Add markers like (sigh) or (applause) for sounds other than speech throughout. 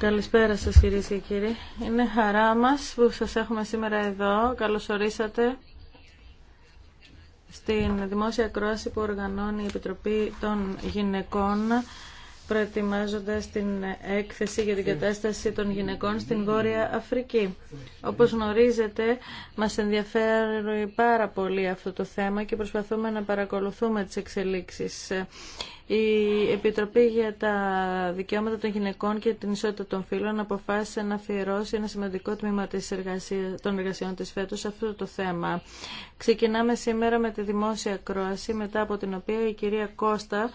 Καλησπέρα σας κυρίες και κύριοι. Είναι χαρά μας που σας έχουμε σήμερα εδώ. Καλώς ορίσατε στην δημόσια κρόαση που οργανώνει η Επιτροπή των Γυναικών προετοιμάζοντας την έκθεση για την ε. κατάσταση των γυναικών στην Βόρεια Αφρική. Όπως γνωρίζετε, μας ενδιαφέρει πάρα πολύ αυτό το θέμα και προσπαθούμε να παρακολουθούμε τις εξελίξεις. Η Επιτροπή για τα Δικαιώματα των Γυναικών και την Ισότητα των Φύλων αποφάσισε να αφιερώσει ένα σημαντικό τμήμα της εργασία των εργασιών της φέτος σε αυτό το θέμα. Ξεκινάμε σήμερα με τη δημόσια κρόαση, μετά από την οποία η κυρία Κώστα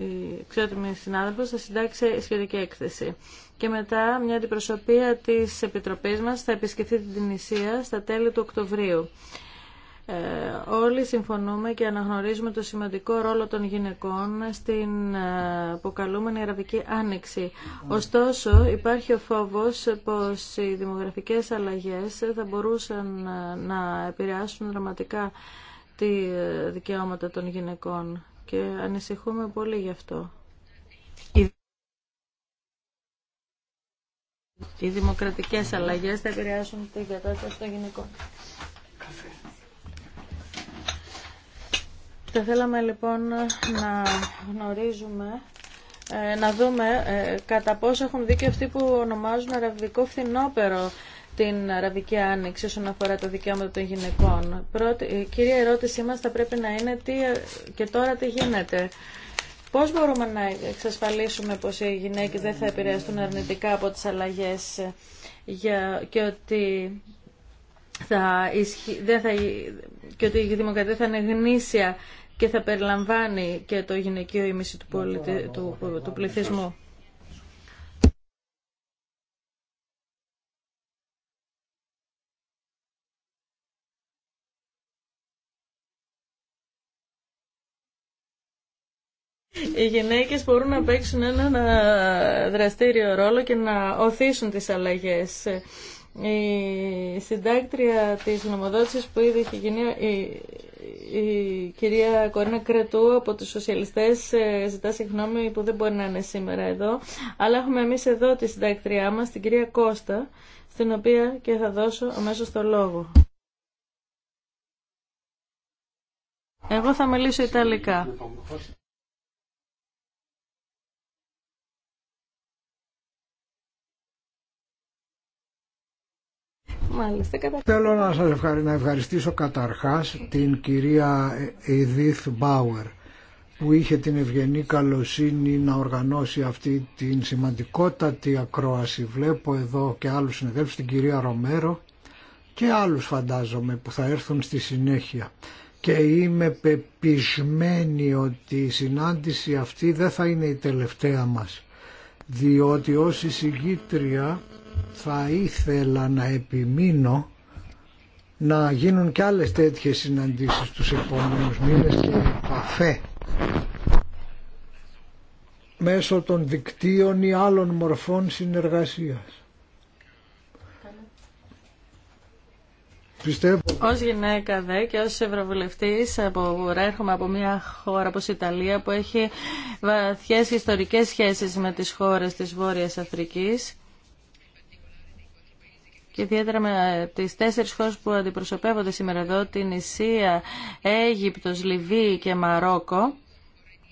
η εξότιμη συνάδελφος θα συντάξει σχετική έκθεση. Και μετά μια αντιπροσωπεία της Επιτροπής μας θα επισκεφθεί την Ισία στα τέλη του Οκτωβρίου. Ε, όλοι συμφωνούμε και αναγνωρίζουμε το σημαντικό ρόλο των γυναικών στην ε, αποκαλούμενη Αραβική Άνοιξη. Ωστόσο, υπάρχει ο φόβος πως οι δημογραφικές αλλαγές θα μπορούσαν ε, να επηρεάσουν δραματικά τη ε, δικαιώματα των γυναικών και ανησυχούμε πολύ γι' αυτό. Οι δημοκρατικές αλλαγές θα επηρεάσουν την κατάσταση των γυναικών. Θα θέλαμε λοιπόν να γνωρίζουμε, ε, να δούμε ε, κατά πόσο έχουν δίκιο αυτοί που ονομάζουν αραβικό φθινόπερο την Αραβική Άνοιξη όσον αφορά τα δικαιώματα των γυναικών. Πρώτη, η κύρια ερώτησή μας θα πρέπει να είναι τι, και τώρα τι γίνεται. Πώς μπορούμε να εξασφαλίσουμε πως οι γυναίκες δεν θα επηρεαστούν αρνητικά από τις αλλαγές για, και ότι θα ισχυ... δεν θα... και ότι η δημοκρατία θα είναι γνήσια και θα περιλαμβάνει και το γυναικείο ημίση του, του... του πληθυσμού. Οι γυναίκες μπορούν να παίξουν ένα ε, δραστήριο ρόλο και να οθήσουν τις αλλαγές. Η συντάκτρια της νομοδότηση που ήδη έχει γίνει, η, κυρία Κορίνα Κρετού από τους σοσιαλιστές ε, ζητά συγγνώμη που δεν μπορεί να είναι σήμερα εδώ, αλλά έχουμε εμείς εδώ τη συντάκτριά μας, την κυρία Κώστα, στην οποία και θα δώσω αμέσω το λόγο. Εγώ θα μιλήσω Ιταλικά. Μάλιστα, κατα... Θέλω να σας ευχαριστήσω καταρχάς την κυρία Ειδίθ Μπάουερ που είχε την ευγενή καλοσύνη να οργανώσει αυτή την σημαντικότατη ακρόαση. Βλέπω εδώ και άλλους συνεδέλφους, την κυρία Ρομέρο και άλλους φαντάζομαι που θα έρθουν στη συνέχεια. Και είμαι πεπισμένη ότι η συνάντηση αυτή δεν θα είναι η τελευταία μας, διότι ως εισηγήτρια θα ήθελα να επιμείνω να γίνουν και άλλες τέτοιες συναντήσεις τους επόμενους μήνες και επαφέ μέσω των δικτύων ή άλλων μορφών συνεργασίας. Πιστεύω. Ως γυναίκα δε και ως ευρωβουλευτής απο έρχομαι από μια χώρα όπως η Ιταλία που έχει βαθιές ιστορικές σχέσεις με τις χώρες της Βόρειας Αφρικής και ιδιαίτερα με τις τέσσερις χώρες που αντιπροσωπεύονται σήμερα εδώ, την Ισία, Αίγυπτος, Λιβύη και Μαρόκο,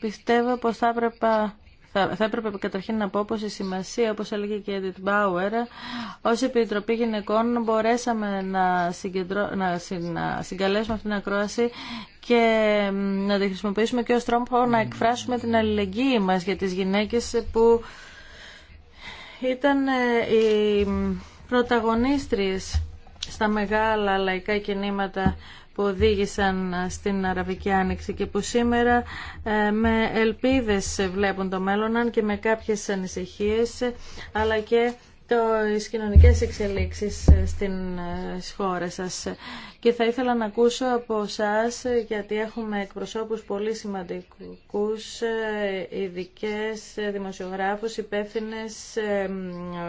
πιστεύω πως θα έπρεπε θα, έπρεπε καταρχήν να πω πως η σημασία, όπως έλεγε και η Edith Bauer, ως Επιτροπή Γυναικών μπορέσαμε να, συγκεντρώ, να, συγκαλέσουμε αυτήν την ακρόαση και να τη χρησιμοποιήσουμε και ως τρόπο να εκφράσουμε την αλληλεγγύη μας για τις γυναίκες που ήταν η ε, πρωταγωνίστριες στα μεγάλα λαϊκά κινήματα που οδήγησαν στην Αραβική Άνοιξη και που σήμερα ε, με ελπίδες βλέπουν το μέλλον, αν και με κάποιες ανησυχίες, αλλά και τις κοινωνικές εξελίξεις ε, στην ε, χώρα σας. Και θα ήθελα να ακούσω από σας, ε, γιατί έχουμε εκπροσώπους πολύ σημαντικούς, ειδικέ δημοσιογράφους, υπεύθυνε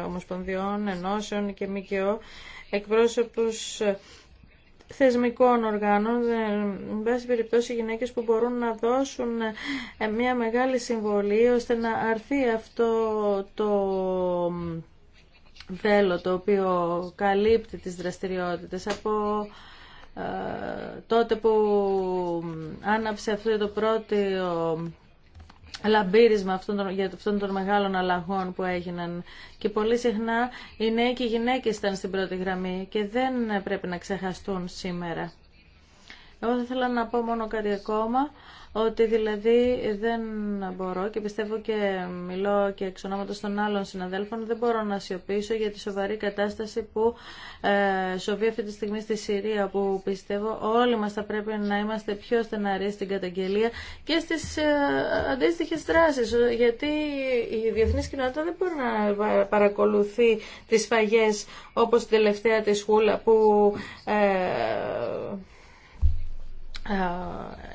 ομοσπονδιών, ενώσεων και ΜΚΟ, εκπρόσωπους θεσμικών οργάνων, εν πάση περιπτώσει γυναίκες που μπορούν να δώσουν μια μεγάλη συμβολή ώστε να αρθεί αυτό το βέλο το οποίο καλύπτει τις δραστηριότητες από ε, τότε που άναψε αυτό το πρώτο λαμπύρισμα για αυτών των μεγάλων αλλαγών που έγιναν και πολύ συχνά οι νέοι και οι γυναίκες ήταν στην πρώτη γραμμή και δεν πρέπει να ξεχαστούν σήμερα. Εγώ θα ήθελα να πω μόνο κάτι ακόμα ότι δηλαδή δεν μπορώ και πιστεύω και μιλώ και εξ ονόματος των άλλων συναδέλφων δεν μπορώ να σιωπήσω για τη σοβαρή κατάσταση που ε, σοβεί αυτή τη στιγμή στη Συρία που πιστεύω όλοι μας θα πρέπει να είμαστε πιο στεναροί στην καταγγελία και στις ε, αντίστοιχες δράσεις γιατί η διεθνής κοινότητα δεν μπορεί να παρακολουθεί τις φαγές όπως την τελευταία της Χούλα που ε,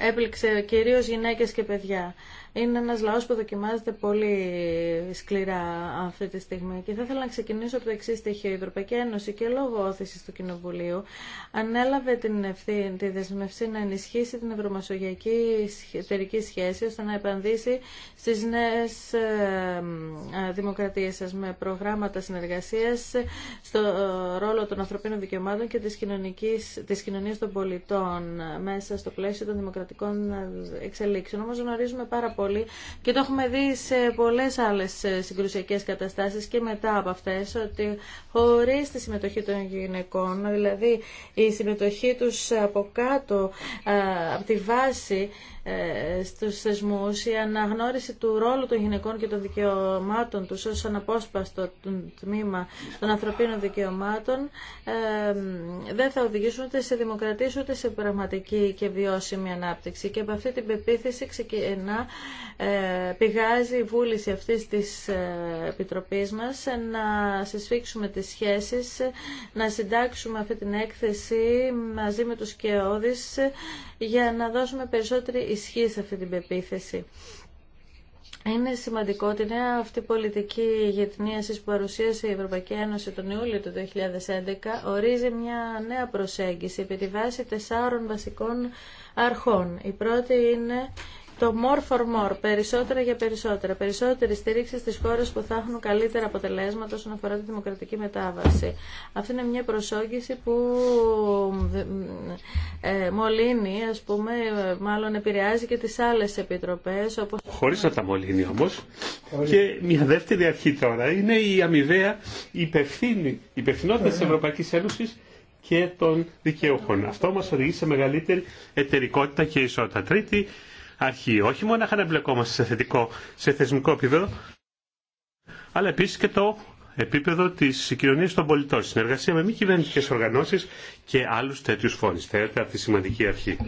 έπληξε κυρίως γυναίκες και παιδιά είναι ένας λαός που δοκιμάζεται πολύ σκληρά αυτή τη στιγμή. Και θα ήθελα να ξεκινήσω από το εξή στοιχείο. Η Ευρωπαϊκή Ένωση και λόγω όθησης του Κοινοβουλίου ανέλαβε την ευθύνη, τη δεσμευσή να ενισχύσει την ευρωμασογειακή εταιρική σχέση ώστε να επανδύσει στις νέες ε, ε, δημοκρατίες σας με προγράμματα συνεργασίας στο ε, ρόλο των ανθρωπίνων δικαιωμάτων και της, κοινωνικής, της κοινωνίας των πολιτών μέσα στο πλαίσιο των δημοκρατικών εξελίξεων. Όμως γνωρίζουμε πάρα πολύ και το έχουμε δει σε πολλές άλλες ε, συγκρουσιακές καταστάσεις και μετά από αυτές ότι χωρίς τη συμμετοχή των γυναικών, δηλαδή η συμμετοχή τους από κάτω, ε, από τη βάση ε, στους θεσμούς, η αναγνώριση του ρόλου των γυναικών και των δικαιωμάτων τους ως αναπόσπαστο τμήμα των ανθρωπίνων δικαιωμάτων δεν θα οδηγήσουν ούτε σε δημοκρατή ούτε σε πραγματική και βιώσιμη ανάπτυξη. Και από αυτή την πεποίθηση ξεκινά ε, πηγάζει η βούληση αυτής της ε, Επιτροπής μας να συσφίξουμε τις σχέσεις, να συντάξουμε αυτή την έκθεση μαζί με τους ε, για να δώσουμε περισσότερη ισχύ σε αυτή την πεποίθηση. Είναι σημαντικό ότι νέα αυτή η πολιτική γετνίαση που παρουσίασε η Ευρωπαϊκή Ένωση τον Ιούλιο του 2011 ορίζει μια νέα προσέγγιση επί τη βάση τεσσάρων βασικών αρχών. Η πρώτη είναι το more for more, περισσότερα για περισσότερα, περισσότερη στήριξη στις χώρες που θα έχουν καλύτερα αποτελέσματα όσον αφορά τη δημοκρατική μετάβαση. Αυτή είναι μια προσόγγιση που ε, ε, μολύνει, ας πούμε, μάλλον επηρεάζει και τις άλλες επιτροπές. Όπως... Χωρίς να τα μολύνει όμως. Και μια δεύτερη αρχή τώρα είναι η αμοιβαία υπευθύνη, υπευθυνότητα της Ευρωπαϊκής Ένωσης και των δικαιούχων. Αυτό μας οδηγεί σε μεγαλύτερη εταιρικότητα και ισότητα. Τρίτη, αρχή. Όχι μόνο να εμπλεκόμαστε σε, θετικό, σε θεσμικό επίπεδο, αλλά επίσης και το επίπεδο της κοινωνία των πολιτών, συνεργασία με μη κυβερνητικέ οργανώσεις και άλλους τέτοιου φόρου. Θεωρείται αυτή τη σημαντική αρχή.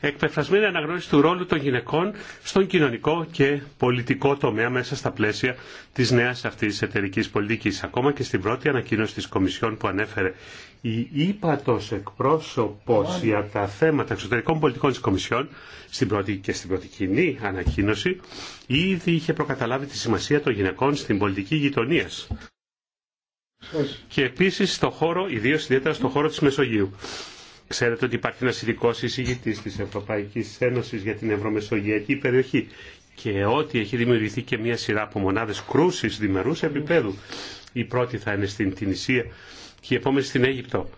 Εκπεφρασμένη αναγνώριση του ρόλου των γυναικών στον κοινωνικό και πολιτικό τομέα μέσα στα πλαίσια της νέας αυτής εταιρική πολιτική, Ακόμα και στην πρώτη ανακοίνωση τη Κομισιόν που ανέφερε η ύπατος εκπρόσωπος για τα θέματα εξωτερικών πολιτικών της Κομισιόν στην πρώτη και στην πρώτη κοινή ανακοίνωση ήδη είχε προκαταλάβει τη σημασία των γυναικών στην πολιτική γειτονία. Και επίσης στο χώρο, ιδίως ιδιαίτερα στο χώρο της Μεσογείου. Ξέρετε ότι υπάρχει ένας ειδικό εισηγητής της Ευρωπαϊκής Ένωσης για την Ευρωμεσογειακή περιοχή και ότι έχει δημιουργηθεί και μια σειρά από μονάδες κρούσης διμερούς επίπεδου. Η πρώτη θα είναι στην Τινησία και η επόμενη στην Αίγυπτο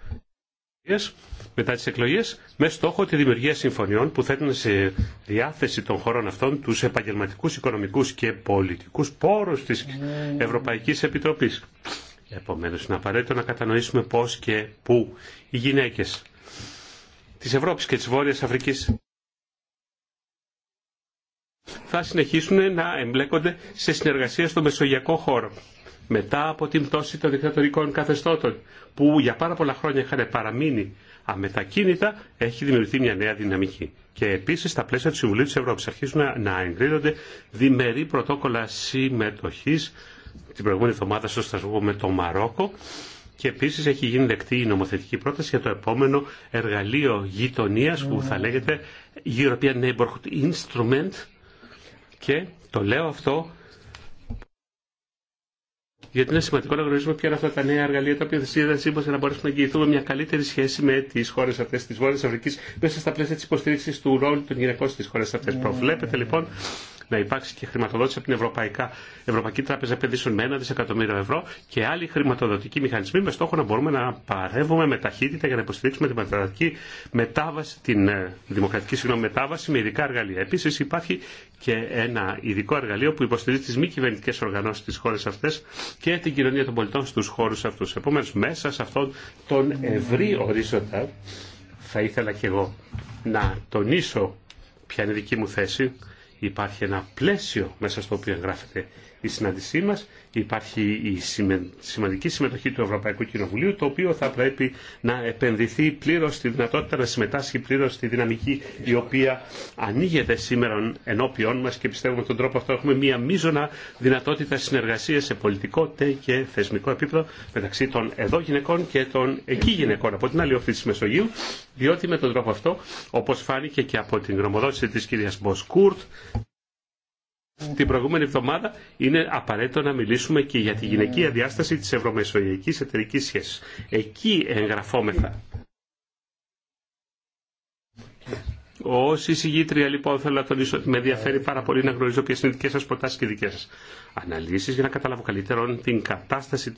μετά τις εκλογές με στόχο τη δημιουργία συμφωνιών που θέτουν σε διάθεση των χωρών αυτών τους επαγγελματικούς, οικονομικούς και πολιτικούς πόρους της Ευρωπαϊκής Επιτροπής. Επομένω είναι απαραίτητο να κατανοήσουμε πώς και πού οι γυναίκες της Ευρώπης και της Βόρειας Αφρική. θα συνεχίσουν να εμπλέκονται σε συνεργασία στο μεσογειακό χώρο μετά από την πτώση των δικτατορικών καθεστώτων που για πάρα πολλά χρόνια είχαν παραμείνει αμετακίνητα, έχει δημιουργηθεί μια νέα δυναμική. Και επίση στα πλαίσια του Συμβουλίου τη Ευρώπη αρχίζουν να, εγκρίνονται διμερεί πρωτόκολλα συμμετοχή την προηγούμενη εβδομάδα στο Στρασβούργο με το Μαρόκο. Και επίση έχει γίνει δεκτή η νομοθετική πρόταση για το επόμενο εργαλείο γειτονία που θα λέγεται European Neighborhood Instrument. Και το λέω αυτό γιατί είναι σημαντικό να γνωρίζουμε ποια είναι αυτά τα νέα εργαλεία τα οποία θα σύμβαση για να μπορέσουμε να εγγυηθούμε μια καλύτερη σχέση με τι χώρε αυτέ τη Βόρεια Αφρική μέσα στα πλαίσια τη υποστήριξη του ρόλου των γυναικών στι χώρε αυτέ. Ναι. Προβλέπετε λοιπόν να υπάρξει και χρηματοδότηση από την Ευρωπαϊκά, Ευρωπαϊκή Τράπεζα Επενδύσεων με 1 δισεκατομμύριο ευρώ και άλλοι χρηματοδοτικοί μηχανισμοί με στόχο να μπορούμε να παρεύουμε με ταχύτητα για να υποστηρίξουμε την μεταδοτική μετάβαση, την ε, δημοκρατική συγγνώμη, μετάβαση με ειδικά εργαλεία. Επίση υπάρχει και ένα ειδικό εργαλείο που υποστηρίζει τι μη κυβερνητικέ οργανώσει τη χώρα αυτέ και την κοινωνία των πολιτών στου χώρου αυτού. Επομένω, μέσα σε αυτόν τον ευρύ ορίζοντα θα ήθελα και εγώ να τονίσω ποια είναι η δική μου θέση υπάρχει ένα πλαίσιο μέσα στο οποίο εγγράφεται η συνάντησή μα, Υπάρχει η σημαντική συμμετοχή του Ευρωπαϊκού Κοινοβουλίου, το οποίο θα πρέπει να επενδυθεί πλήρω στη δυνατότητα να συμμετάσχει πλήρω στη δυναμική η οποία ανοίγεται σήμερα ενώπιόν μα και πιστεύουμε τον τρόπο αυτό έχουμε μια μείζωνα δυνατότητα συνεργασία σε πολιτικό και θεσμικό επίπεδο μεταξύ των εδώ γυναικών και των εκεί γυναικών από την άλλη οφθή τη Μεσογείου, διότι με τον τρόπο αυτό, όπω φάνηκε και από την γνωμοδότηση τη κυρία Μποσκούρτ, την προηγούμενη εβδομάδα, είναι απαραίτητο να μιλήσουμε και για τη γυναικεία διάσταση της ευρωμεσογειακής εταιρικής σχέσης. Εκεί εγγραφόμεθα. Ω εισηγήτρια, λοιπόν, θέλω να τονίσω ότι με ενδιαφέρει πάρα πολύ να γνωρίζω ποιε είναι οι δικέ σα προτάσει και δικέ σα αναλύσει για να καταλάβω καλύτερα την κατάσταση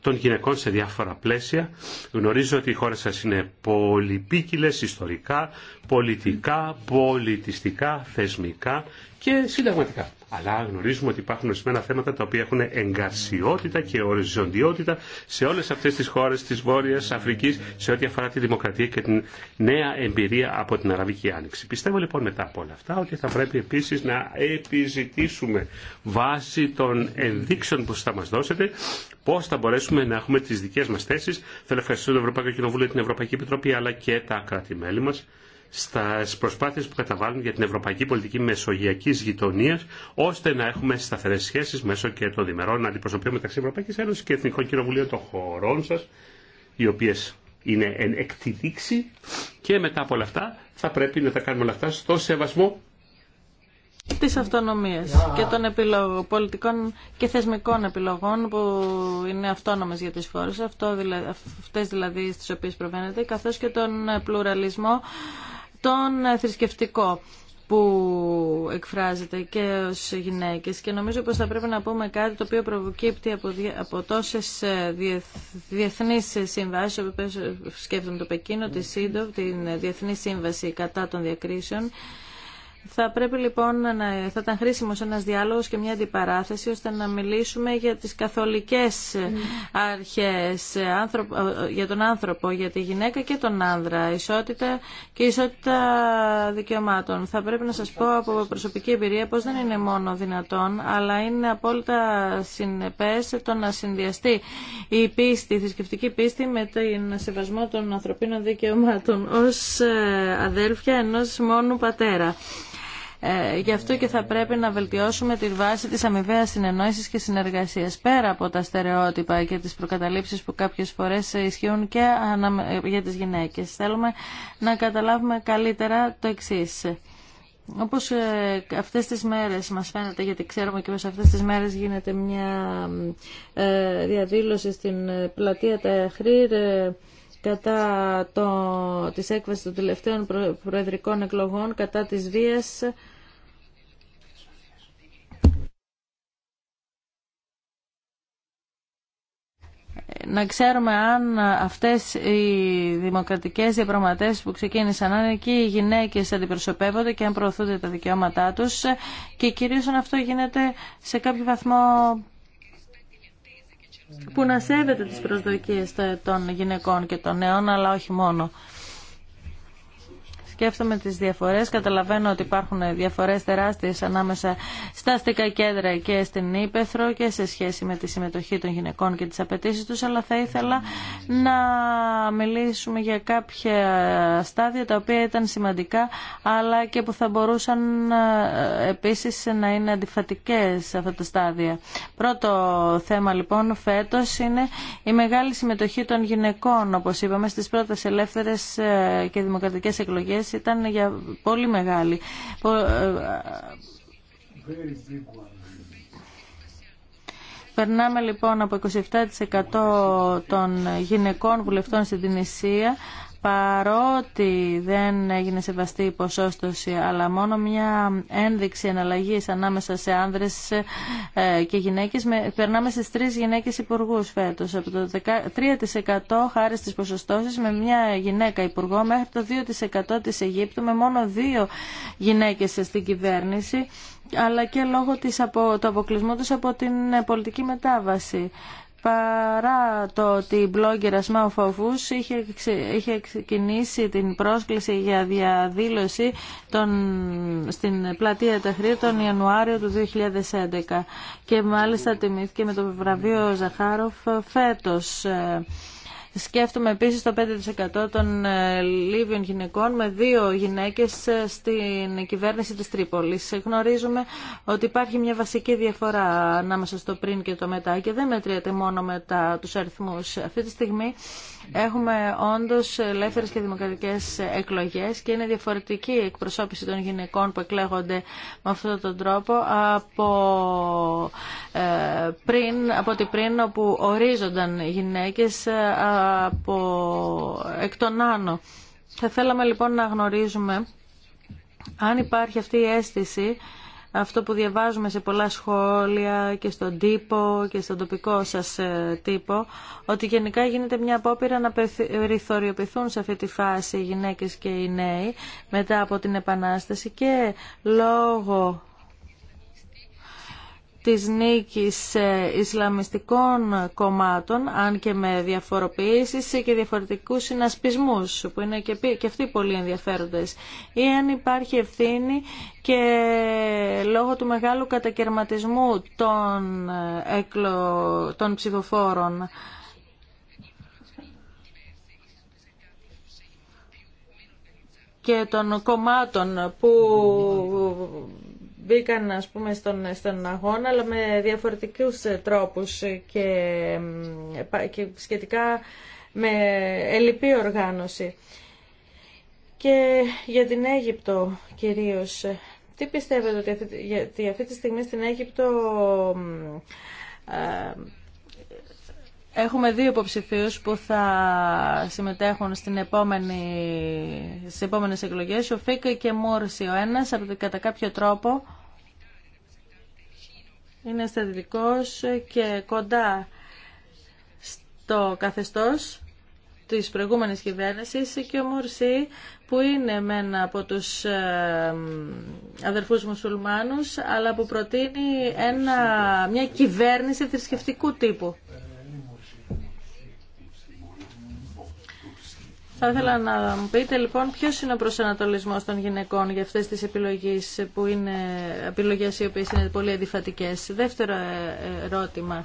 των γυναικών σε διάφορα πλαίσια. Γνωρίζω ότι οι χώρε σα είναι πολυπίκυλε ιστορικά, πολιτικά, πολιτιστικά, θεσμικά και συνταγματικά. Αλλά γνωρίζουμε ότι υπάρχουν ορισμένα θέματα τα οποία έχουν εγκαρσιότητα και οριζοντιότητα σε όλε αυτέ τι χώρε τη Βόρεια Αφρική σε ό,τι αφορά τη δημοκρατία και την νέα εμπειρία από την Αραβική Άνοιξη. Πιστεύω λοιπόν μετά από όλα αυτά ότι θα πρέπει επίση να επιζητήσουμε βάσει των ενδείξεων που θα μα δώσετε πώ θα μπορέσουμε να έχουμε τι δικέ μα θέσει. Θέλω να ευχαριστήσω το Ευρωπαϊκό Κοινοβούλιο, την Ευρωπαϊκή Επιτροπή αλλά και τα κράτη-μέλη μα στις προσπάθειες που καταβάλουν για την ευρωπαϊκή πολιτική μεσογειακής γειτονίας, ώστε να έχουμε σταθερές σχέσεις μέσω και των διμερών αντιπροσωπείων μεταξύ Ευρωπαϊκής Ένωσης και Εθνικών Κοινοβουλίων των χωρών σας, οι οποίες είναι εν εκτιδίξη και μετά από όλα αυτά θα πρέπει να τα κάνουμε όλα αυτά στο σεβασμό Τη αυτονομία και των επιλογών, πολιτικών και θεσμικών επιλογών που είναι αυτόνομες για τις χώρες, αυτό, αυτές δηλαδή στις οποίες προβαίνεται, καθώς και τον πλουραλισμό τον θρησκευτικό που εκφράζεται και ως γυναίκες και νομίζω πως θα πρέπει να πούμε κάτι το οποίο προβοκύπτει από, από τόσες ε, διεθνείς συμβάσεις σκέφτομαι το Πεκίνο, τη ΣΥΝΤΟΒ, την Διεθνή Σύμβαση κατά των διακρίσεων θα πρέπει λοιπόν να θα ήταν χρήσιμος ένας διάλογος και μια αντιπαράθεση ώστε να μιλήσουμε για τις καθολικές mm. αρχές ε, για τον άνθρωπο, για τη γυναίκα και τον άνδρα, ισότητα και ισότητα δικαιωμάτων. Θα πρέπει να σας πω από προσωπική εμπειρία πως δεν είναι μόνο δυνατόν αλλά είναι απόλυτα συνεπές το να συνδυαστεί η πίστη, η θρησκευτική πίστη με τον σεβασμό των ανθρωπίνων δικαιωμάτων ως ε, αδέλφια ενός μόνου πατέρα. Ε, γι' αυτό και θα πρέπει να βελτιώσουμε τη βάση της αμοιβαίας συνεννόησης και συνεργασίας. Πέρα από τα στερεότυπα και τις προκαταλήψεις που κάποιες φορές ισχύουν και για τις γυναίκες. Θέλουμε να καταλάβουμε καλύτερα το εξής. Όπως ε, αυτές τις μέρες μας φαίνεται, γιατί ξέρουμε και πω αυτές τις μέρες γίνεται μια ε, διαδήλωση στην πλατεία Ταχρήρ κατά το, της έκβασης των τελευταίων προεδρικών εκλογών, κατά της βίας. Να ξέρουμε αν αυτές οι δημοκρατικές διαπραγματεύσεις που ξεκίνησαν, αν εκεί οι γυναίκες αντιπροσωπεύονται και αν προωθούνται τα δικαιώματά τους και κυρίως αν αυτό γίνεται σε κάποιο βαθμό που να σέβεται τις προσδοκίες των γυναικών και των νέων, αλλά όχι μόνο σκέφτομαι τις διαφορές, καταλαβαίνω ότι υπάρχουν διαφορές τεράστιες ανάμεσα στα αστικά κέντρα και στην Ήπεθρο και σε σχέση με τη συμμετοχή των γυναικών και τις απαιτήσει τους, αλλά θα ήθελα να μιλήσουμε για κάποια στάδια τα οποία ήταν σημαντικά, αλλά και που θα μπορούσαν ε, επίσης να είναι αντιφατικές αυτά τα στάδια. Πρώτο θέμα λοιπόν φέτος είναι η μεγάλη συμμετοχή των γυναικών, όπως είπαμε, στις πρώτες ελεύθερες ε, και δημοκρατικές εκλογέ ήταν για πολύ μεγάλη. Ε, Περνάμε λοιπόν από 27% των γυναικών βουλευτών στην Τινησία παρότι δεν έγινε σεβαστή η ποσόστοση αλλά μόνο μια ένδειξη εναλλαγής ανάμεσα σε άνδρες ε, και γυναίκες περνάμε στις τρεις γυναίκες υπουργού φέτος από το 3% χάρη στις ποσοστώσεις με μια γυναίκα υπουργό μέχρι το 2% της Αιγύπτου με μόνο δύο γυναίκες στην κυβέρνηση αλλά και λόγω του αποκλεισμού τους από την πολιτική μετάβαση παρά το ότι η blogger Ασμάου είχε, είχε ξεκινήσει την πρόσκληση για διαδήλωση στην πλατεία Ταχρή τον Ιανουάριο του 2011 και μάλιστα τιμήθηκε με το βραβείο Ζαχάροφ φέτος. Ε, Σκέφτομαι επίσης το 5% των ε, Λίβιων γυναικών με δύο γυναίκες ε, στην κυβέρνηση της Τρίπολης. Γνωρίζουμε ότι υπάρχει μια βασική διαφορά ανάμεσα στο πριν και το μετά και δεν μετριέται μόνο με τα, τους αριθμούς. Αυτή τη στιγμή Έχουμε όντω ελεύθερε και δημοκρατικές εκλογές και είναι διαφορετική η εκπροσώπηση των γυναικών που εκλέγονται με αυτόν τον τρόπο από, ε, πριν, από ότι πριν όπου ορίζονταν γυναίκες ε, από, εκ των άνω. Θα θέλαμε λοιπόν να γνωρίζουμε αν υπάρχει αυτή η αίσθηση αυτό που διαβάζουμε σε πολλά σχόλια και στον τύπο και στον τοπικό σας ε, τύπο, ότι γενικά γίνεται μια απόπειρα να περιθωριοποιηθούν σε αυτή τη φάση οι γυναίκες και οι νέοι μετά από την Επανάσταση και λόγω της νίκης ε, Ισλαμιστικών κομμάτων, αν και με διαφοροποιήσεις και διαφορετικούς συνασπισμούς, που είναι και, αυτοί πολύ ενδιαφέροντες, ή αν υπάρχει ευθύνη και λόγω του μεγάλου κατακαιρματισμού των, ε, εκλο... των ψηφοφόρων. και των κομμάτων που μπήκαν ας πούμε στον, στον αγώνα αλλά με διαφορετικούς ε, τρόπους και, και σχετικά με ελλειπή οργάνωση. Και για την Αίγυπτο κυρίως, ε, τι πιστεύετε ότι αυτή, τη στιγμή στην Αίγυπτο ε, Έχουμε δύο υποψηφίου που θα συμμετέχουν στην επόμενη, στις επόμενες εκλογές, ο Φίκα και Μόρση. Ο ένας, κατά κάποιο τρόπο, είναι στρατηγικός και κοντά στο καθεστώς της προηγούμενης κυβέρνησης και ο Μουρσί που είναι με ένα από τους αδερφούς μουσουλμάνους αλλά που προτείνει ένα, μια κυβέρνηση θρησκευτικού τύπου. Θα ήθελα να μου πείτε λοιπόν ποιο είναι ο προσανατολισμός των γυναικών για αυτές τις επιλογές που είναι επιλογές οι οποίες είναι πολύ αντιφατικέ. Δεύτερο ε, ερώτημα.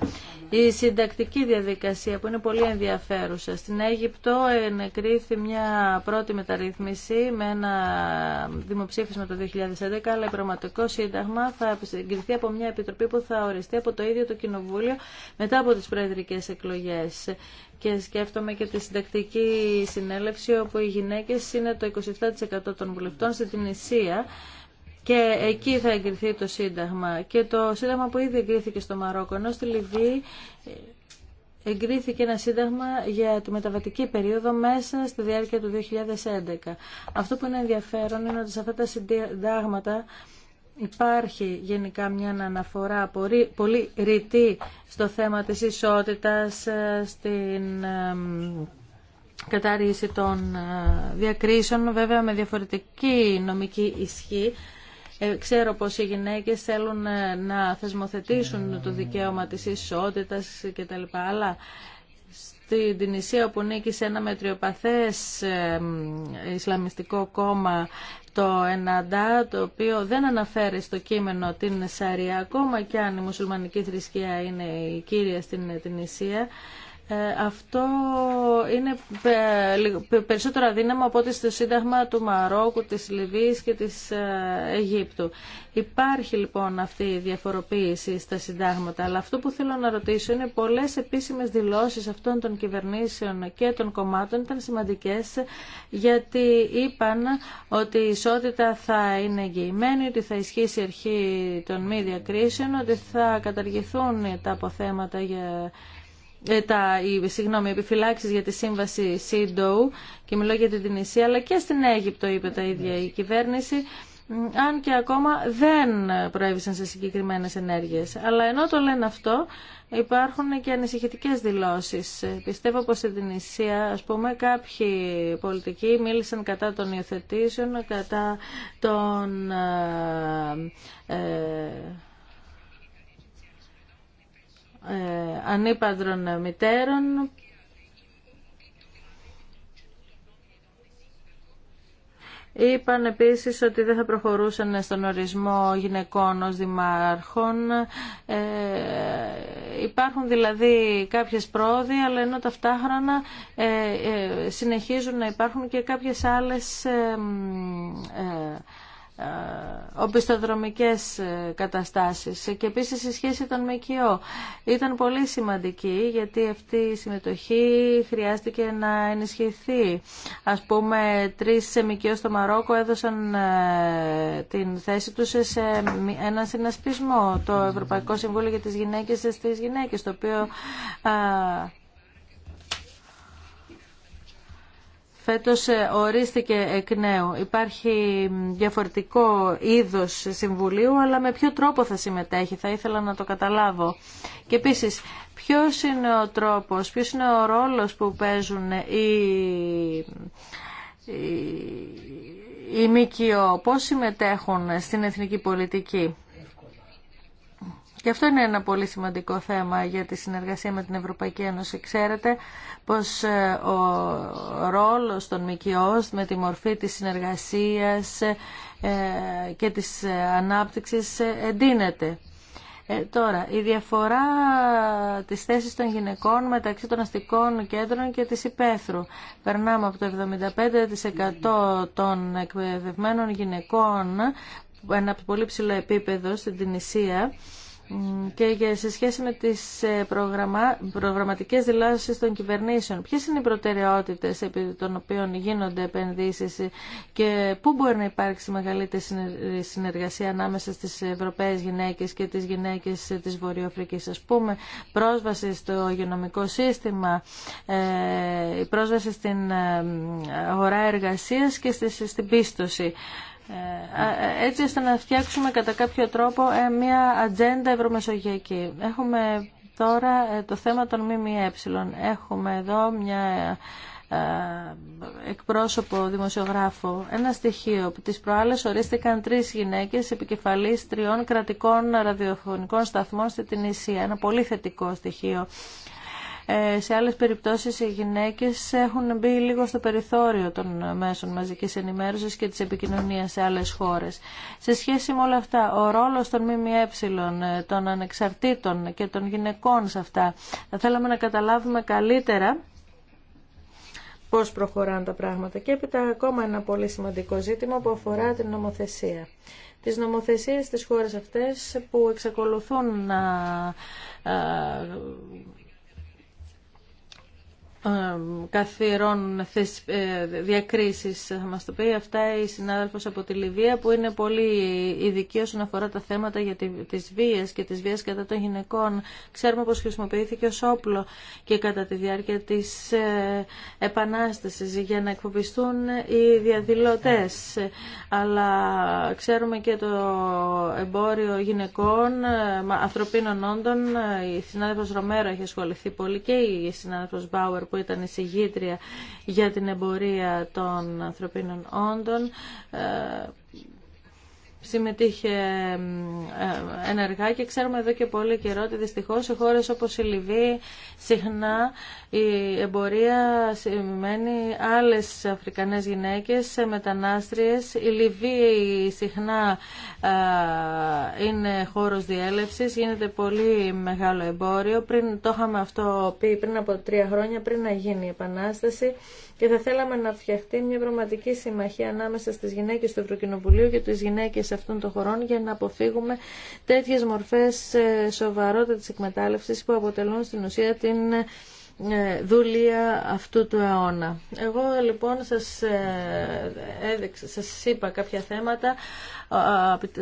Η συντακτική διαδικασία που είναι πολύ ενδιαφέρουσα. Στην Αίγυπτο ενεκρίθη μια πρώτη μεταρρύθμιση με ένα δημοψήφισμα το 2011, αλλά η πραγματικό σύνταγμα θα εγκριθεί από μια επιτροπή που θα οριστεί από το ίδιο το Κοινοβούλιο μετά από τι προεδρικέ εκλογέ και σκέφτομαι και τη συντακτική συνέλευση όπου οι γυναίκες είναι το 27% των βουλευτών στην Τινησία και εκεί θα εγκριθεί το Σύνταγμα. Και το Σύνταγμα που ήδη εγκρίθηκε στο Μαρόκο, ενώ στη Λιβύη εγκρίθηκε ένα σύνταγμα για τη μεταβατική περίοδο μέσα στη διάρκεια του 2011. Αυτό που είναι ενδιαφέρον είναι ότι σε αυτά τα συντάγματα υπάρχει γενικά μια αναφορά πολύ ρητή στο θέμα της ισότητας, ε, στην κατάργηση των ε, διακρίσεων, βέβαια με διαφορετική νομική ισχύ. Ε, ξέρω πως οι γυναίκες θέλουν να θεσμοθετήσουν το δικαίωμα της ισότητας κτλ. Αλλά στην Ισία που νίκησε ένα μετριοπαθές Ισλαμιστικό κόμμα το Εναντά, το οποίο δεν αναφέρει στο κείμενο την Σαρία, ακόμα και αν η μουσουλμανική θρησκεία είναι η κύρια στην Ισία. Ε, αυτό είναι ε, περισσότερο αδύναμο από ό,τι στο Σύνταγμα του Μαρόκου, της Λιβύης και της ε, Αιγύπτου. Υπάρχει λοιπόν αυτή η διαφοροποίηση στα συντάγματα, αλλά αυτό που θέλω να ρωτήσω είναι πολλές επίσημες δηλώσεις αυτών των κυβερνήσεων και των κομμάτων ήταν σημαντικές γιατί είπαν ότι η ισότητα θα είναι εγγυημένη, ότι θα ισχύσει η αρχή των μη διακρίσεων, ότι θα καταργηθούν τα αποθέματα για ε, τα, οι, συγγνώμη, επιφυλάξεις για τη σύμβαση ΣΥΝΤΟΥ και μιλώ για την Ισία, αλλά και στην Αίγυπτο είπε τα ίδια η κυβέρνηση αν και ακόμα δεν προέβησαν σε συγκεκριμένες ενέργειες. Αλλά ενώ το λένε αυτό, υπάρχουν και ανησυχητικές δηλώσεις. Ε, πιστεύω πως στην Ισία, ας πούμε, κάποιοι πολιτικοί μίλησαν κατά των υιοθετήσεων, κατά των... Ε, ε, ανήπαντρων μητέρων Είπαν επίσης ότι δεν θα προχωρούσαν στον ορισμό γυναικών ως δημάρχων. Ε, υπάρχουν δηλαδή κάποιες πρόοδοι, αλλά ενώ ταυτάχρονα ε, ε συνεχίζουν να υπάρχουν και κάποιες άλλες ε, ε, οπισθοδρομικές ε, καταστάσεις και επίσης η σχέση των ΜΚΟ ήταν πολύ σημαντική γιατί αυτή η συμμετοχή χρειάστηκε να ενισχυθεί ας πούμε τρεις ΜΚΟ στο Μαρόκο έδωσαν ε, την θέση τους σε ένα συνασπισμό το Ευρωπαϊκό Συμβούλιο για τις Γυναίκες στις Γυναίκες το οποίο φέτος ε, ορίστηκε εκ νέου. Υπάρχει διαφορετικό είδος συμβουλίου, αλλά με ποιο τρόπο θα συμμετέχει, θα ήθελα να το καταλάβω. Και επίσης, ποιος είναι ο τρόπος, ποιος είναι ο ρόλος που παίζουν οι, οι, οι πώς συμμετέχουν στην εθνική πολιτική. Και αυτό είναι ένα πολύ σημαντικό θέμα για τη συνεργασία με την Ευρωπαϊκή Ένωση. Ξέρετε πως ε, ο ρόλος των ΜΚΟ με τη μορφή της συνεργασίας ε, και της ε, ανάπτυξης εντείνεται. τώρα, η διαφορά της θέσης των γυναικών μεταξύ των αστικών κέντρων και της υπαίθρου. Περνάμε από το 75% των εκπαιδευμένων γυναικών, ένα πολύ ψηλό επίπεδο στην Τινησία, και σε σχέση με τις ε, προγραμμα... προγραμματικές δηλώσεις των κυβερνήσεων. Ποιες είναι οι προτεραιότητες επί των οποίων γίνονται επενδύσεις ε, και πού μπορεί να υπάρξει μεγαλύτερη συνεργασία ανάμεσα στις Ευρωπαίες γυναίκες και τις γυναίκες ε, της Βορειοαφρικής. Ας πούμε, πρόσβαση στο υγειονομικό σύστημα, η πρόσβαση στην αγορά εργασίας και στην πίστοση. Ε, ε, έτσι ώστε να φτιάξουμε κατά κάποιο τρόπο ε, μια ατζέντα ευρωμεσογειακή. Έχουμε τώρα το θέμα των ΜΜΕ. Έχουμε εδώ μια εκπρόσωπο δημοσιογράφο ένα στοιχείο. Τις προάλλες ορίστηκαν τρεις γυναίκες επικεφαλής τριών κρατικών ραδιοφωνικών σταθμών στη Ισία. Ένα πολύ θετικό στοιχείο ε, σε άλλες περιπτώσεις οι γυναίκες έχουν μπει λίγο στο περιθώριο των μέσων μαζικής ενημέρωσης και της επικοινωνίας σε άλλες χώρες. Σε σχέση με όλα αυτά, ο ρόλος των ΜΜΕ, των ανεξαρτήτων και των γυναικών σε αυτά, θα θέλαμε να καταλάβουμε καλύτερα πώς προχωράνε τα πράγματα. Και έπειτα ακόμα ένα πολύ σημαντικό ζήτημα που αφορά την νομοθεσία. Τις νομοθεσίες στις χώρες αυτές που εξακολουθούν να ε, καθιερών ε, διακρίσεις θα μας το πει αυτά η συνάδελφος από τη Λιβύα που είναι πολύ ειδική όσον αφορά τα θέματα για τις βίες και τις βίες κατά των γυναικών ξέρουμε πως χρησιμοποιήθηκε ως όπλο και κατά τη διάρκεια της ε, επανάστασης για να εκφοβιστούν οι διαδηλωτές αλλά ξέρουμε και το εμπόριο γυναικών ε, ανθρωπίνων όντων η συνάδελφος Ρομέρο έχει ασχοληθεί πολύ και η συνάδελφος Μπάουερ που ήταν συγγήτρια για την εμπορία των ανθρωπίνων όντων ε, συμμετείχε ε, ενεργά και ξέρουμε εδώ και πολύ καιρό ότι δυστυχώς σε χώρες όπως η Λιβύη συχνά η εμπορία σημαίνει άλλες Αφρικανές γυναίκες, μετανάστριες. Η Λιβύη συχνά είναι χώρος διέλευσης, γίνεται πολύ μεγάλο εμπόριο. Πριν, το είχαμε αυτό πει πριν από τρία χρόνια, πριν να γίνει η Επανάσταση και θα θέλαμε να φτιαχτεί μια πραγματική συμμαχία ανάμεσα στις γυναίκες του Ευρωκοινοβουλίου και τι γυναίκες αυτών των χωρών για να αποφύγουμε τέτοιες μορφές ε, σοβαρότητα τη εκμετάλλευσης που αποτελούν στην ουσία την ε, ε, δουλεία αυτού του αιώνα. Εγώ λοιπόν σας, ε, έδειξα, σας είπα κάποια θέματα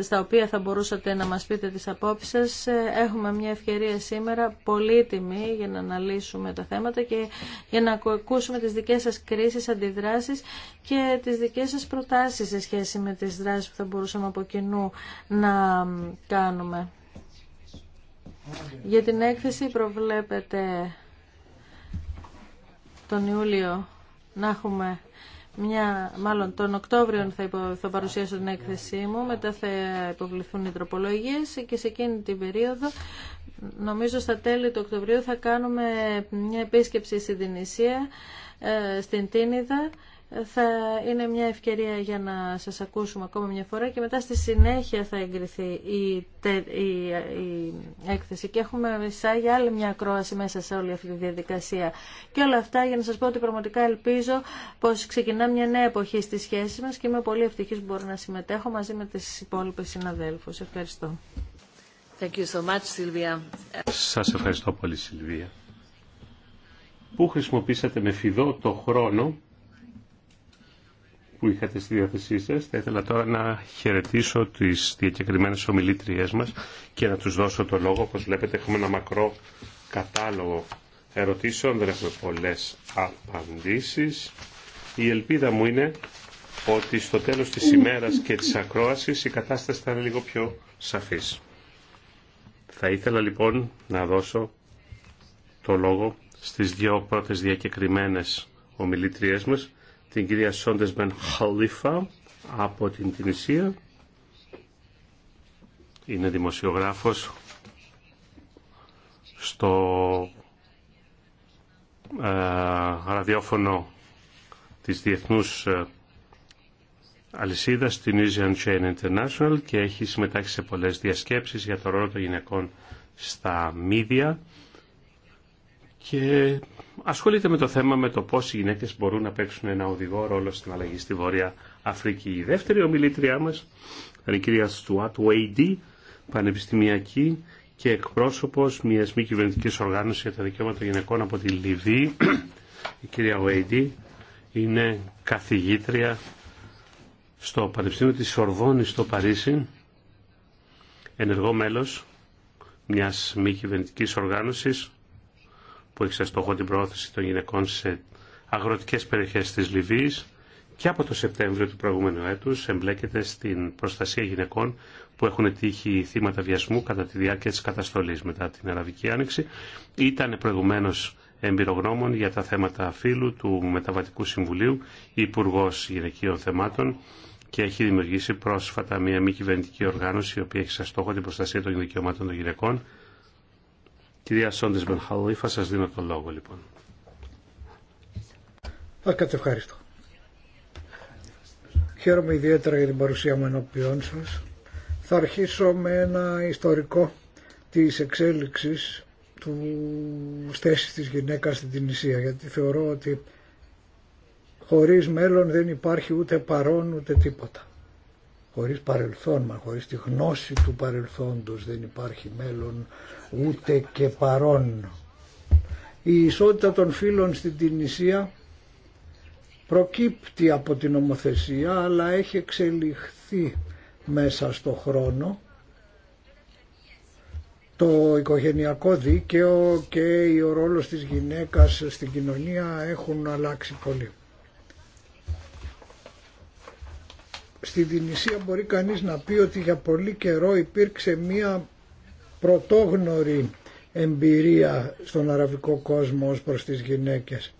στα οποία θα μπορούσατε να μας πείτε τις απόψεις σας. Ε, έχουμε μια ευκαιρία σήμερα πολύτιμη για να αναλύσουμε τα θέματα και για να ακούσουμε τις δικές σας κρίσεις, αντιδράσεις και τις δικές σας προτάσεις σε σχέση με τις δράσεις που θα μπορούσαμε από κοινού να κάνουμε. Για την έκθεση προβλέπετε τον Ιούλιο να έχουμε μια, μάλλον τον Οκτώβριο θα, υπο, θα παρουσιάσω την έκθεσή μου, μετά θα υποβληθούν οι τροπολογίες και σε εκείνη την περίοδο, νομίζω στα τέλη του Οκτωβρίου θα κάνουμε μια επίσκεψη στην ε, στην Τίνιδα θα είναι μια ευκαιρία για να σας ακούσουμε ακόμα μια φορά και μετά στη συνέχεια θα εγκριθεί η, η, έκθεση και έχουμε μισά για άλλη μια ακρόαση μέσα σε όλη αυτή τη διαδικασία και όλα αυτά για να σας πω ότι πραγματικά ελπίζω πως ξεκινά μια νέα εποχή στις σχέσεις μας και είμαι πολύ ευτυχής που μπορώ να συμμετέχω μαζί με τις υπόλοιπες συναδέλφους. Ευχαριστώ. Thank you so much, Σας ευχαριστώ πολύ Σιλβία που χρησιμοποίησατε με φιδό το χρόνο που είχατε στη διάθεσή σας. Θα ήθελα τώρα να χαιρετήσω τις διακεκριμένες ομιλήτριές μας και να τους δώσω το λόγο. Όπως βλέπετε έχουμε ένα μακρό κατάλογο ερωτήσεων, δεν έχουμε πολλές απαντήσεις. Η ελπίδα μου είναι ότι στο τέλος της ημέρας και της ακρόασης η κατάσταση θα είναι λίγο πιο σαφής. Θα ήθελα λοιπόν να δώσω το λόγο στις δύο πρώτες διακεκριμένες ομιλήτριές μας την κυρία Σόντεσμεν Χαλίφα από την Τινησία. Είναι δημοσιογράφος στο ε, ραδιόφωνο της Διεθνούς ε, Αλυσίδας, την Asian Chain International και έχει συμμετάξει σε πολλές διασκέψεις για το ρόλο των γυναικών στα μίδια και ασχολείται με το θέμα με το πώς οι γυναίκες μπορούν να παίξουν ένα οδηγό ρόλο στην αλλαγή στη Βόρεια Αφρική. Η δεύτερη ομιλήτριά μας η κυρία Στουάτ Βέιντι, πανεπιστημιακή και εκπρόσωπος μιας μη κυβερνητικής οργάνωσης για τα δικαιώματα γυναικών από τη Λιβύη. Η κυρία Βέιντι είναι καθηγήτρια στο Πανεπιστήμιο της Σορβόνης στο Παρίσι, ενεργό μέλος μιας μη κυβερνητικής οργάνωσης που έχει σε στόχο την προώθηση των γυναικών σε αγροτικές περιοχές της Λιβύης και από το Σεπτέμβριο του προηγούμενου έτους εμπλέκεται στην προστασία γυναικών που έχουν τύχει θύματα βιασμού κατά τη διάρκεια της καταστολής μετά την Αραβική Άνοιξη. Ήταν προηγουμένω εμπειρογνώμων για τα θέματα φύλου του Μεταβατικού Συμβουλίου, υπουργό Γυναικείων Θεμάτων και έχει δημιουργήσει πρόσφατα μια μη κυβερνητική οργάνωση η οποία έχει σαν στόχο την προστασία των δικαιωμάτων των γυναικών Κυρία Σόντες θα σας δίνω το λόγο λοιπόν. Θα Χαίρομαι ιδιαίτερα για την παρουσία μου ενώπιόν σας. Θα αρχίσω με ένα ιστορικό της εξέλιξης του θέση της γυναίκας στην Τινησία, γιατί θεωρώ ότι χωρίς μέλλον δεν υπάρχει ούτε παρόν ούτε τίποτα. Χωρίς παρελθόν, μα χωρίς τη γνώση του παρελθόντος δεν υπάρχει μέλλον, ούτε και παρών. Η ισότητα των φίλων στην Τινησία προκύπτει από την ομοθεσία αλλά έχει εξελιχθεί μέσα στο χρόνο το οικογενειακό δίκαιο και ο ρόλος της γυναίκας στην κοινωνία έχουν αλλάξει πολύ. Στην Τινησία μπορεί κανείς να πει ότι για πολύ καιρό υπήρξε μία πρωτόγνωρη εμπειρία στον αραβικό κόσμο ως προς τις γυναίκες.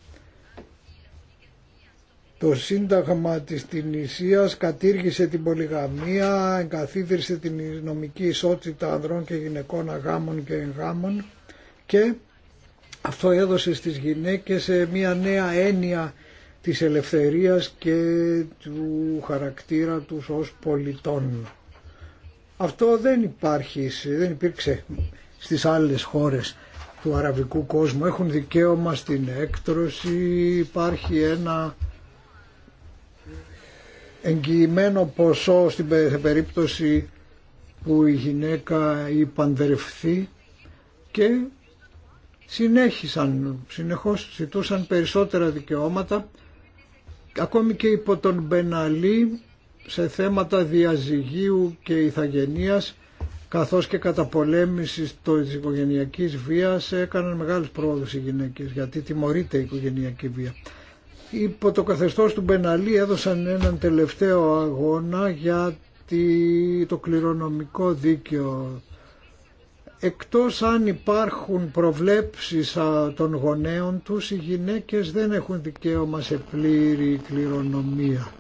Το Σύνταγμα της Τινησίας κατήργησε την πολυγαμία, εγκαθίδρυσε την νομική ισότητα ανδρών και γυναικών αγάμων και εγγάμων και αυτό έδωσε στις γυναίκες ε, μια νέα έννοια της ελευθερίας και του χαρακτήρα τους ως πολιτών. Αυτό δεν υπάρχει, δεν υπήρξε στις άλλες χώρες του αραβικού κόσμου. Έχουν δικαίωμα στην έκτρωση, υπάρχει ένα εγγυημένο ποσό στην περίπτωση που η γυναίκα υπανδρευθεί και συνέχισαν, συνεχώς ζητούσαν περισσότερα δικαιώματα ακόμη και υπό τον Μπεναλή σε θέματα διαζυγίου και ηθαγενείας καθώς και καταπολέμησης της οικογενειακής βίας έκαναν μεγάλες πρόοδους οι γυναίκες γιατί τιμωρείται η οικογενειακή βία. Υπό το καθεστώς του Μπεναλή έδωσαν έναν τελευταίο αγώνα για το κληρονομικό δίκαιο. Εκτός αν υπάρχουν προβλέψεις των γονέων τους, οι γυναίκες δεν έχουν δικαίωμα σε πλήρη κληρονομία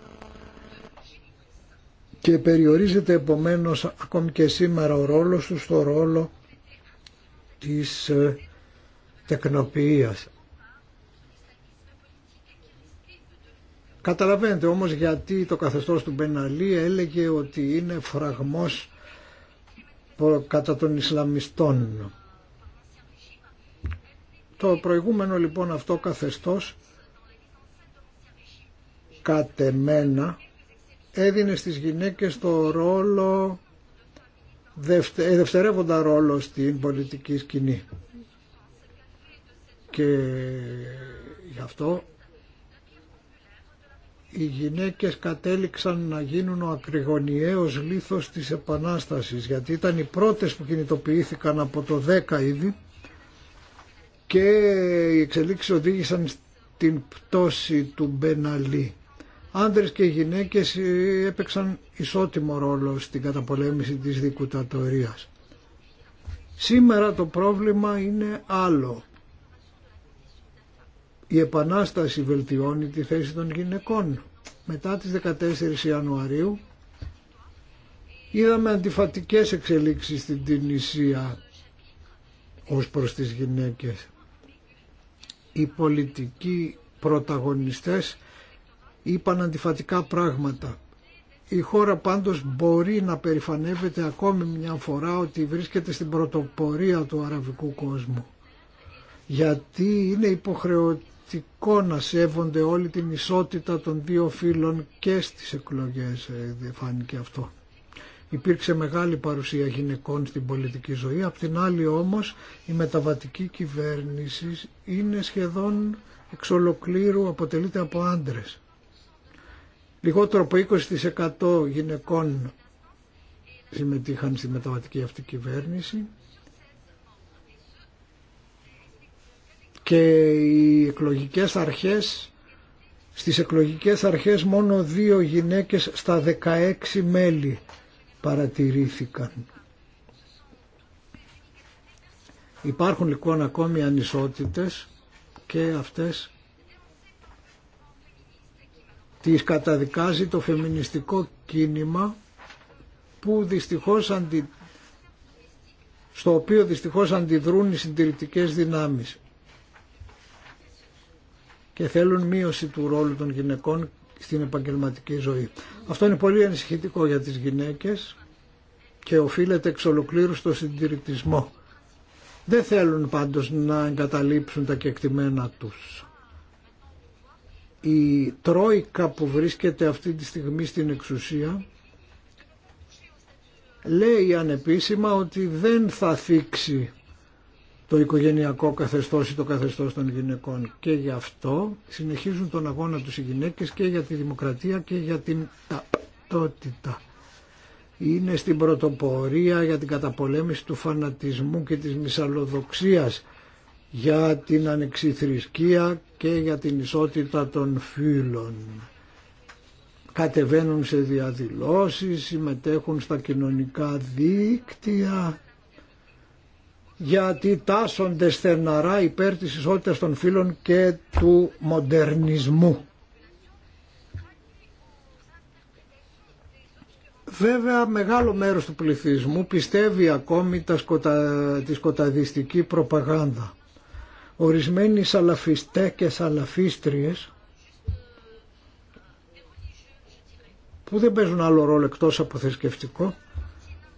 και περιορίζεται επομένως ακόμη και σήμερα ο ρόλος του στο ρόλο της ε, τεκνοποιίας. Καταλαβαίνετε όμως γιατί το καθεστώς του Μπεναλή έλεγε ότι είναι φραγμός κατά των Ισλαμιστών. Το προηγούμενο λοιπόν αυτό καθεστώς κατεμένα έδινε στις γυναίκες το ρόλο, δευτε, ε, δευτερεύοντα ρόλο στην πολιτική σκηνή. Και γι' αυτό οι γυναίκες κατέληξαν να γίνουν ο ακρηγωνιαίος λίθος της Επανάστασης γιατί ήταν οι πρώτες που κινητοποιήθηκαν από το 10 ήδη και οι εξελίξεις οδήγησαν στην πτώση του Μπεναλή. Άνδρες και γυναίκες ε, έπαιξαν ισότιμο ρόλο στην καταπολέμηση της δικουτατορίας. Σήμερα το πρόβλημα είναι άλλο. Η Επανάσταση βελτιώνει τη θέση των γυναικών. Μετά τις 14 Ιανουαρίου είδαμε αντιφατικές εξελίξεις στην Τινησία ως προς τις γυναίκες. Οι πολιτικοί πρωταγωνιστές είπαν αντιφατικά πράγματα. Η χώρα πάντως μπορεί να περηφανεύεται ακόμη μια φορά ότι βρίσκεται στην πρωτοπορία του αραβικού κόσμου. Γιατί είναι υποχρεωτικό να σέβονται όλη την ισότητα των δύο φύλων και στις εκλογές, ε, δεν φάνηκε αυτό. Υπήρξε μεγάλη παρουσία γυναικών στην πολιτική ζωή, απ' την άλλη όμως η μεταβατική κυβέρνηση είναι σχεδόν εξ ολοκλήρου αποτελείται από άντρες. Λιγότερο από 20% γυναικών συμμετείχαν στη μεταβατική αυτή κυβέρνηση και οι εκλογικές αρχές στις εκλογικές αρχές μόνο δύο γυναίκες στα 16 μέλη παρατηρήθηκαν. Υπάρχουν λοιπόν ακόμη ανισότητες και αυτές Τις καταδικάζει το φεμινιστικό κίνημα που δυστυχώς αντι... στο οποίο δυστυχώς αντιδρούν οι συντηρητικές δυνάμεις και θέλουν μείωση του ρόλου των γυναικών στην επαγγελματική ζωή. Αυτό είναι πολύ ανησυχητικό για τις γυναίκες και οφείλεται εξ ολοκλήρου στο συντηρητισμό. Δεν θέλουν πάντως να εγκαταλείψουν τα κεκτημένα τους η Τρόικα που βρίσκεται αυτή τη στιγμή στην εξουσία λέει ανεπίσημα ότι δεν θα θίξει το οικογενειακό καθεστώς ή το καθεστώς των γυναικών και γι' αυτό συνεχίζουν τον αγώνα τους οι γυναίκες και για τη δημοκρατία και για την ταυτότητα. Είναι στην πρωτοπορία για την καταπολέμηση του φανατισμού και της μυσαλλοδοξίας για την ανεξιθρησκεία και για την ισότητα των φύλων. Κατεβαίνουν σε διαδηλώσεις, συμμετέχουν στα κοινωνικά δίκτυα, γιατί τάσσονται στεναρά υπέρ της ισότητας των φύλων και του μοντερνισμού. Βέβαια μεγάλο μέρος του πληθυσμού πιστεύει ακόμη τα σκοτα... τη σκοταδιστική προπαγάνδα. Ορισμένοι σαλαφιστέ και σαλαφίστριες που δεν παίζουν άλλο ρόλο εκτός από θρησκευτικό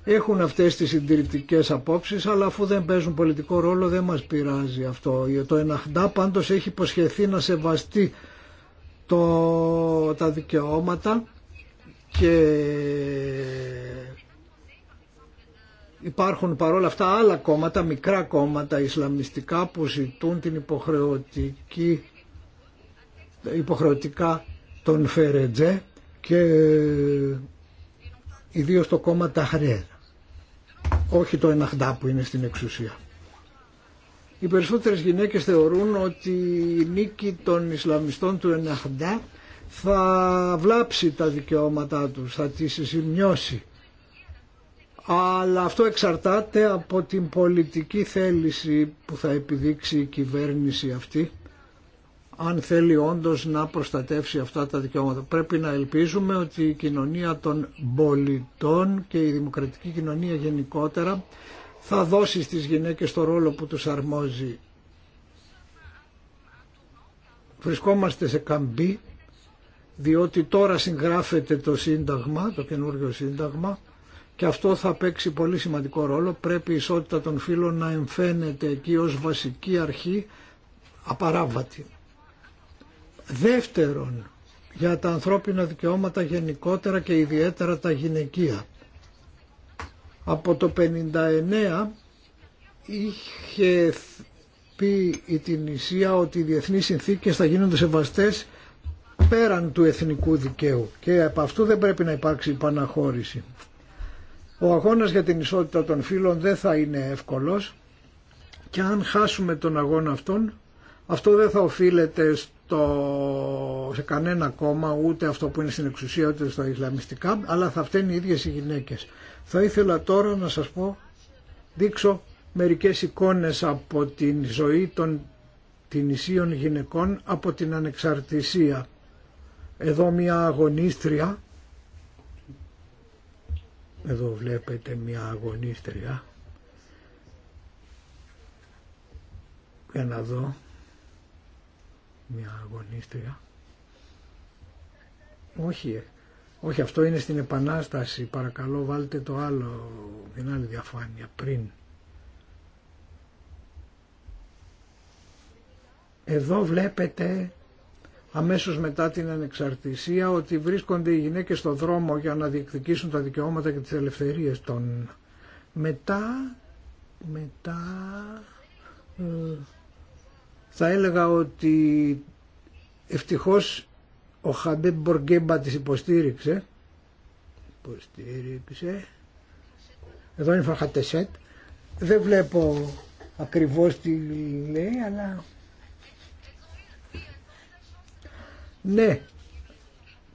έχουν αυτές τις συντηρητικέ απόψεις αλλά αφού δεν παίζουν πολιτικό ρόλο δεν μας πειράζει αυτό. Το Εναχντά πάντως έχει υποσχεθεί να σεβαστεί το, τα δικαιώματα και υπάρχουν παρόλα αυτά άλλα κόμματα, μικρά κόμματα ισλαμιστικά που ζητούν την υποχρεωτική υποχρεωτικά τον Φερετζέ και ε, ιδίως το κόμμα Ταχρέρ όχι το Εναχντά που είναι στην εξουσία οι περισσότερες γυναίκες θεωρούν ότι η νίκη των Ισλαμιστών του Εναχντά θα βλάψει τα δικαιώματά τους, θα τις ζημιώσει αλλά αυτό εξαρτάται από την πολιτική θέληση που θα επιδείξει η κυβέρνηση αυτή αν θέλει όντως να προστατεύσει αυτά τα δικαιώματα. Πρέπει να ελπίζουμε ότι η κοινωνία των πολιτών και η δημοκρατική κοινωνία γενικότερα θα δώσει στις γυναίκες το ρόλο που τους αρμόζει. Βρισκόμαστε σε καμπή διότι τώρα συγγράφεται το σύνταγμα, το καινούργιο σύνταγμα και αυτό θα παίξει πολύ σημαντικό ρόλο. Πρέπει η ισότητα των φύλων να εμφαίνεται εκεί ως βασική αρχή απαράβατη. Δεύτερον, για τα ανθρώπινα δικαιώματα γενικότερα και ιδιαίτερα τα γυναικεία. Από το 59 είχε πει η Τινησία ότι οι διεθνείς συνθήκες θα γίνονται σεβαστές πέραν του εθνικού δικαίου και από αυτού δεν πρέπει να υπάρξει υπαναχώρηση. Ο αγώνας για την ισότητα των φίλων δεν θα είναι εύκολος και αν χάσουμε τον αγώνα αυτόν, αυτό δεν θα οφείλεται στο, σε κανένα κόμμα, ούτε αυτό που είναι στην εξουσία, ούτε στα Ισλαμιστικά, αλλά θα φταίνουν οι ίδιες οι γυναίκες. Θα ήθελα τώρα να σας πω, δείξω μερικές εικόνες από την ζωή των την ισίων γυναικών από την ανεξαρτησία. Εδώ μια αγωνίστρια εδώ βλέπετε μια αγωνίστρια. Για να δω. Μια αγωνίστρια. Όχι, ε. όχι αυτό είναι στην Επανάσταση. Παρακαλώ βάλτε το άλλο, την άλλη διαφάνεια πριν. Εδώ βλέπετε αμέσως μετά την ανεξαρτησία ότι βρίσκονται οι γυναίκες στο δρόμο για να διεκδικήσουν τα δικαιώματα και τις ελευθερίες των. Μετά, μετά ε, θα έλεγα ότι ευτυχώς ο Χαντέ Μποργκέμπα τις υποστήριξε υποστήριξε εδώ είναι Φαχατεσέτ δεν βλέπω ακριβώς τι λέει αλλά Ναι,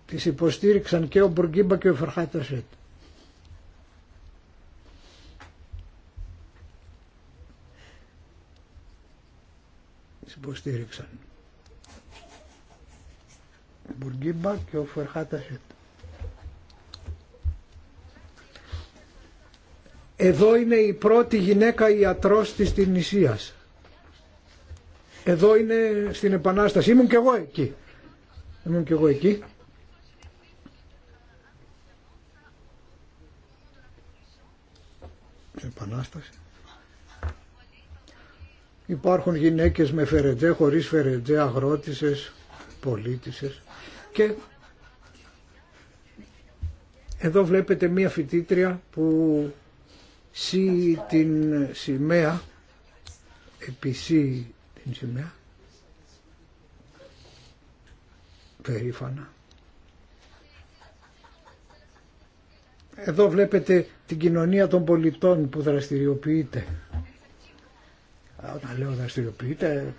Τι υποστήριξαν και ο Μπουργκίμπα και ο Φερχάτα Σέτ. Τις υποστήριξαν. Ο Μπουργκίμπα και ο Φερχάτα Σέτ. Εδώ είναι η πρώτη γυναίκα ιατρός της Τινησίας. Εδώ είναι στην Επανάσταση. Ήμουν και εγώ εκεί. Ήμουν και εγώ εκεί. Επανάσταση. Υπάρχουν γυναίκες με φερετζέ, χωρίς φερετζέ, αγρότησες, πολίτησες και εδώ βλέπετε μία φοιτήτρια που σύει την σημαία, επισύει την σημαία Εδώ βλέπετε την κοινωνία των πολιτών που δραστηριοποιείται. Όταν λέω δραστηριοποιείται,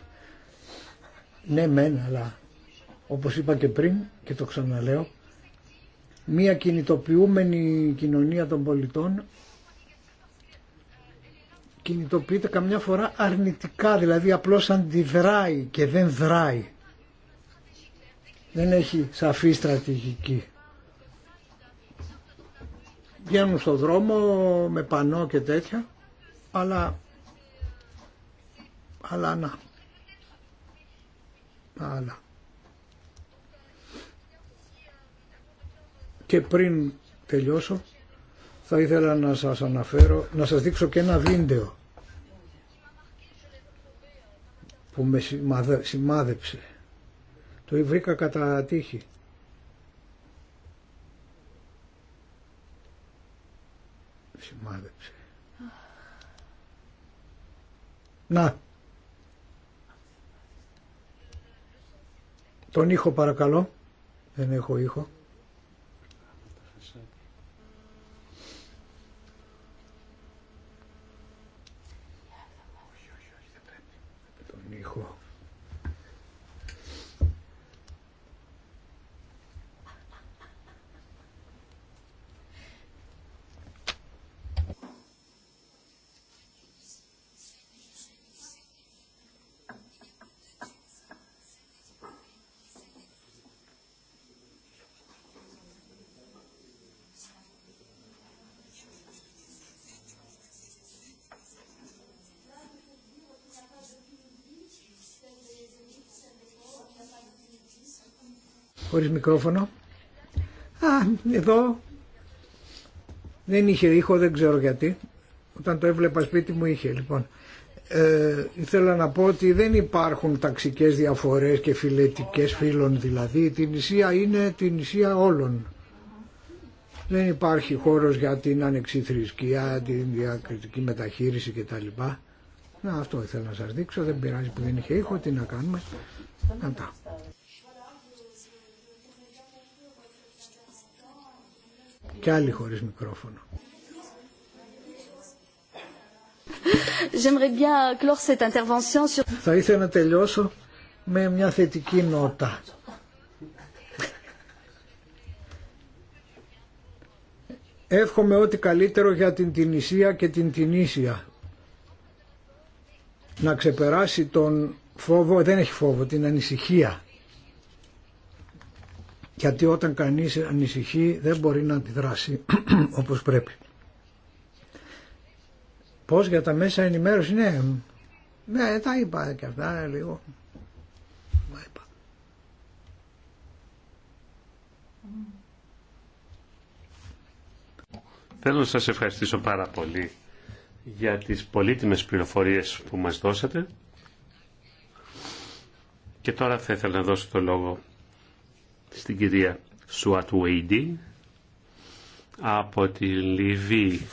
ναι μεν, αλλά όπως είπα και πριν και το ξαναλέω, μία κινητοποιούμενη κοινωνία των πολιτών κινητοποιείται καμιά φορά αρνητικά, δηλαδή απλώς αντιδράει και δεν δράει δεν έχει σαφή στρατηγική. Βγαίνουν στον δρόμο με πανό και τέτοια, αλλά, αλλά να. Αλλά. Και πριν τελειώσω, θα ήθελα να σας αναφέρω, να σας δείξω και ένα βίντεο που με σημάδεψε. Το βρήκα κατά τύχη. Σημάδεψε. Να. Τον ήχο παρακαλώ. Δεν έχω ήχο. χωρίς μικρόφωνο. Α, εδώ δεν είχε ήχο, δεν ξέρω γιατί. Όταν το έβλεπα σπίτι μου είχε λοιπόν. Ε, ήθελα να πω ότι δεν υπάρχουν ταξικές διαφορές και φιλετικές φίλων δηλαδή. Την νησία είναι την νησία όλων. Δεν υπάρχει χώρος για την ανεξιθρησκεία, την διακριτική μεταχείριση κτλ. Να, αυτό ήθελα να σας δείξω, δεν πειράζει που δεν είχε ήχο, τι να κάνουμε. Και άλλοι χωρίς μικρόφωνο. Θα ήθελα να τελειώσω με μια θετική νότα. Εύχομαι ό,τι καλύτερο για την Τινησία και την Τινήσια. Να ξεπεράσει τον φόβο, δεν έχει φόβο, την ανησυχία γιατί όταν κανείς ανησυχεί δεν μπορεί να αντιδράσει (clears throat) όπως πρέπει. Πώς για τα μέσα ενημέρωση, ναι, ναι τα είπα και αυτά λίγο. Θέλω να σας ευχαριστήσω πάρα πολύ για τις πολύτιμες πληροφορίες που μας δώσατε. Και τώρα θα ήθελα να δώσω το λόγο στην κυρία Σουατουέιντι από τη Λιβύη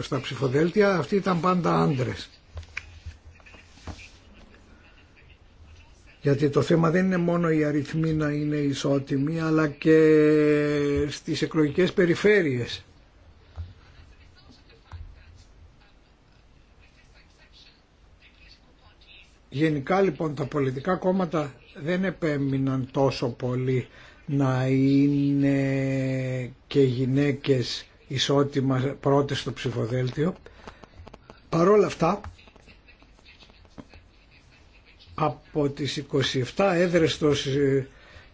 στα ψηφοδέλτια, αυτοί ήταν πάντα άντρες. Γιατί το θέμα δεν είναι μόνο η αριθμοί να είναι ισότιμοι, αλλά και στις εκλογικές περιφέρειες. Γενικά λοιπόν τα πολιτικά κόμματα δεν επέμειναν τόσο πολύ να είναι και γυναίκες ισότιμα πρώτες στο ψηφοδέλτιο. Παρόλα αυτά, από τις 27 έδρες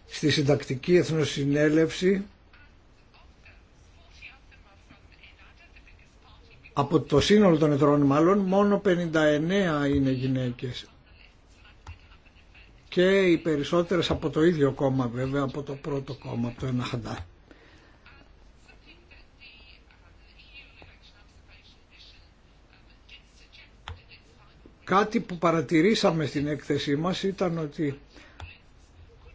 στη Συντακτική Εθνοσυνέλευση από το σύνολο των εδρών μάλλον μόνο 59 είναι γυναίκες και οι περισσότερες από το ίδιο κόμμα βέβαια από το πρώτο κόμμα από το Εναχαντά Κάτι που παρατηρήσαμε στην έκθεσή μας ήταν ότι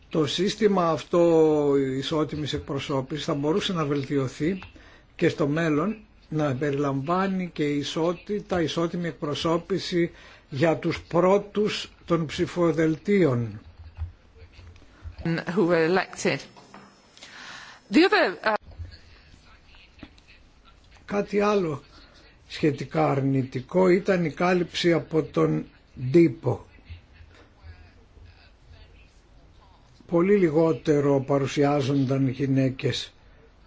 το σύστημα αυτό ισότιμης εκπροσώπησης θα μπορούσε να βελτιωθεί και στο μέλλον να περιλαμβάνει και ισότητα, ισότιμη εκπροσώπηση για τους πρώτους των ψηφοδελτίων. Uh, Κάτι άλλο σχετικά αρνητικό ήταν η κάλυψη από τον τύπο. Πολύ λιγότερο παρουσιάζονταν γυναίκες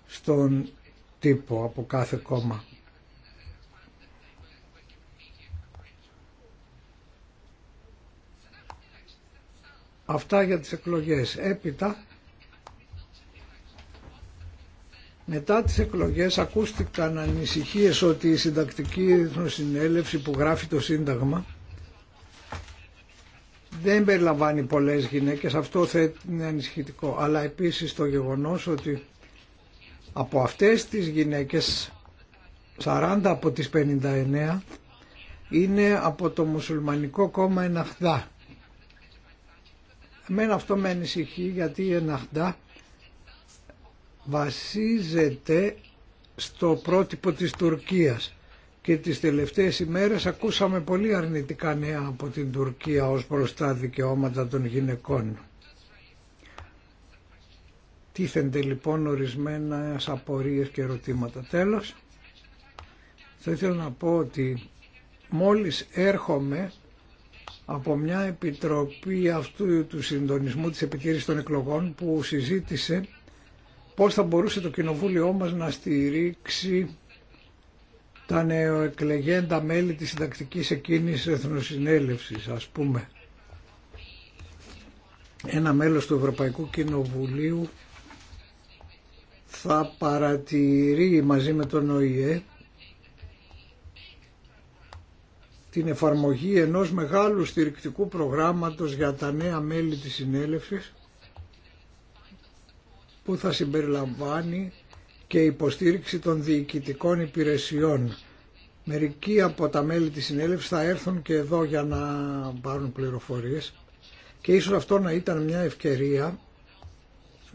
στον τύπο από κάθε κόμμα. Αυτά για τις εκλογές. Έπειτα Μετά τις εκλογές ακούστηκαν ανησυχίες ότι η συντακτική συνέλευση που γράφει το Σύνταγμα δεν περιλαμβάνει πολλές γυναίκες, αυτό είναι ανησυχητικό. Αλλά επίσης το γεγονός ότι από αυτές τις γυναίκες 40 από τις 59 είναι από το μουσουλμανικό κόμμα Εναχδά. Εμένα αυτό με ανησυχεί γιατί η Εναχδά βασίζεται στο πρότυπο της Τουρκίας και τις τελευταίες ημέρες ακούσαμε πολύ αρνητικά νέα από την Τουρκία ως προς τα δικαιώματα των γυναικών. Τίθενται λοιπόν ορισμένα απορίες και ερωτήματα. Τέλος, θα ήθελα να πω ότι μόλις έρχομαι από μια επιτροπή αυτού του συντονισμού της επιχείρησης των εκλογών που συζήτησε πώς θα μπορούσε το κοινοβούλιο μας να στηρίξει τα νεοεκλεγέντα μέλη της συντακτικής εκείνης εθνοσυνέλευσης, ας πούμε. Ένα μέλος του Ευρωπαϊκού Κοινοβουλίου θα παρατηρεί μαζί με τον ΟΗΕ την εφαρμογή ενός μεγάλου στηρικτικού προγράμματος για τα νέα μέλη της συνέλευσης που θα συμπεριλαμβάνει και υποστήριξη των διοικητικών υπηρεσιών. Μερικοί από τα μέλη της συνέλευσης θα έρθουν και εδώ για να πάρουν πληροφορίες και ίσως αυτό να ήταν μια ευκαιρία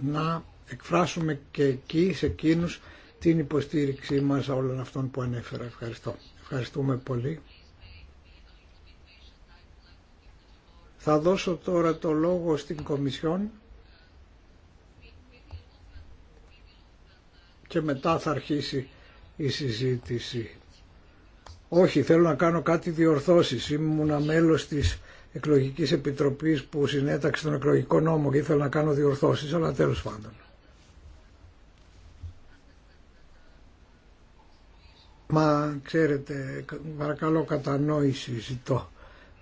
να εκφράσουμε και εκεί σε εκείνους την υποστήριξή μας όλων αυτών που ανέφερα. Ευχαριστώ. Ευχαριστούμε πολύ. Θα δώσω τώρα το λόγο στην Κομισιόν και μετά θα αρχίσει η συζήτηση. Όχι, θέλω να κάνω κάτι διορθώσεις. Ήμουνα μέλος της εκλογικής επιτροπής που συνέταξε τον εκλογικό νόμο και ήθελα να κάνω διορθώσεις, αλλά τέλος πάντων. Μα ξέρετε, παρακαλώ κατανόηση ζητώ.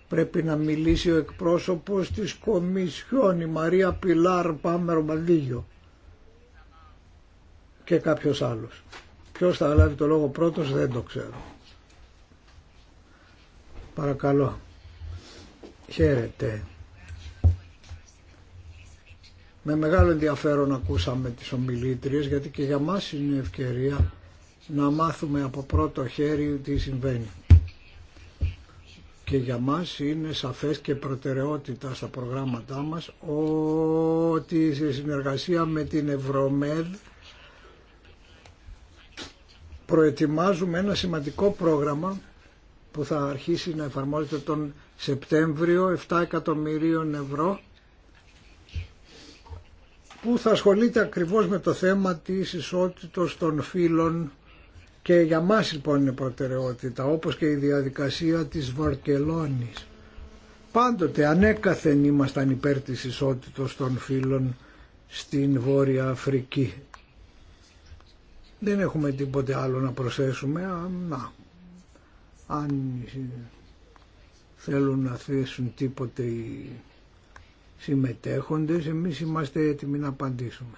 Πρέπει να μιλήσει ο εκπρόσωπος της Κομισιόν, η Μαρία Πιλάρ Πάμερο Μαλίγιο και κάποιος άλλος. Ποιος θα λάβει το λόγο πρώτος δεν το ξέρω. Παρακαλώ. Χαίρετε. Με μεγάλο ενδιαφέρον ακούσαμε τις ομιλήτριες γιατί και για μας είναι ευκαιρία να μάθουμε από πρώτο χέρι τι συμβαίνει. Και για μας είναι σαφές και προτεραιότητα στα προγράμματά μας ότι σε συνεργασία με την Ευρωμέδ προετοιμάζουμε ένα σημαντικό πρόγραμμα που θα αρχίσει να εφαρμόζεται τον Σεπτέμβριο 7 εκατομμυρίων ευρώ που θα ασχολείται ακριβώς με το θέμα της ισότητας των φύλων και για μας λοιπόν είναι προτεραιότητα όπως και η διαδικασία της Βαρκελόνης. Πάντοτε ανέκαθεν ήμασταν υπέρ της ισότητας των φύλων στην Βόρεια Αφρική δεν έχουμε τίποτε άλλο να προσθέσουμε. Να. Αν θέλουν να θέσουν τίποτε οι συμμετέχοντες, εμείς είμαστε έτοιμοι να απαντήσουμε.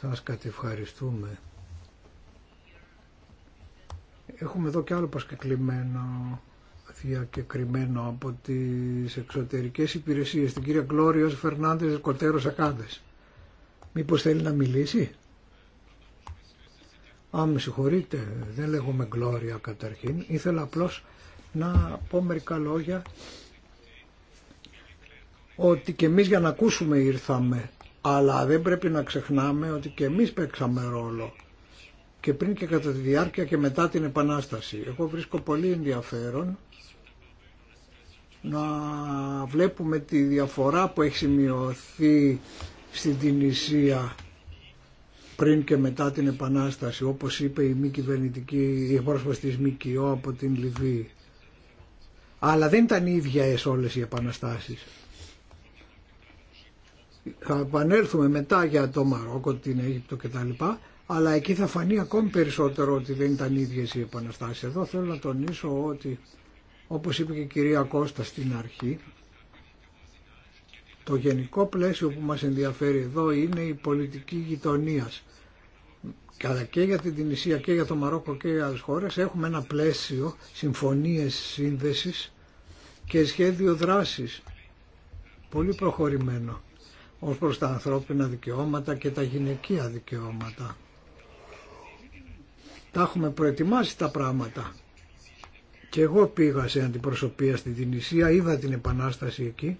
Σας κατευχαριστούμε. Έχουμε εδώ και άλλο πασκεκλημένο διακεκριμένο από τις εξωτερικές υπηρεσίες, την κυρία Γκλώριος Φερνάντες Κοτέρος Ακάδες. Μήπως θέλει να μιλήσει. Α, με συγχωρείτε, δεν λέγομαι Γκλώρια καταρχήν. Ήθελα απλώς να πω μερικά λόγια ότι και εμείς για να ακούσουμε ήρθαμε, αλλά δεν πρέπει να ξεχνάμε ότι και εμείς παίξαμε ρόλο και πριν και κατά τη διάρκεια και μετά την Επανάσταση. Εγώ βρίσκω πολύ ενδιαφέρον να βλέπουμε τη διαφορά που έχει σημειωθεί στην Τινησία πριν και μετά την Επανάσταση, όπως είπε η μη κυβερνητική, η πρόσφαση της ΜΚΟ από την Λιβύη. Αλλά δεν ήταν ίδιες όλες οι επαναστάσεις. Θα επανέλθουμε μετά για το Μαρόκο, την Αίγυπτο κτλ. Αλλά εκεί θα φανεί ακόμη περισσότερο ότι δεν ήταν ίδιες οι επαναστάσεις. Εδώ θέλω να τονίσω ότι, όπως είπε και η κυρία Κώστα στην αρχή, το γενικό πλαίσιο που μας ενδιαφέρει εδώ είναι η πολιτική γειτονία. Αλλά και για την Τινησία και για το Μαρόκο και για άλλες χώρες έχουμε ένα πλαίσιο συμφωνίες σύνδεσης και σχέδιο δράσης πολύ προχωρημένο ως προς τα ανθρώπινα δικαιώματα και τα γυναικεία δικαιώματα. Τα έχουμε προετοιμάσει τα πράγματα. Και εγώ πήγα σε αντιπροσωπεία στην Τινησία, είδα την Επανάσταση εκεί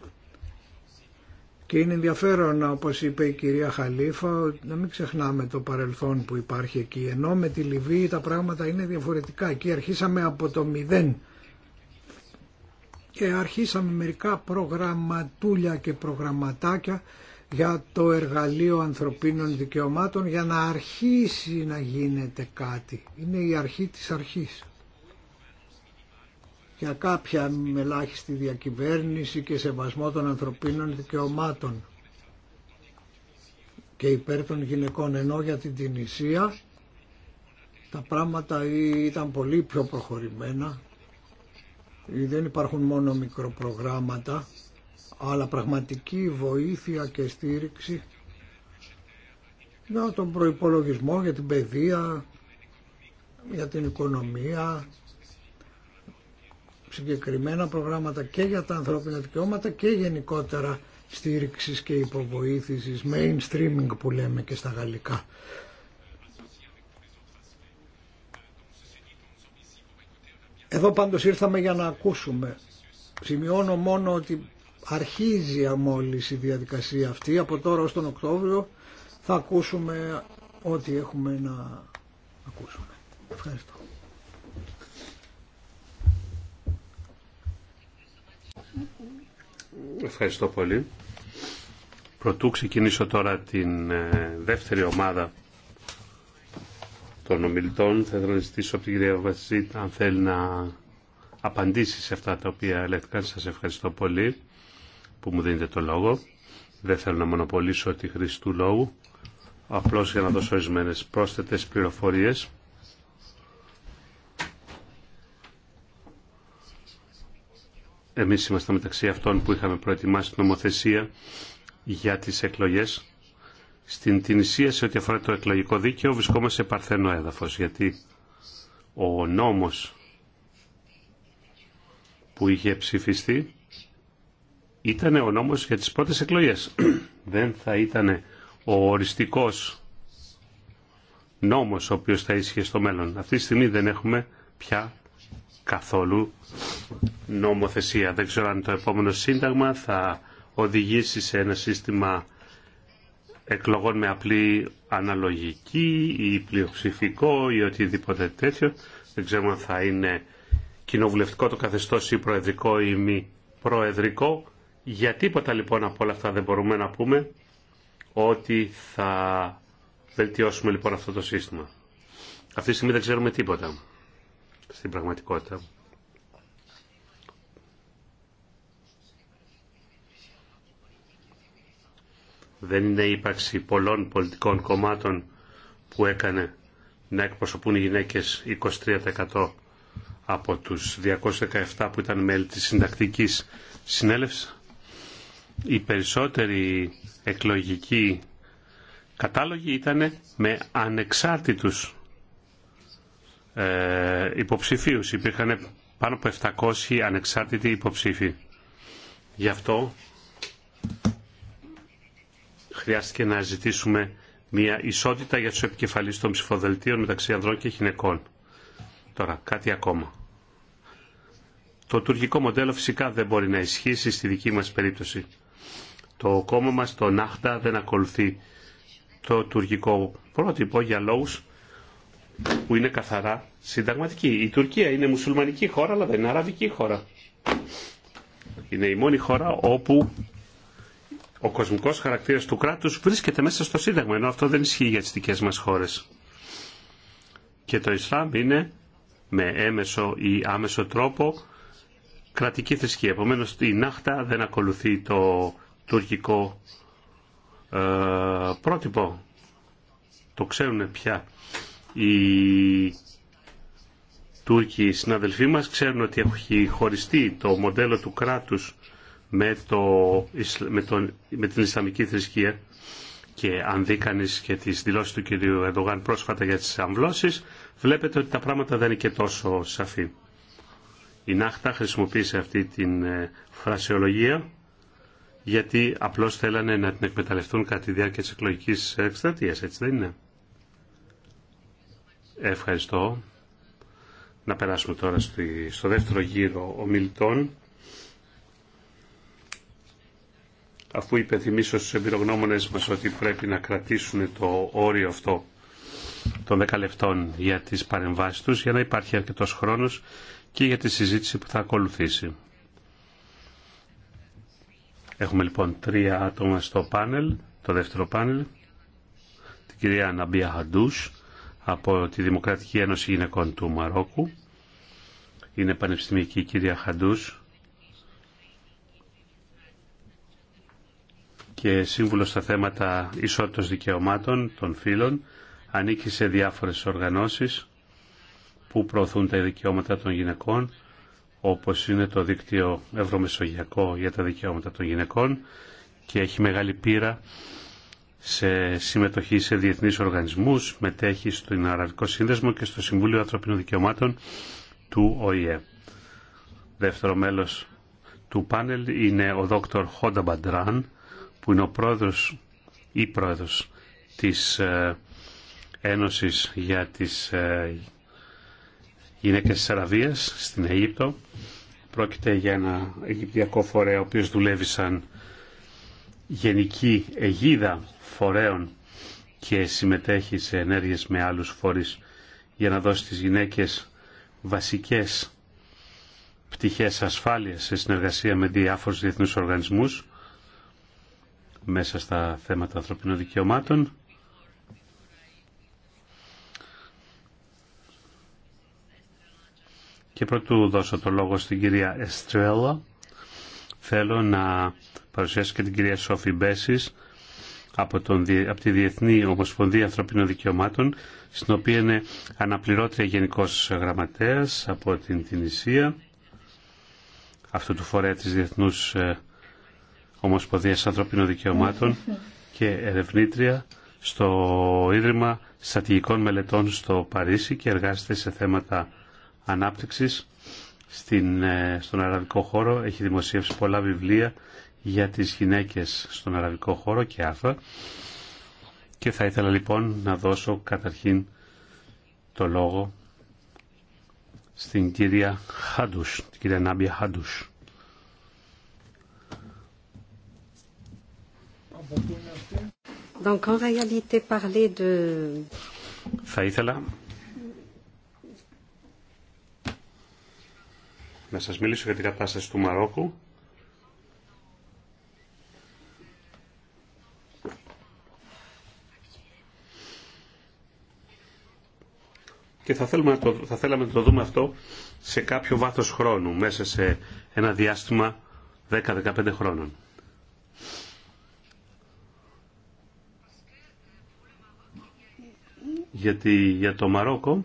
και είναι ενδιαφέρον, όπως είπε η κυρία Χαλίφα, να μην ξεχνάμε το παρελθόν που υπάρχει εκεί. Ενώ με τη Λιβύη τα πράγματα είναι διαφορετικά. Εκεί αρχίσαμε από το μηδέν και αρχίσαμε μερικά προγραμματούλια και προγραμματάκια για το εργαλείο ανθρωπίνων δικαιωμάτων για να αρχίσει να γίνεται κάτι. Είναι η αρχή της αρχής για κάποια μελάχιστη διακυβέρνηση και σεβασμό των ανθρωπίνων δικαιωμάτων και υπέρ των γυναικών ενώ για την Τινησία τα πράγματα ήταν πολύ πιο προχωρημένα δεν υπάρχουν μόνο μικροπρογράμματα αλλά πραγματική βοήθεια και στήριξη για τον προϋπολογισμό, για την παιδεία, για την οικονομία, συγκεκριμένα προγράμματα και για τα ανθρώπινα δικαιώματα και γενικότερα στήριξη και υποβοήθηση mainstreaming που λέμε και στα γαλλικά. Εδώ πάντως ήρθαμε για να ακούσουμε. Σημειώνω μόνο ότι αρχίζει αμόλυση η διαδικασία αυτή. Από τώρα ως τον Οκτώβριο θα ακούσουμε ό,τι έχουμε να ακούσουμε. Ευχαριστώ. Ευχαριστώ πολύ. Προτού ξεκινήσω τώρα την ε, δεύτερη ομάδα των ομιλητών. Θα ήθελα να ζητήσω από την κυρία Βασίτ αν θέλει να απαντήσει σε αυτά τα οποία έλεγχαν. Σας ευχαριστώ πολύ που μου δίνετε το λόγο. Δεν θέλω να μονοπολίσω τη χρήση του λόγου, απλώς για να δώσω ορισμένε πρόσθετες πληροφορίες Εμείς είμαστε μεταξύ αυτών που είχαμε προετοιμάσει την νομοθεσία για τις εκλογές. Στην Τινησία σε ό,τι αφορά το εκλογικό δίκαιο βρισκόμαστε σε παρθένο έδαφος γιατί ο νόμος που είχε ψηφιστεί ήταν ο νόμος για τις πρώτες εκλογές. (clears throat) Δεν θα ήταν ο οριστικός νόμος ο οποίος θα ίσχυε στο μέλλον. Αυτή τη στιγμή δεν έχουμε πια καθόλου νομοθεσία. Δεν ξέρω αν το επόμενο σύνταγμα θα οδηγήσει σε ένα σύστημα εκλογών με απλή αναλογική ή πλειοψηφικό ή οτιδήποτε τέτοιο. Δεν ξέρω αν θα είναι κοινοβουλευτικό το καθεστώς ή προεδρικό ή μη προεδρικό. Για τίποτα λοιπόν από όλα αυτά δεν μπορούμε να πούμε ότι θα βελτιώσουμε λοιπόν αυτό το σύστημα. Αυτή τη στιγμή δεν ξέρουμε τίποτα στην πραγματικότητα. Δεν είναι η ύπαρξη πολλών πολιτικών κομμάτων που έκανε να εκπροσωπούν οι γυναίκες 23% από τους 217 που ήταν μέλη της συντακτικής συνέλευσης. Οι περισσότεροι εκλογικοί κατάλογοι ήταν με ανεξάρτητους ε, υποψηφίους. Υπήρχαν πάνω από 700 ανεξάρτητοι υποψήφοι. Γι' αυτό χρειάστηκε να ζητήσουμε μια ισότητα για τους επικεφαλείς των ψηφοδελτίων μεταξύ ανδρών και γυναικών. Τώρα, κάτι ακόμα. Το τουρκικό μοντέλο φυσικά δεν μπορεί να ισχύσει στη δική μας περίπτωση. Το κόμμα μας, το Νάχτα, δεν ακολουθεί το τουρκικό πρότυπο για λόγους που είναι καθαρά συνταγματική. Η Τουρκία είναι μουσουλμανική χώρα αλλά δεν είναι αραβική χώρα. Είναι η μόνη χώρα όπου ο κοσμικός χαρακτήρας του κράτους βρίσκεται μέσα στο Σύνταγμα, ενώ αυτό δεν ισχύει για τι δικέ μας χώρες. Και το Ισλάμ είναι με έμεσο ή άμεσο τρόπο κρατική θρησκεία. Επομένως η Νάχτα δεν ακολουθεί το τουρκικό ε, πρότυπο. Το ξέρουν πια οι Τούρκοι συναδελφοί μας ξέρουν ότι έχει χωριστεί το μοντέλο του κράτους με, το, με, τον με την Ισλαμική θρησκεία και αν δει και τις δηλώσεις του κυρίου Εντογάν πρόσφατα για τις αμβλώσεις βλέπετε ότι τα πράγματα δεν είναι και τόσο σαφή. Η Νάχτα χρησιμοποίησε αυτή την ε, φρασιολογία γιατί απλώς θέλανε να την εκμεταλλευτούν κατά τη διάρκεια της εκλογικής εκστρατείας, έτσι δεν είναι. Ευχαριστώ. Να περάσουμε τώρα στο δεύτερο γύρο ομιλητών. Αφού υπενθυμίσω στους εμπειρογνώμονες μας ότι πρέπει να κρατήσουν το όριο αυτό των δεκαλευτών για τις παρεμβάσεις τους για να υπάρχει αρκετός χρόνος και για τη συζήτηση που θα ακολουθήσει. Έχουμε λοιπόν τρία άτομα στο πάνελ, το δεύτερο πάνελ, την κυρία Ναμπία Χαντούς, από τη Δημοκρατική Ένωση Γυναικών του Μαρόκου. Είναι πανεπιστημιακή κυρία Χαντούς και σύμβουλος στα θέματα ισότητας δικαιωμάτων των φύλων. Ανήκει σε διάφορες οργανώσεις που προωθούν τα δικαιώματα των γυναικών όπως είναι το δίκτυο Ευρωμεσογειακό για τα δικαιώματα των γυναικών και έχει μεγάλη πείρα σε συμμετοχή σε διεθνείς οργανισμούς, μετέχει στον Αραβικό Σύνδεσμο και στο Συμβούλιο Ανθρωπίνων Δικαιωμάτων του ΟΗΕ. Δεύτερο μέλος του πάνελ είναι ο δόκτωρ Χόντα Μπαντράν, που είναι ο πρόεδρος ή πρόεδρος της ε, Ένωσης για τις ε, Γυναίκες της Αραβίας στην Αίγυπτο. Πρόκειται για ένα Αιγυπτιακό φορέα ο οποίο δουλεύει σαν γενική αιγίδα φορέων και συμμετέχει σε ενέργειες με άλλους φορείς για να δώσει στις γυναίκες βασικές πτυχές ασφάλειας σε συνεργασία με διάφορους διεθνούς οργανισμούς μέσα στα θέματα ανθρωπινών δικαιωμάτων. Και πρωτού δώσω το λόγο στην κυρία Εστρέλα, θέλω να παρουσιάσω και την κυρία Σόφη Μπέσης, από, τον, τη Διεθνή Ομοσπονδία Ανθρωπίνων Δικαιωμάτων, στην οποία είναι αναπληρώτρια γενικός γραμματέας από την Τινησία, αυτού του φορέα της Διεθνούς ε, Ομοσπονδίας Ανθρωπίνων Δικαιωμάτων και ερευνήτρια στο Ίδρυμα Στατηγικών Μελετών στο Παρίσι και εργάζεται σε θέματα ανάπτυξης στην, ε, στον αραβικό χώρο. Έχει δημοσίευσει πολλά βιβλία για τις γυναίκες στον αραβικό χώρο και άφα και θα ήθελα λοιπόν να δώσω καταρχήν το λόγο στην κυρία Χάντους, την κυρία Νάμπια Χάντους. Donc, en réalité, parler Θα ήθελα να σας μιλήσω για την κατάσταση του Μαρόκου και θα, το, θα θέλαμε να το δούμε αυτό σε κάποιο βάθος χρόνου, μέσα σε ένα διάστημα 10-15 χρόνων. Γιατί για το Μαρόκο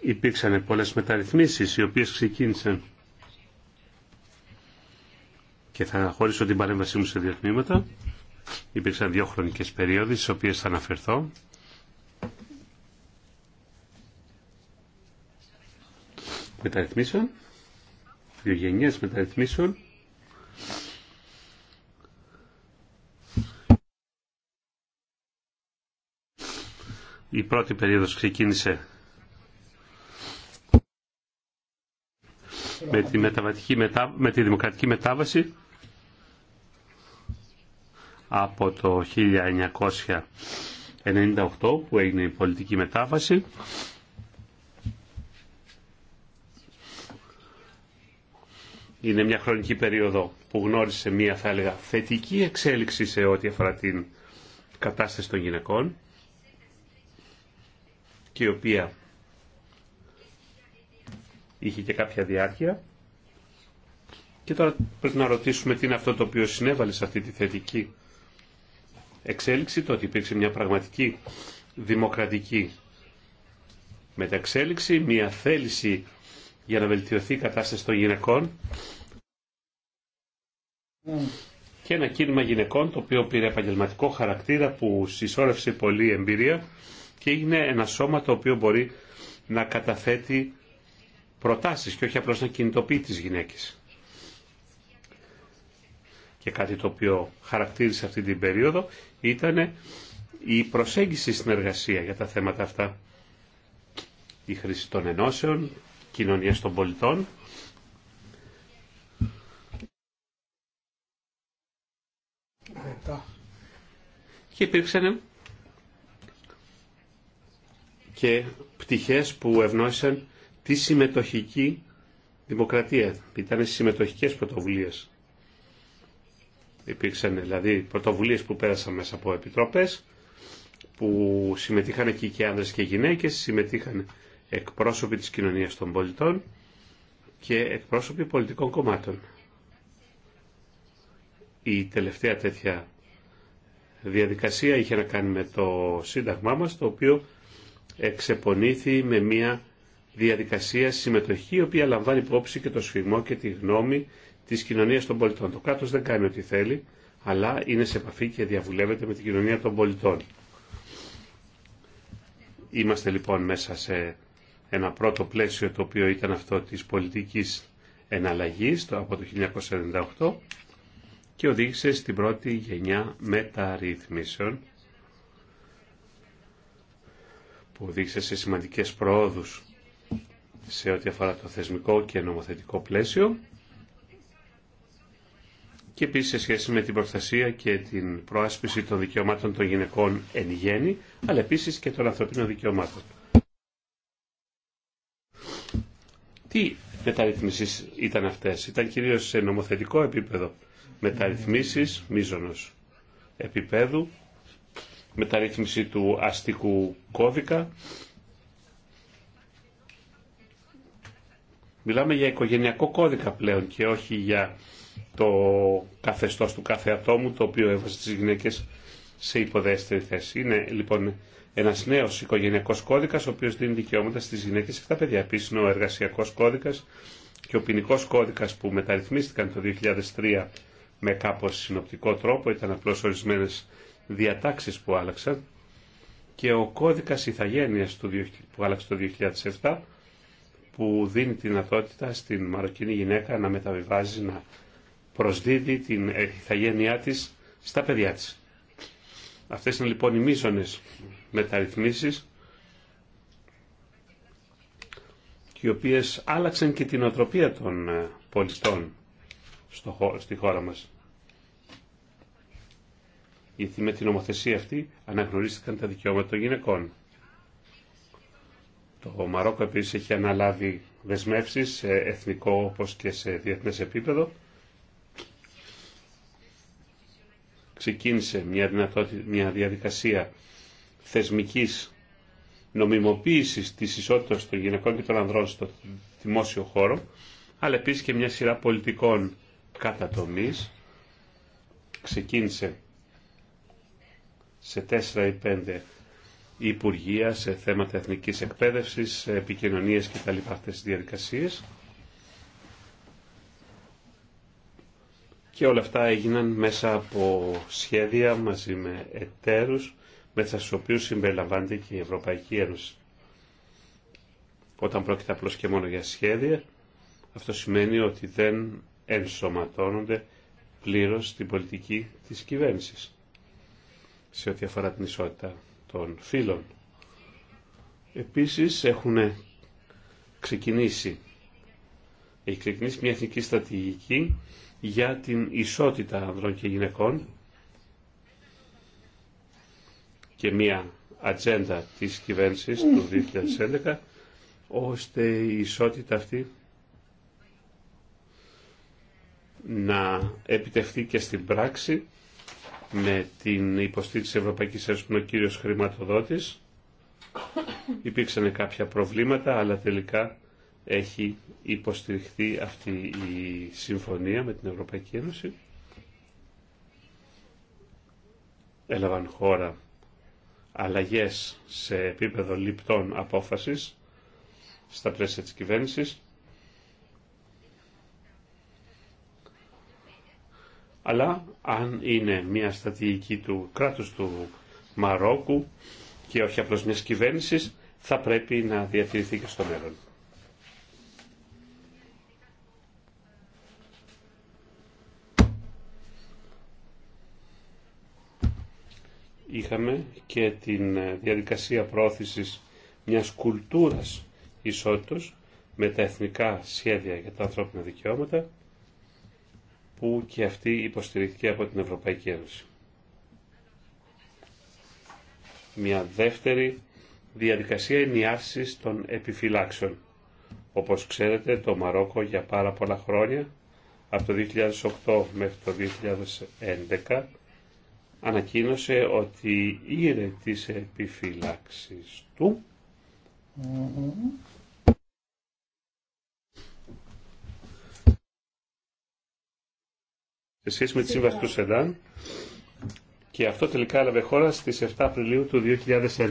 υπήρξαν πολλές μεταρρυθμίσεις οι οποίες ξεκίνησαν και θα χωρίσω την παρέμβασή μου σε δύο τμήματα. Υπήρξαν δύο χρονικές περίοδοι στις οποίες θα αναφερθώ. μεταρρυθμίσεων, δύο γενιές μεταρρυθμίσεων, Η πρώτη περίοδος ξεκίνησε με τη, μεταβατική μετα... με τη δημοκρατική μετάβαση από το 1998 που έγινε η πολιτική μετάβαση είναι μια χρονική περίοδο που γνώρισε μια θα έλεγα θετική εξέλιξη σε ό,τι αφορά την κατάσταση των γυναικών και η οποία είχε και κάποια διάρκεια. Και τώρα πρέπει να ρωτήσουμε τι είναι αυτό το οποίο συνέβαλε σε αυτή τη θετική εξέλιξη, το ότι υπήρξε μια πραγματική δημοκρατική μεταξέλιξη, μια θέληση για να βελτιωθεί η κατάσταση των γυναικών και ένα κίνημα γυναικών το οποίο πήρε επαγγελματικό χαρακτήρα που συσσόρευσε πολλή εμπειρία και είναι ένα σώμα το οποίο μπορεί να καταθέτει προτάσεις και όχι απλώς να κινητοποιεί τις γυναίκες. Και κάτι το οποίο χαρακτήρισε αυτή την περίοδο ήταν η προσέγγιση στην εργασία για τα θέματα αυτά. Η χρήση των ενώσεων, κοινωνίας των πολιτών. Και υπήρξαν και πτυχές που ευνόησαν τη συμμετοχική δημοκρατία. Ήταν συμμετοχικές πρωτοβουλίες. Υπήρξαν δηλαδή πρωτοβουλίες που πέρασαν μέσα από επιτροπές που συμμετείχαν εκεί και άνδρες και γυναίκες, συμμετείχαν εκπρόσωποι της κοινωνίας των πολιτών και εκπρόσωποι πολιτικών κομμάτων. Η τελευταία τέτοια διαδικασία είχε να κάνει με το Σύνταγμά μας, το οποίο εξεπονήθη με μια διαδικασία συμμετοχή, η οποία λαμβάνει υπόψη και το σφιγμό και τη γνώμη της κοινωνίας των πολιτών. Το κράτος δεν κάνει ό,τι θέλει, αλλά είναι σε επαφή και διαβουλεύεται με την κοινωνία των πολιτών. Είμαστε λοιπόν μέσα σε ένα πρώτο πλαίσιο το οποίο ήταν αυτό της πολιτικής εναλλαγής το, από το 1998 και οδήγησε στην πρώτη γενιά μεταρρυθμίσεων που οδήγησε σε σημαντικές προόδους σε ό,τι αφορά το θεσμικό και νομοθετικό πλαίσιο και επίσης σε σχέση με την προστασία και την προάσπιση των δικαιωμάτων των γυναικών εν γέννη, αλλά επίσης και των ανθρωπίνων δικαιωμάτων. Τι μεταρρυθμίσει ήταν αυτέ. Ήταν κυρίω σε νομοθετικό επίπεδο. Μεταρρυθμίσεις μίζωνος επίπεδου, μεταρρύθμιση του αστικού κώδικα. Μιλάμε για οικογενειακό κώδικα πλέον και όχι για το καθεστώς του κάθε ατόμου το οποίο έβαζε τις γυναίκες σε υποδέστερη θέση. Είναι λοιπόν ένα νέο οικογενειακό κώδικα, ο οποίο δίνει δικαιώματα στι γυναίκε και τα παιδιά. Επίση, ο εργασιακό κώδικα και ο ποινικό κώδικα που μεταρρυθμίστηκαν το 2003 με κάπω συνοπτικό τρόπο, ήταν απλώ ορισμένε διατάξει που άλλαξαν. Και ο κώδικα ηθαγένεια που άλλαξε το 2007, που δίνει τη δυνατότητα στην μαροκινή γυναίκα να μεταβιβάζει, να προσδίδει την ηθαγένειά ε, τη στα παιδιά τη. Αυτές είναι λοιπόν οι μεταρρυθμίσεις οι οποίες άλλαξαν και την οτροπία των ε, πολιτών στο, στη χώρα μας. Γιατί με την νομοθεσία αυτή αναγνωρίστηκαν τα δικαιώματα των γυναικών. Το Μαρόκο επίσης έχει αναλάβει δεσμεύσεις σε εθνικό όπως και σε διεθνές επίπεδο. Ξεκίνησε μια, μια διαδικασία θεσμικής νομιμοποίησης της ισότητας των γυναικών και των ανδρών στο δημόσιο χώρο, αλλά επίσης και μια σειρά πολιτικών κατατομής. Ξεκίνησε σε τέσσερα ή πέντε υπουργεία, σε θέματα εθνικής εκπαίδευσης, επικοινωνίες κτλ. αυτές τις διαδικασίες. Και όλα αυτά έγιναν μέσα από σχέδια μαζί με εταίρους μέσα στους οποίους συμπεριλαμβάνεται και η Ευρωπαϊκή Ένωση. Όταν πρόκειται απλώς και μόνο για σχέδια, αυτό σημαίνει ότι δεν ενσωματώνονται πλήρως στην πολιτική της κυβέρνησης σε ό,τι αφορά την ισότητα των φύλων. Επίσης έχουν ξεκινήσει, έχει ξεκινήσει μια εθνική στρατηγική για την ισότητα ανδρών και γυναικών και μια ατζέντα της κυβέρνησης του 2011 ώστε η ισότητα αυτή να επιτευχθεί και στην πράξη με την υποστήριξη της Ευρωπαϊκής Ένωσης που είναι ο κύριος χρηματοδότης. Υπήρξαν κάποια προβλήματα, αλλά τελικά έχει υποστηριχθεί αυτή η συμφωνία με την Ευρωπαϊκή Ένωση. Έλαβαν χώρα αλλαγές σε επίπεδο λιπτών απόφασης στα πλαίσια της κυβέρνησης. Αλλά αν είναι μια στρατηγική του κράτους του Μαρόκου και όχι απλώς μιας κυβέρνησης, θα πρέπει να διατηρηθεί και στο μέλλον. είχαμε και την ε, διαδικασία πρόθεσης μιας κουλτούρας ισότητος με τα εθνικά σχέδια για τα ανθρώπινα δικαιώματα που και αυτή υποστηρίχθηκε από την Ευρωπαϊκή Ένωση. Μια δεύτερη διαδικασία είναι η των επιφυλάξεων. Όπως ξέρετε το Μαρόκο για πάρα πολλά χρόνια από το 2008 μέχρι το 2011 ανακοίνωσε ότι ήρε τι επιφύλαξης του mm -hmm. σε σχέση με τη σύμβαση του Σεντάν και αυτό τελικά έλαβε χώρα στις 7 Απριλίου του 2011.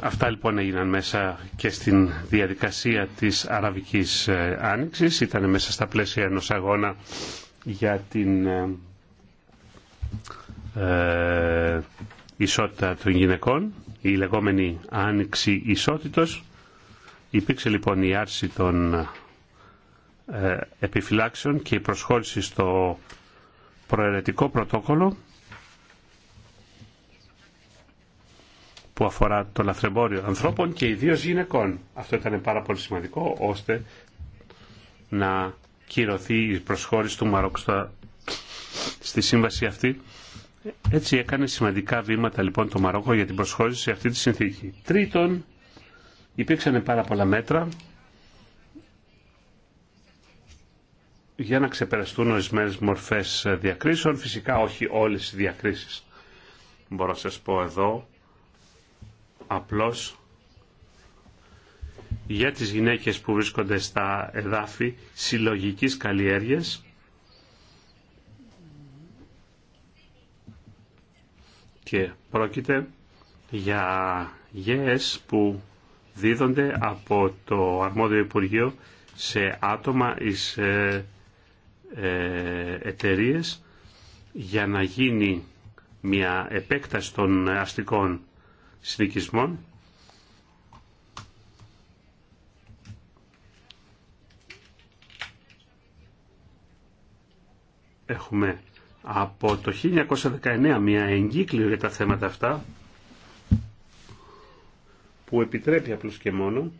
Αυτά λοιπόν έγιναν μέσα και στην διαδικασία της Αραβικής ε, Άνοιξης. Ήταν μέσα στα πλαίσια ενός αγώνα για την ε, ε, ισότητα των γυναικών, η λεγόμενη Άνοιξη Ισότητος. Υπήρξε λοιπόν η άρση των ε, επιφυλάξεων και η προσχώρηση στο προαιρετικό πρωτόκολλο που αφορά το λαθρεμπόριο ανθρώπων και ιδίω γυναικών. Αυτό ήταν πάρα πολύ σημαντικό ώστε να κυρωθεί η προσχώρηση του Μαρόκου στη σύμβαση αυτή. Έτσι έκανε σημαντικά βήματα λοιπόν το Μαρόκο για την προσχώρηση σε αυτή τη συνθήκη. Τρίτον, υπήρξαν πάρα πολλά μέτρα για να ξεπεραστούν ορισμένε μορφές διακρίσεων, φυσικά όχι όλες οι διακρίσεις. Μπορώ να σας πω εδώ απλώς για τις γυναίκες που βρίσκονται στα εδάφη συλλογικής καλλιέργειας και πρόκειται για γέες που δίδονται από το αρμόδιο Υπουργείο σε άτομα ή σε ε, εταιρείες για να γίνει μια επέκταση των αστικών συνοικισμών. Έχουμε από το 1919 μια εγκύκλιο για τα θέματα αυτά που επιτρέπει απλώς και μόνο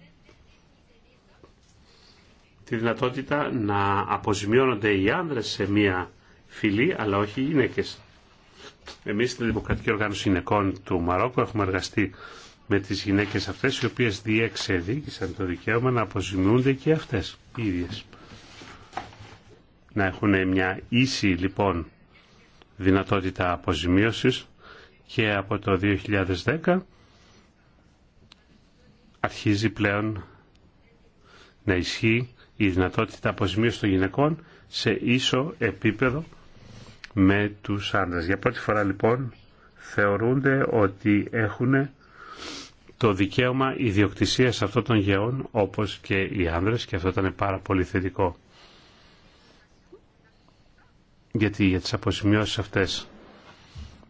τη δυνατότητα να αποζημιώνονται οι άνδρες σε μία φυλή αλλά όχι οι γυναίκες. Εμείς στην Δημοκρατική Οργάνωση Γυναικών του Μαρόκου έχουμε εργαστεί με τις γυναίκες αυτές οι οποίες διεξεδίκησαν το δικαίωμα να αποζημιούνται και αυτές οι ίδιες. Να έχουν μια ίση λοιπόν δυνατότητα αποζημίωσης και από το 2010 αρχίζει πλέον να ισχύει η δυνατότητα αποζημίωσης των γυναικών σε ίσο επίπεδο με τους άντρες. Για πρώτη φορά λοιπόν θεωρούνται ότι έχουν το δικαίωμα ιδιοκτησίας αυτών των γεών όπως και οι άνδρες και αυτό ήταν πάρα πολύ θετικό. Γιατί για τις αποσημειώσεις αυτές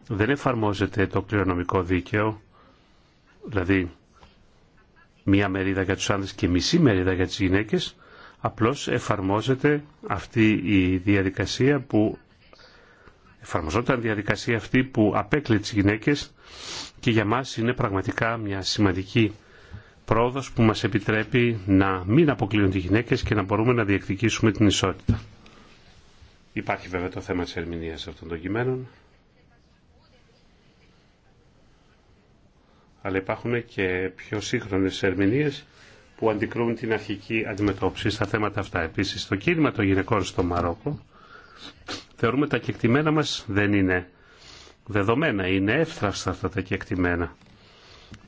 δεν εφαρμόζεται το κληρονομικό δίκαιο, δηλαδή μία μερίδα για τους άνδρες και μισή μερίδα για τις γυναίκες, απλώς εφαρμόζεται αυτή η διαδικασία που εφαρμοζόταν διαδικασία αυτή που απέκλειε τις γυναίκες και για μας είναι πραγματικά μια σημαντική πρόοδος που μας επιτρέπει να μην αποκλείονται οι γυναίκες και να μπορούμε να διεκδικήσουμε την ισότητα. Υπάρχει βέβαια το θέμα της ερμηνείας αυτών των κειμένων. Αλλά υπάρχουν και πιο σύγχρονες ερμηνείες που αντικρούν την αρχική αντιμετώπιση στα θέματα αυτά. Επίσης, το κίνημα των γυναικών στο Μαρόκο θεωρούμε τα κεκτημένα μας δεν είναι δεδομένα, είναι εύθραυστα αυτά τα κεκτημένα.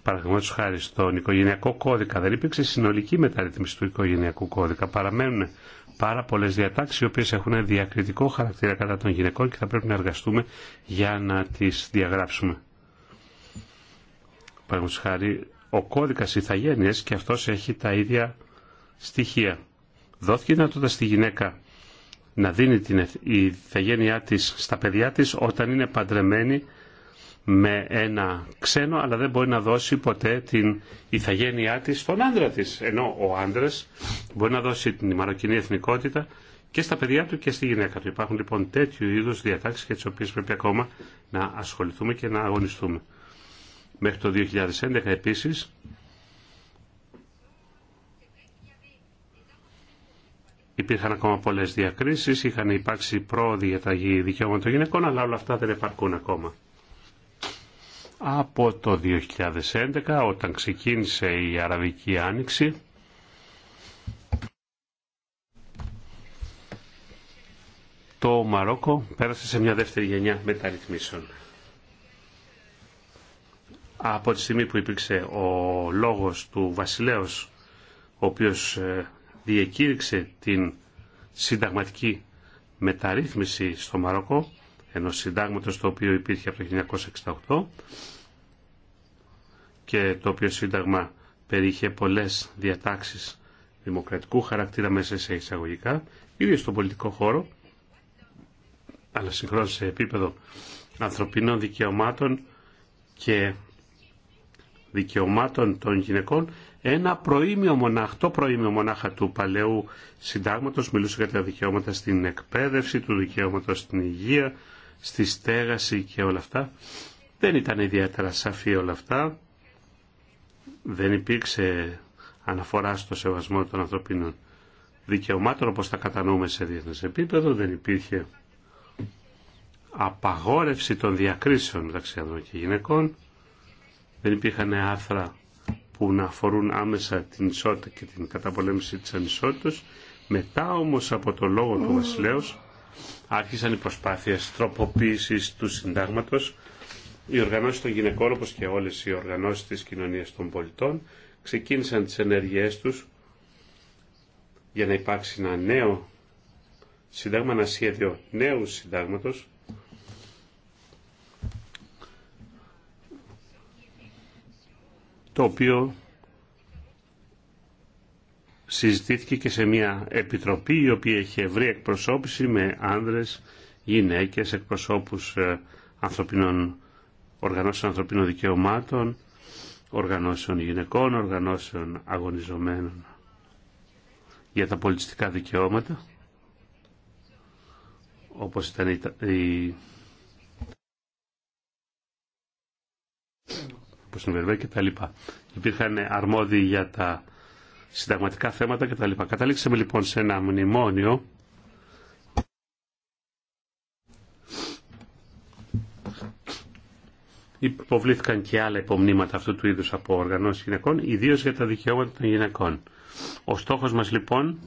Παραδείγματο χάρη στον οικογενειακό κώδικα δεν υπήρξε συνολική μεταρρύθμιση του οικογενειακού κώδικα. Παραμένουν πάρα πολλέ διατάξει οι οποίε έχουν διακριτικό χαρακτήρα κατά των γυναικών και θα πρέπει να εργαστούμε για να τι διαγράψουμε. Παραδείγματο χάρη ο κώδικα ηθαγένεια και αυτό έχει τα ίδια στοιχεία. Δόθηκε δυνατότητα στη γυναίκα να δίνει την ηθαγένειά της στα παιδιά της όταν είναι παντρεμένη με ένα ξένο αλλά δεν μπορεί να δώσει ποτέ την ηθαγένειά της στον άντρα της. Ενώ ο άντρας μπορεί να δώσει την μαροκινή εθνικότητα και στα παιδιά του και στη γυναίκα του. Υπάρχουν λοιπόν τέτοιου είδου διατάξει για τι οποίε πρέπει ακόμα να ασχοληθούμε και να αγωνιστούμε. Μέχρι το 2011 επίσης Υπήρχαν ακόμα πολλέ διακρίσει, είχαν υπάρξει πρόοδοι για τα δικαιώματα των γυναικών, αλλά όλα αυτά δεν επαρκούν ακόμα. Από το 2011, όταν ξεκίνησε η Αραβική Άνοιξη, το Μαρόκο πέρασε σε μια δεύτερη γενιά μεταρρυθμίσεων. Από τη στιγμή που υπήρξε ο λόγος του βασιλέως, ο οποίος ε, Διεκήρυξε την συνταγματική μεταρρύθμιση στο Μαρόκο, ενός συντάγματος το οποίο υπήρχε από το 1968 και το οποίο σύνταγμα περιείχε πολλές διατάξεις δημοκρατικού χαρακτήρα μέσα σε εισαγωγικά, ίδιο στον πολιτικό χώρο, αλλά συγχρόνως σε επίπεδο ανθρωπίνων δικαιωμάτων και δικαιωμάτων των γυναικών ένα προήμιο μονάχα, το προήμιο μονάχα του παλαιού συντάγματος μιλούσε για τα δικαιώματα στην εκπαίδευση, του δικαιώματος στην υγεία, στη στέγαση και όλα αυτά. Δεν ήταν ιδιαίτερα σαφή όλα αυτά. Δεν υπήρξε αναφορά στο σεβασμό των ανθρωπίνων δικαιωμάτων όπως τα κατανοούμε σε διεθνές επίπεδο. Δεν υπήρχε απαγόρευση των διακρίσεων μεταξύ ανδρών και γυναικών. Δεν υπήρχαν άθρα που να αφορούν άμεσα την ισότητα και την καταπολέμηση της ανισότητας. Μετά όμως από το λόγο του βασιλέως άρχισαν οι προσπάθειες τροποποίησης του συντάγματος. Οι οργανώσεις των γυναικών όπως και όλες οι οργανώσεις της κοινωνίας των πολιτών ξεκίνησαν τις ενέργειές τους για να υπάρξει ένα νέο συντάγμα, ένα σχέδιο νέου συντάγματος το οποίο συζητήθηκε και σε μια επιτροπή η οποία έχει ευρύ εκπροσώπηση με άνδρες, γυναίκες, εκπροσώπους ε, ανθρωπινών, οργανώσεων ανθρωπίνων δικαιωμάτων, οργανώσεων γυναικών, οργανώσεων αγωνιζομένων για τα πολιτιστικά δικαιώματα, όπως ήταν η που είναι τα Υπήρχαν αρμόδιοι για τα συνταγματικά θέματα και τα λοιπά. Καταλήξαμε λοιπόν σε ένα μνημόνιο Υποβλήθηκαν και άλλα υπομνήματα αυτού του είδους από οργανώσεις γυναικών, ιδίως για τα δικαιώματα των γυναικών. Ο στόχος μας λοιπόν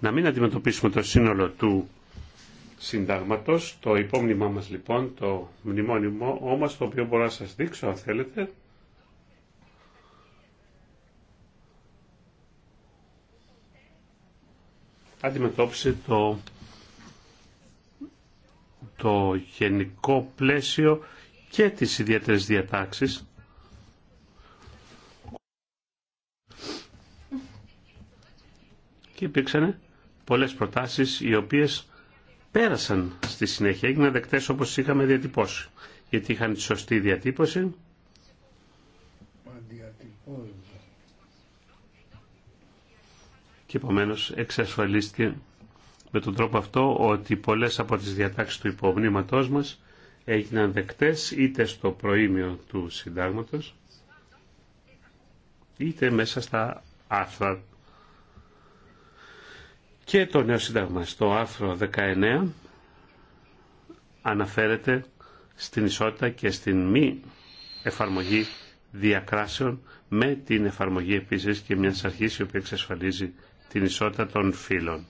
να μην αντιμετωπίσουμε το σύνολο του συντάγματος. Το υπόμνημά μας λοιπόν, το μνημόνιμο όμως, το οποίο μπορώ να σας δείξω αν θέλετε, αντιμετώπισε το, το γενικό πλαίσιο και τις ιδιαίτερες διατάξεις και υπήρξαν πολλές προτάσεις οι οποίες πέρασαν στη συνέχεια, έγιναν δεκτές όπως είχαμε διατυπώσει, γιατί είχαν τη σωστή διατύπωση. Και επομένω εξασφαλίστηκε με τον τρόπο αυτό ότι πολλές από τις διατάξεις του υπομνήματός μας έγιναν δεκτές είτε στο προήμιο του συντάγματος είτε μέσα στα άρθρα και το νέο σύνταγμα στο άρθρο 19 αναφέρεται στην ισότητα και στην μη εφαρμογή διακράσεων με την εφαρμογή επίσης και μιας αρχής η οποία εξασφαλίζει την ισότητα των φύλων.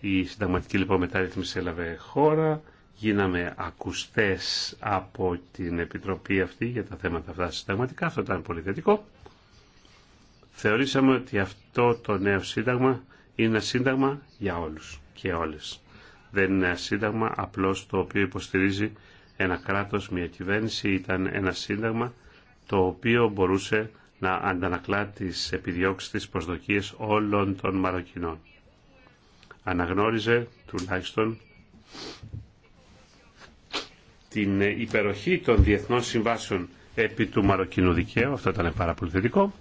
Η συνταγματική λοιπόν μεταρρύθμιση έλαβε χώρα, γίναμε ακουστές από την Επιτροπή αυτή για τα θέματα αυτά συνταγματικά, αυτό ήταν πολύ θετικό. Θεωρήσαμε ότι αυτό το νέο σύνταγμα είναι ένα σύνταγμα για όλους και όλες. Δεν είναι ένα σύνταγμα απλώς το οποίο υποστηρίζει ένα κράτος, μια κυβέρνηση. Ήταν ένα σύνταγμα το οποίο μπορούσε να αντανακλά τις επιδιώξεις, τις προσδοκίες όλων των Μαροκινών. Αναγνώριζε τουλάχιστον την υπεροχή των διεθνών συμβάσεων επί του Μαροκινού δικαίου, αυτό ήταν πάρα πολύ θετικό,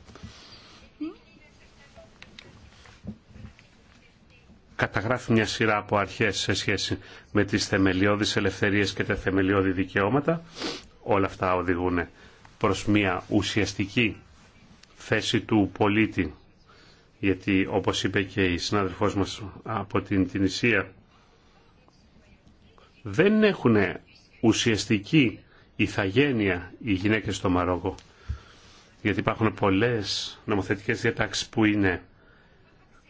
καταγράφει μια σειρά από αρχές σε σχέση με τις θεμελιώδεις ελευθερίες και τα θεμελιώδη δικαιώματα. Όλα αυτά οδηγούν προς μια ουσιαστική θέση του πολίτη, γιατί όπως είπε και η συνάδελφός μας από την Τινησία, δεν έχουν ουσιαστική ηθαγένεια οι γυναίκες στο Μαρόκο, γιατί υπάρχουν πολλές νομοθετικές διατάξεις που είναι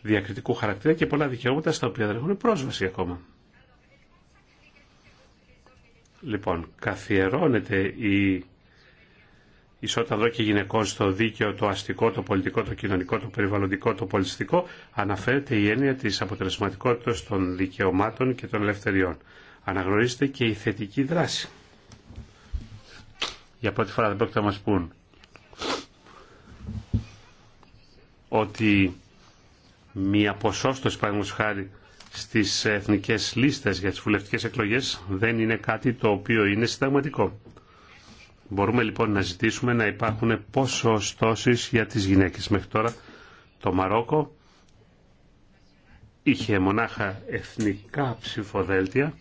διακριτικού χαρακτήρα και πολλά δικαιώματα στα οποία δεν έχουν πρόσβαση ακόμα. Λοιπόν, καθιερώνεται η ισότητα εδώ και γυναικών στο δίκαιο, το αστικό, το πολιτικό, το κοινωνικό, το περιβαλλοντικό, το πολιτιστικό, αναφέρεται η έννοια της αποτελεσματικότητας των δικαιωμάτων και των ελευθεριών. Αναγνωρίζεται και η θετική δράση. Για πρώτη φορά δεν πρόκειται να μας πούν ότι μία ποσόστοση παραδείγματος χάρη στις εθνικές λίστες για τις βουλευτικές εκλογές δεν είναι κάτι το οποίο είναι συνταγματικό. Μπορούμε λοιπόν να ζητήσουμε να υπάρχουν ποσοστώσεις για τις γυναίκες. Μέχρι τώρα το Μαρόκο είχε μονάχα εθνικά ψηφοδέλτια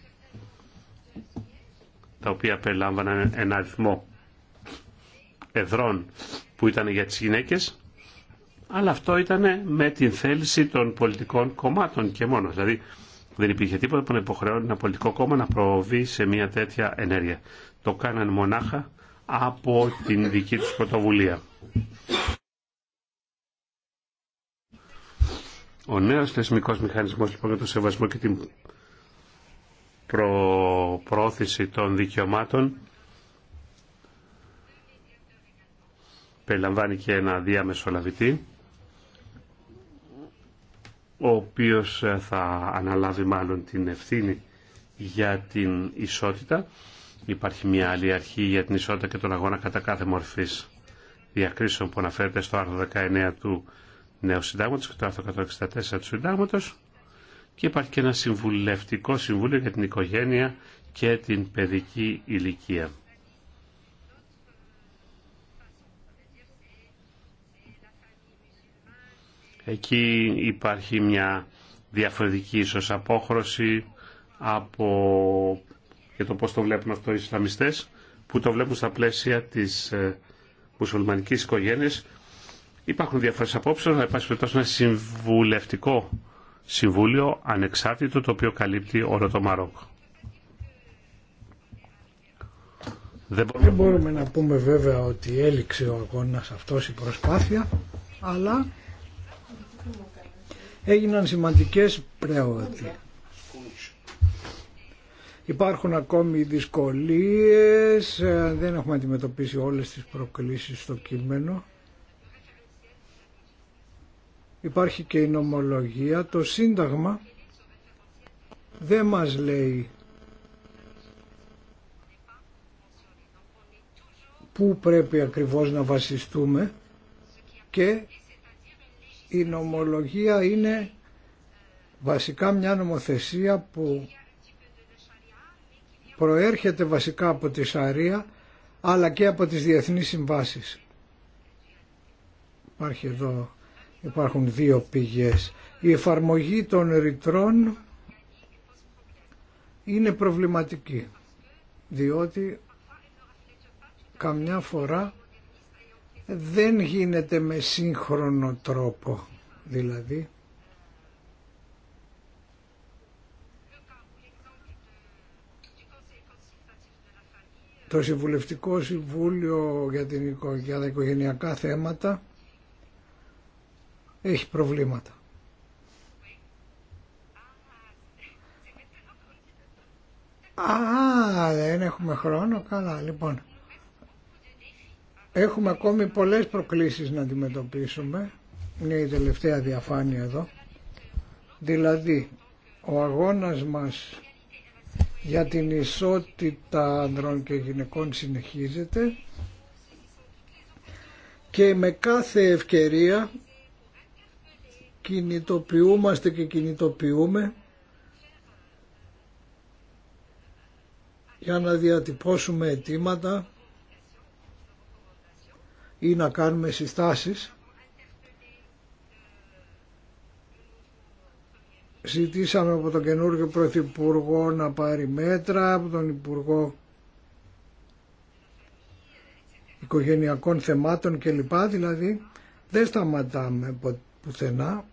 τα οποία περιλάμβαναν ένα αριθμό εδρών που ήταν για τις γυναίκες αλλά αυτό ήταν με την θέληση των πολιτικών κομμάτων και μόνο. Δηλαδή δεν υπήρχε τίποτα που να υποχρεώνει ένα πολιτικό κόμμα να προβεί σε μια τέτοια ενέργεια. Το κάναν μονάχα από την δική τους πρωτοβουλία. Ο νέος θεσμικός μηχανισμός λοιπόν για το σεβασμό και την προ... προώθηση των δικαιωμάτων περιλαμβάνει και ένα διαμεσολαβητή ο οποίος ε, θα αναλάβει μάλλον την ευθύνη για την ισότητα. Υπάρχει μια άλλη αρχή για την ισότητα και τον αγώνα κατά κάθε μορφής διακρίσεων που αναφέρεται στο άρθρο 19 του νέου συντάγματος και το άρθρο 164 του συντάγματος και υπάρχει και ένα συμβουλευτικό συμβούλιο για την οικογένεια και την παιδική ηλικία. Εκεί υπάρχει μια διαφορετική ίσως απόχρωση από και το πώς το βλέπουν αυτό οι Ισλαμιστές που το βλέπουν στα πλαίσια της ε, μουσουλμανικής οικογένειας. Υπάρχουν διαφορές απόψεις να υπάρχει περιπτώσει ένα συμβουλευτικό συμβούλιο ανεξάρτητο το οποίο καλύπτει όλο το Μαρόκο. Δεν μπορούμε... να πούμε βέβαια ότι έληξε ο αγώνας αυτός η προσπάθεια, αλλά έγιναν σημαντικές πρεότητες. Υπάρχουν ακόμη δυσκολίες, ε, δεν έχουμε αντιμετωπίσει όλες τις προκλήσεις στο κείμενο. Υπάρχει και η νομολογία, το Σύνταγμα δεν μας λέει πού πρέπει ακριβώς να βασιστούμε και η νομολογία είναι βασικά μια νομοθεσία που προέρχεται βασικά από τη Σαρία αλλά και από τις διεθνείς συμβάσεις. Υπάρχει εδώ, υπάρχουν δύο πηγές. Η εφαρμογή των ρητρών είναι προβληματική διότι καμιά φορά δεν γίνεται με σύγχρονο τρόπο δηλαδή. Το Συμβουλευτικό Συμβούλιο για, την, για τα οικογενειακά θέματα έχει προβλήματα. Α, δεν έχουμε χρόνο. Καλά, λοιπόν. Έχουμε ακόμη πολλές προκλήσεις να αντιμετωπίσουμε. Είναι η τελευταία διαφάνεια εδώ. Δηλαδή, ο αγώνας μας για την ισότητα ανδρών και γυναικών συνεχίζεται και με κάθε ευκαιρία κινητοποιούμαστε και κινητοποιούμε για να διατυπώσουμε αιτήματα ή να κάνουμε συστάσεις. Ζητήσαμε από τον καινούργιο Πρωθυπουργό να πάρει μέτρα, από τον Υπουργό Οικογενειακών Θεμάτων κλπ. Δηλαδή δεν σταματάμε πουθενά.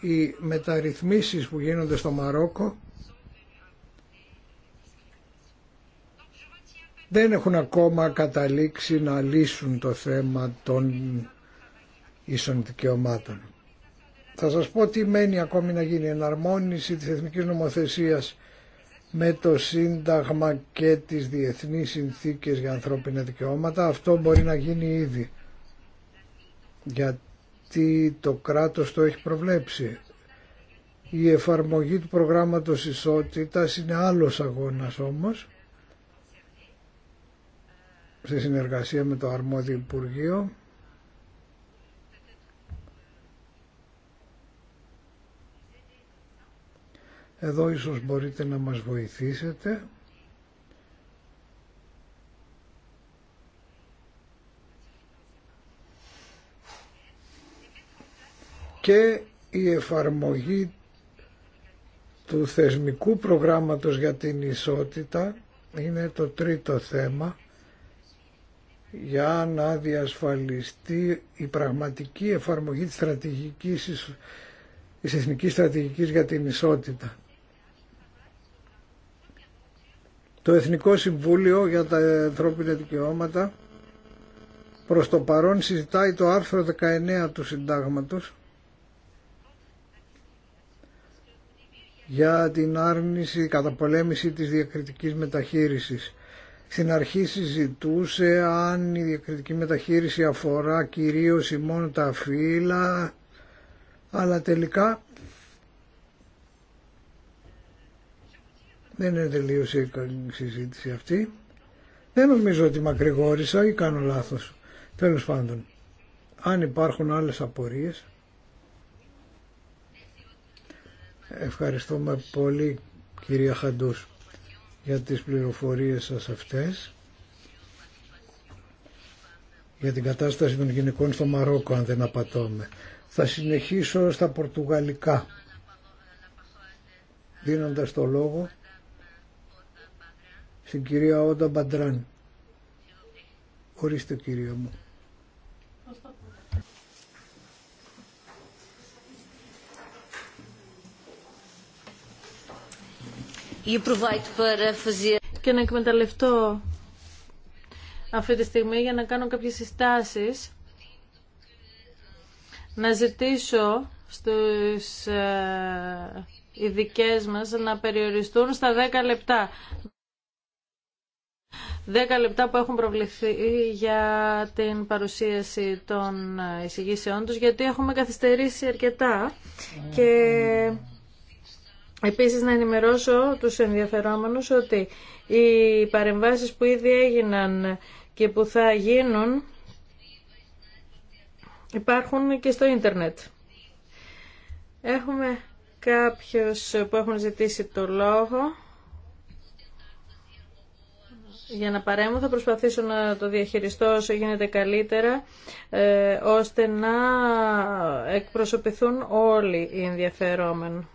Οι μεταρρυθμίσεις που γίνονται στο Μαρόκο δεν έχουν ακόμα καταλήξει να λύσουν το θέμα των ίσων δικαιωμάτων. Θα σας πω τι μένει ακόμη να γίνει. Εναρμόνιση της εθνικής νομοθεσίας με το Σύνταγμα και τις Διεθνείς Συνθήκες για Ανθρώπινα Δικαιώματα. Αυτό μπορεί να γίνει ήδη. Γιατί το κράτος το έχει προβλέψει. Η εφαρμογή του προγράμματος ισότητας είναι άλλος αγώνας όμως σε συνεργασία με το αρμόδιο Υπουργείο Εδώ ίσως μπορείτε να μας βοηθήσετε. Και η εφαρμογή του θεσμικού προγράμματος για την ισότητα είναι το τρίτο θέμα για να διασφαλιστεί η πραγματική εφαρμογή της, στρατηγικής, της Εθνικής Στρατηγικής για την Ισότητα. Το Εθνικό Συμβούλιο για τα Ανθρώπινα Δικαιώματα προς το παρόν συζητάει το άρθρο 19 του Συντάγματος για την άρνηση, καταπολέμηση της διακριτικής μεταχείρισης στην αρχή συζητούσε αν η διακριτική μεταχείριση αφορά κυρίως ή μόνο τα φύλλα, αλλά τελικά δεν είναι τελείωσε η συζήτηση αυτή. Δεν νομίζω ότι μακρηγόρησα ή κάνω λάθος. Τέλος πάντων, αν υπάρχουν άλλες απορίες, ευχαριστούμε πολύ κυρία Χαντούς για τις πληροφορίες σας αυτές για την κατάσταση των γυναικών στο Μαρόκο αν δεν απατώμε. Θα συνεχίσω στα Πορτουγαλικά δίνοντας το λόγο στην κυρία Όντα Μπαντράν. Ορίστε κυρία μου. E και να εκμεταλλευτώ αυτή τη στιγμή για να κάνω κάποιες συστάσεις να ζητήσω στους ε, ειδικέ μας να περιοριστούν στα 10 λεπτά. 10 λεπτά που έχουν προβληθεί για την παρουσίαση των εισηγήσεών τους, γιατί έχουμε καθυστερήσει αρκετά και Επίσης να ενημερώσω τους ενδιαφερόμενους ότι οι παρεμβάσεις που ήδη έγιναν και που θα γίνουν υπάρχουν και στο ίντερνετ. Έχουμε κάποιους που έχουν ζητήσει το λόγο για να παρέμβω. Θα προσπαθήσω να το διαχειριστώ όσο γίνεται καλύτερα, ε, ώστε να εκπροσωπηθούν όλοι οι ενδιαφερόμενοι.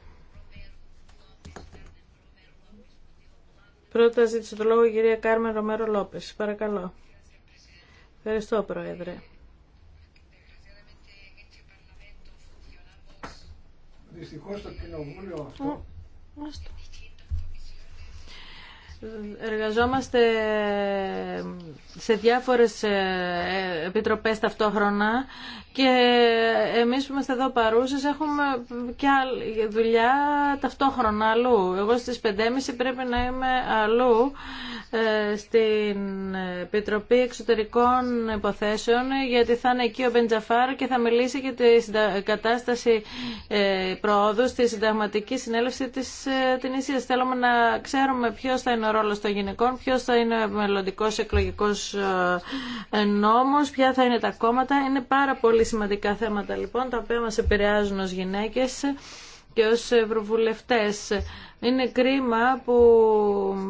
Πρώτα ζήτησε το λόγο η κυρία Κάρμεν Ρομέρο Λόπες. Παρακαλώ. Ευχαριστώ, Πρόεδρε. Δυστυχώ το κοινοβούλιο αυτό... Εργαζόμαστε σε διάφορες ε, επιτροπές ταυτόχρονα και εμείς που είμαστε εδώ παρούσες έχουμε και δουλειά ταυτόχρονα αλλού. Εγώ στις 5.30 πρέπει να είμαι αλλού ε, στην Επιτροπή Εξωτερικών Υποθέσεων γιατί θα είναι εκεί ο Μπεντζαφάρ και θα μιλήσει για τη κατάσταση ε, προόδου στη συνταγματική συνέλευση της Τινησίας. Θέλουμε να ξέρουμε ποιος θα είναι ρόλος των γυναικών, ποιος θα είναι ο μελλοντικός εκλογικός ε, νόμος, ποια θα είναι τα κόμματα. Είναι πάρα πολύ σημαντικά θέματα λοιπόν, τα οποία μας επηρεάζουν ως γυναίκες και ως ευρωβουλευτές. Είναι κρίμα που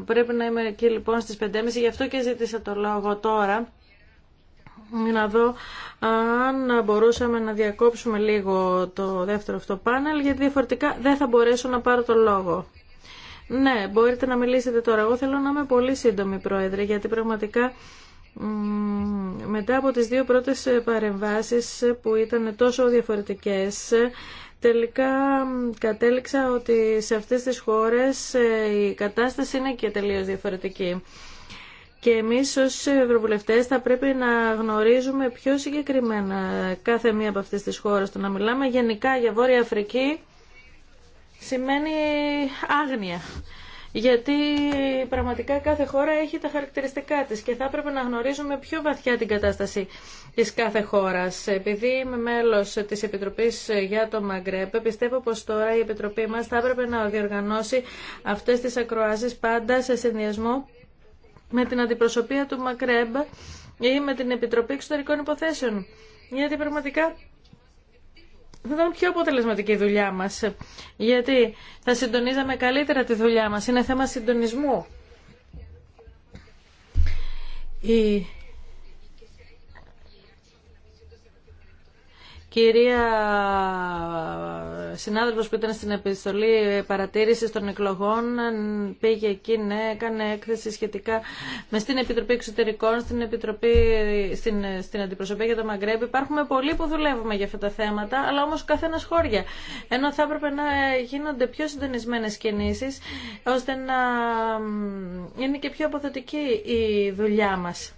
πρέπει να είμαι εκεί λοιπόν στις 5.30, γι' αυτό και ζήτησα το λόγο τώρα να δω αν μπορούσαμε να διακόψουμε λίγο το δεύτερο αυτό πάνελ, γιατί διαφορετικά δεν θα μπορέσω να πάρω το λόγο. Ναι, μπορείτε να μιλήσετε τώρα. Εγώ θέλω να είμαι πολύ σύντομη, Πρόεδρε, γιατί πραγματικά μετά από τις δύο πρώτες παρεμβάσεις που ήταν τόσο διαφορετικές, τελικά κατέληξα ότι σε αυτές τις χώρες ε, η κατάσταση είναι και τελείως διαφορετική. Και εμείς ως Ευρωβουλευτές θα πρέπει να γνωρίζουμε πιο συγκεκριμένα κάθε μία από αυτές τις χώρες. Το να μιλάμε γενικά για Βόρεια Αφρική σημαίνει άγνοια. Γιατί πραγματικά κάθε χώρα έχει τα χαρακτηριστικά της και θα έπρεπε να γνωρίζουμε πιο βαθιά την κατάσταση της κάθε χώρας. Επειδή είμαι μέλος της Επιτροπής για το Μαγκρέπ, πιστεύω πως τώρα η Επιτροπή μας θα έπρεπε να διοργανώσει αυτές τις ακροάσεις πάντα σε συνδυασμό με την αντιπροσωπεία του Μαγκρέμπ ή με την Επιτροπή Εξωτερικών Υποθέσεων. Γιατί πραγματικά θα ήταν πιο αποτελεσματική η δουλειά μα. γιατί θα συντονίζαμε καλύτερα τη δουλειά μα. Είναι θέμα συντονισμού. κυρία συνάδελφος που ήταν στην επιστολή παρατήρησης των εκλογών πήγε εκεί, ναι, έκανε έκθεση σχετικά με στην Επιτροπή Εξωτερικών, στην, Επιτροπή, στην, στην Αντιπροσωπεία για το Μαγκρέμπ. Υπάρχουμε πολλοί που δουλεύουμε για αυτά τα θέματα, αλλά όμως καθένα χώρια. Ενώ θα έπρεπε να γίνονται πιο συντονισμένε κινήσεις, ώστε να είναι και πιο αποδοτική η δουλειά μας.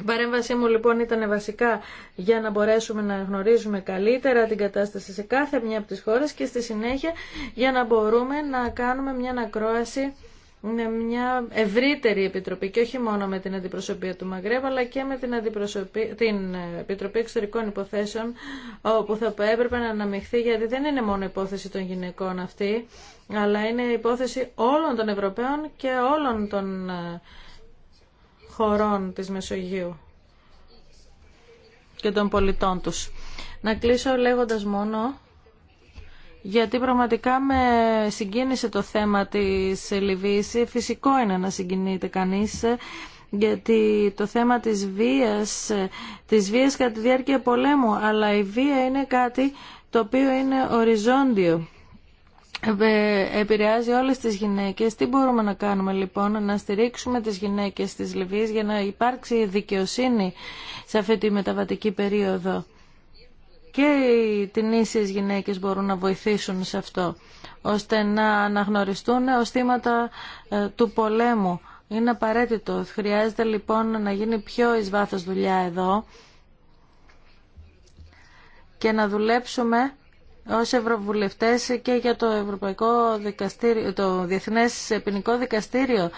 Η παρέμβασή μου λοιπόν ήταν βασικά για να μπορέσουμε να γνωρίζουμε καλύτερα την κατάσταση σε κάθε μια από τις χώρες και στη συνέχεια για να μπορούμε να κάνουμε μια ανακρόαση με μια ευρύτερη επιτροπή και όχι μόνο με την αντιπροσωπεία του Μαγκρέβ αλλά και με την, αντιπροσωπή, την ε, Επιτροπή Εξωτερικών Υποθέσεων όπου θα έπρεπε να αναμειχθεί γιατί δεν είναι μόνο υπόθεση των γυναικών αυτή αλλά είναι υπόθεση όλων των Ευρωπαίων και όλων των ε, χωρών της Μεσογείου και των πολιτών τους. Να κλείσω λέγοντας μόνο γιατί πραγματικά με συγκίνησε το θέμα της Λιβύης. Φυσικό είναι να συγκινείται κανείς γιατί το θέμα της βίας, της βίας κατά τη διάρκεια πολέμου, αλλά η βία είναι κάτι το οποίο είναι οριζόντιο ε, επηρεάζει όλες τις γυναίκες. Τι μπορούμε να κάνουμε λοιπόν, να στηρίξουμε τις γυναίκες της Λιβύης για να υπάρξει δικαιοσύνη σε αυτή τη μεταβατική περίοδο. Και οι τινήσιες γυναίκες μπορούν να βοηθήσουν σε αυτό, ώστε να αναγνωριστούν ως θύματα ε, του πολέμου. Είναι απαραίτητο. Χρειάζεται λοιπόν να γίνει πιο εις βάθος δουλειά εδώ και να δουλέψουμε ως ευρωβουλευτές και για το, Ευρωπαϊκό δικαστήριο, το Διεθνές Ποινικό Δικαστήριο.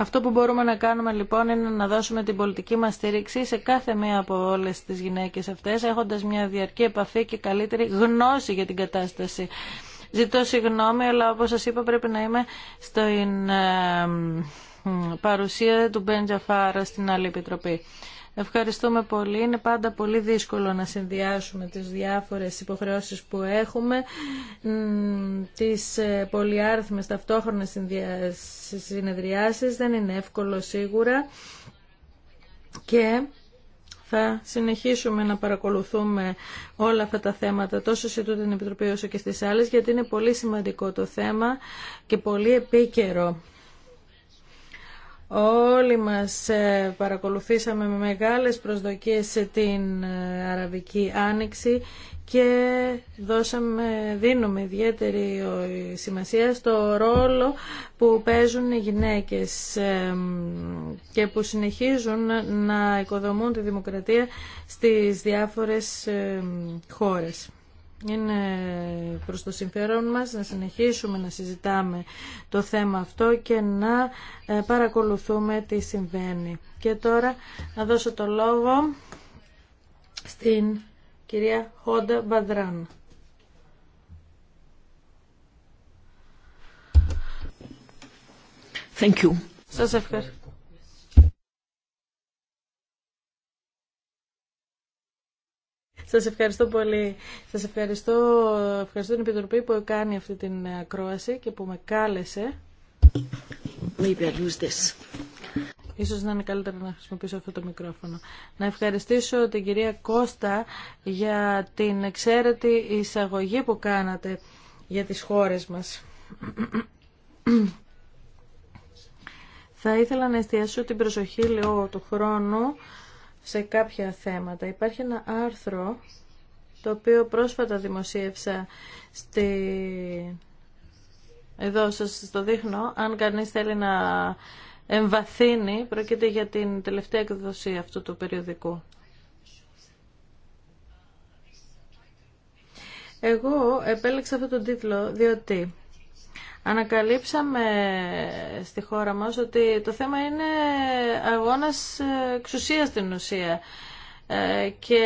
Αυτό που μπορούμε να κάνουμε λοιπόν είναι να δώσουμε την πολιτική μας στήριξη σε κάθε μία από όλες τις γυναίκες αυτές, έχοντας μια διαρκή επαφή και καλύτερη γνώση για την κατάσταση. Ζητώ συγγνώμη, αλλά όπως σας είπα πρέπει να είμαι στο στο. Ε, παρουσία του Μπεν Τζαφάρα στην άλλη επιτροπή. Ευχαριστούμε πολύ. Είναι πάντα πολύ δύσκολο να συνδυάσουμε τις διάφορες υποχρεώσεις που έχουμε, τις ε, πολυάριθμες ταυτόχρονες συνεδριάσεις. Δεν είναι εύκολο σίγουρα. Και θα συνεχίσουμε να παρακολουθούμε όλα αυτά τα θέματα τόσο σε τούτη την Επιτροπή όσο και στις άλλες γιατί είναι πολύ σημαντικό το θέμα και πολύ επίκαιρο. Όλοι μας ε, παρακολουθήσαμε με μεγάλες προσδοκίες την ε, Αραβική Άνοιξη και δώσαμε, δίνουμε ιδιαίτερη σημασία στο ρόλο που παίζουν οι γυναίκες και που συνεχίζουν να οικοδομούν τη δημοκρατία στις διάφορες χώρες. Είναι προς το συμφέρον μας να συνεχίσουμε να συζητάμε το θέμα αυτό και να ε, παρακολουθούμε τι συμβαίνει. Και τώρα να δώσω το λόγο στην κυρία Χόντα Μπαδράν. Thank you. Σας ευχαριστώ. Σας ευχαριστώ πολύ. Σας ευχαριστώ, ευχαριστώ την Επιτροπή που κάνει αυτή την ακρόαση και που με κάλεσε. Ίσως να είναι καλύτερα να χρησιμοποιήσω αυτό το μικρόφωνο. Να ευχαριστήσω την κυρία Κώστα για την εξαίρετη εισαγωγή που κάνατε για τις χώρες μας. Θα ήθελα να εστιάσω την προσοχή λίγο του χρόνου σε κάποια θέματα. Υπάρχει ένα άρθρο το οποίο πρόσφατα δημοσίευσα στη... Εδώ σας το δείχνω. Αν κανείς θέλει να εμβαθύνει, πρόκειται για την τελευταία εκδοσή αυτού του περιοδικού. Εγώ επέλεξα αυτό τον τίτλο διότι Ανακαλύψαμε στη χώρα μας ότι το θέμα είναι αγώνας εξουσία στην ουσία ε, και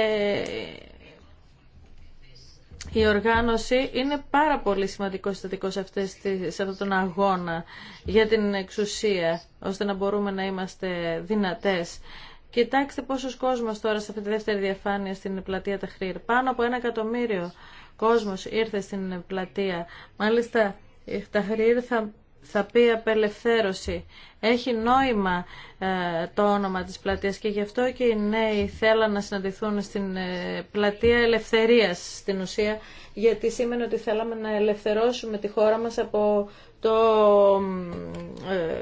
η οργάνωση είναι πάρα πολύ σημαντικό συστατικό σε, αυτές, σε αυτόν τον αγώνα για την εξουσία, ώστε να μπορούμε να είμαστε δυνατές. Κοιτάξτε πόσος κόσμος τώρα σε αυτή τη δεύτερη διαφάνεια στην πλατεία Ταχρήρ. Πάνω από ένα εκατομμύριο κόσμος ήρθε στην πλατεία. Μάλιστα η Ταχρήρ θα, θα πει απελευθέρωση. Έχει νόημα ε, το όνομα της πλατείας και γι' αυτό και οι νέοι θέλαν να συναντηθούν στην ε, πλατεία ελευθερίας στην ουσία γιατί σήμαινε ότι θέλαμε να ελευθερώσουμε τη χώρα μας από το ε,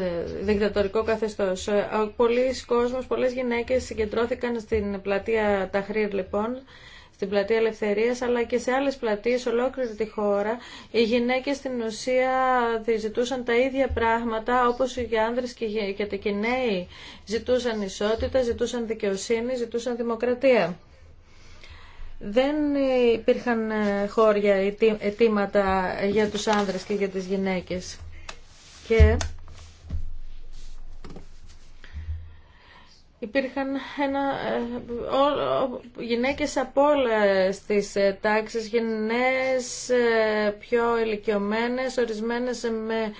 ε, δικτατορικό καθεστώς. Πολλοί κόσμος, πολλές γυναίκες συγκεντρώθηκαν στην πλατεία Ταχρήρ λοιπόν στην Πλατεία Ελευθερίας αλλά και σε άλλες πλατείες ολόκληρη τη χώρα οι γυναίκες στην ουσία ζητούσαν τα ίδια πράγματα όπως οι άνδρες και οι κοινέοι ζητούσαν ισότητα, ζητούσαν δικαιοσύνη, ζητούσαν δημοκρατία. Δεν υπήρχαν ε, χώρια αιτήματα για τους άνδρες και για τις γυναίκες. Και υπήρχαν ένα, ε, γυναίκες από όλες τις ε, τάξεις, γυναίκες ε, πιο ηλικιωμένες, ορισμένες με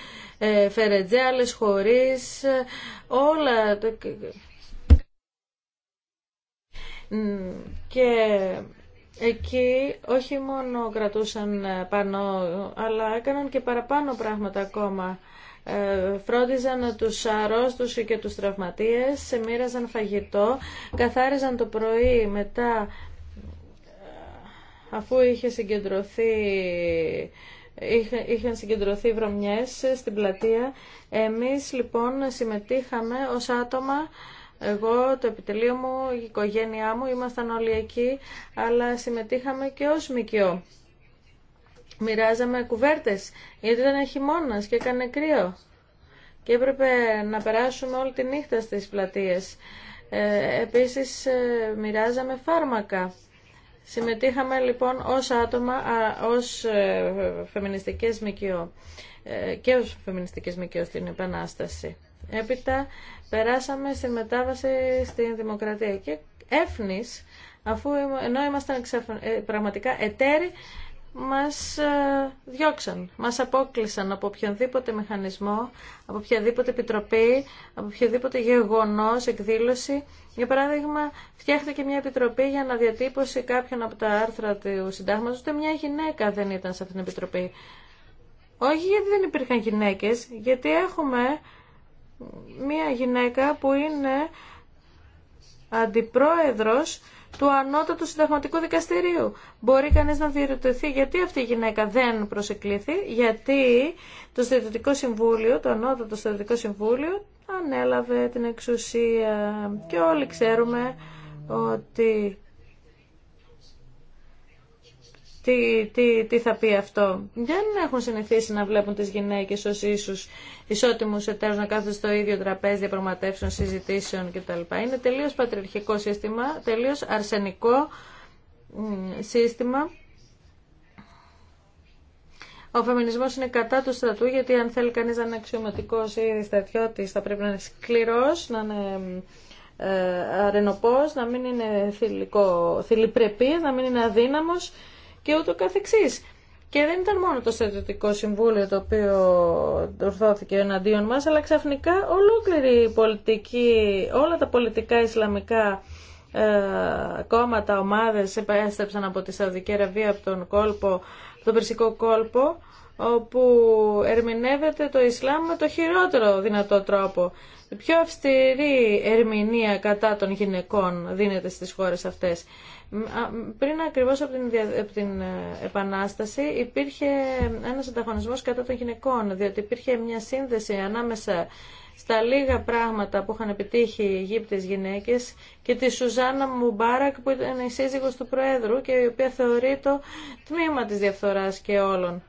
φερετζέ, χωρίς, όλα. Και εκεί όχι μόνο κρατούσαν πάνω, αλλά έκαναν και παραπάνω πράγματα ακόμα. Ε, φρόντιζαν τους αρρώστους και τους τραυματίες, μοίραζαν φαγητό, καθάριζαν το πρωί μετά ε, αφού είχε συγκεντρωθεί είχαν συγκεντρωθεί βρωμιές στην πλατεία. Εμείς λοιπόν συμμετείχαμε ως άτομα, εγώ, το επιτελείο μου, η οικογένειά μου, ήμασταν όλοι εκεί, αλλά συμμετείχαμε και ως μικιο μοιράζαμε κουβέρτες γιατί ήταν χειμώνα και έκανε κρύο και έπρεπε να περάσουμε όλη τη νύχτα στις πλατείες. Ε, επίσης ε, μοιράζαμε φάρμακα. Συμμετείχαμε λοιπόν ως άτομα, α, ως ε, φεμινιστικές ε, και ως φεμινιστικές ΜΚΟ στην Επανάσταση. Έπειτα περάσαμε στη μετάβαση στην δημοκρατία και έφνης, αφού ενώ ήμασταν ε, πραγματικά εταίροι μας ε, διώξαν, μας απόκλεισαν από οποιονδήποτε μηχανισμό, από οποιαδήποτε επιτροπή, από οποιοδήποτε γεγονός, εκδήλωση. Για παράδειγμα, φτιάχτηκε μια επιτροπή για να διατύπωση κάποιον από τα άρθρα του συντάγματος, ούτε μια γυναίκα δεν ήταν σε αυτήν την επιτροπή. Όχι γιατί δεν υπήρχαν γυναίκες, γιατί έχουμε μια γυναίκα που είναι αντιπρόεδρος του ανώτατου συνταγματικού δικαστηρίου. Μπορεί κανείς να διερωτηθεί γιατί αυτή η γυναίκα δεν προσεκλήθη, γιατί το Στρατιωτικό Συμβούλιο, το ανώτατο Συνταγματικό Συμβούλιο ανέλαβε την εξουσία και όλοι ξέρουμε ότι τι, τι, τι θα πει αυτό. Δεν έχουν συνηθίσει να βλέπουν τις γυναίκες ως ίσους ισότιμους εταίρους να κάθονται στο ίδιο τραπέζι διαπραγματεύσεων, συζητήσεων κτλ. Είναι τελείως πατριαρχικό σύστημα, τελείως αρσενικό σύστημα. Ο φεμινισμό είναι κατά του στρατού, γιατί αν θέλει κανεί να είναι αξιωματικό ή στρατιώτη, θα πρέπει να είναι σκληρό, να είναι ε, αρενοπό, να μην είναι θηλυκό, θηλυπρεπή, να μην είναι αδύναμος και ούτω καθεξής. Και δεν ήταν μόνο το στρατιωτικό συμβούλιο το οποίο ορθώθηκε εναντίον μας, αλλά ξαφνικά ολόκληρη η πολιτική, όλα τα πολιτικά ισλαμικά ε, κόμματα, ομάδες επέστρεψαν από τη Σαουδική Αραβία, από τον κόλπο, τον Περσικό κόλπο, όπου ερμηνεύεται το Ισλάμ με το χειρότερο δυνατό τρόπο. Η πιο αυστηρή ερμηνεία κατά των γυναικών δίνεται στις χώρες αυτές. Πριν ακριβώς από την, την ε, Επανάσταση υπήρχε ένας ανταγωνισμός κατά των γυναικών, διότι υπήρχε μια σύνδεση ανάμεσα στα λίγα πράγματα που είχαν επιτύχει οι Αιγύπτες γυναίκες και τη Σουζάνα Μουμπάρακ που ήταν η σύζυγος του Προέδρου και η οποία θεωρεί το τμήμα της διαφθοράς και όλων.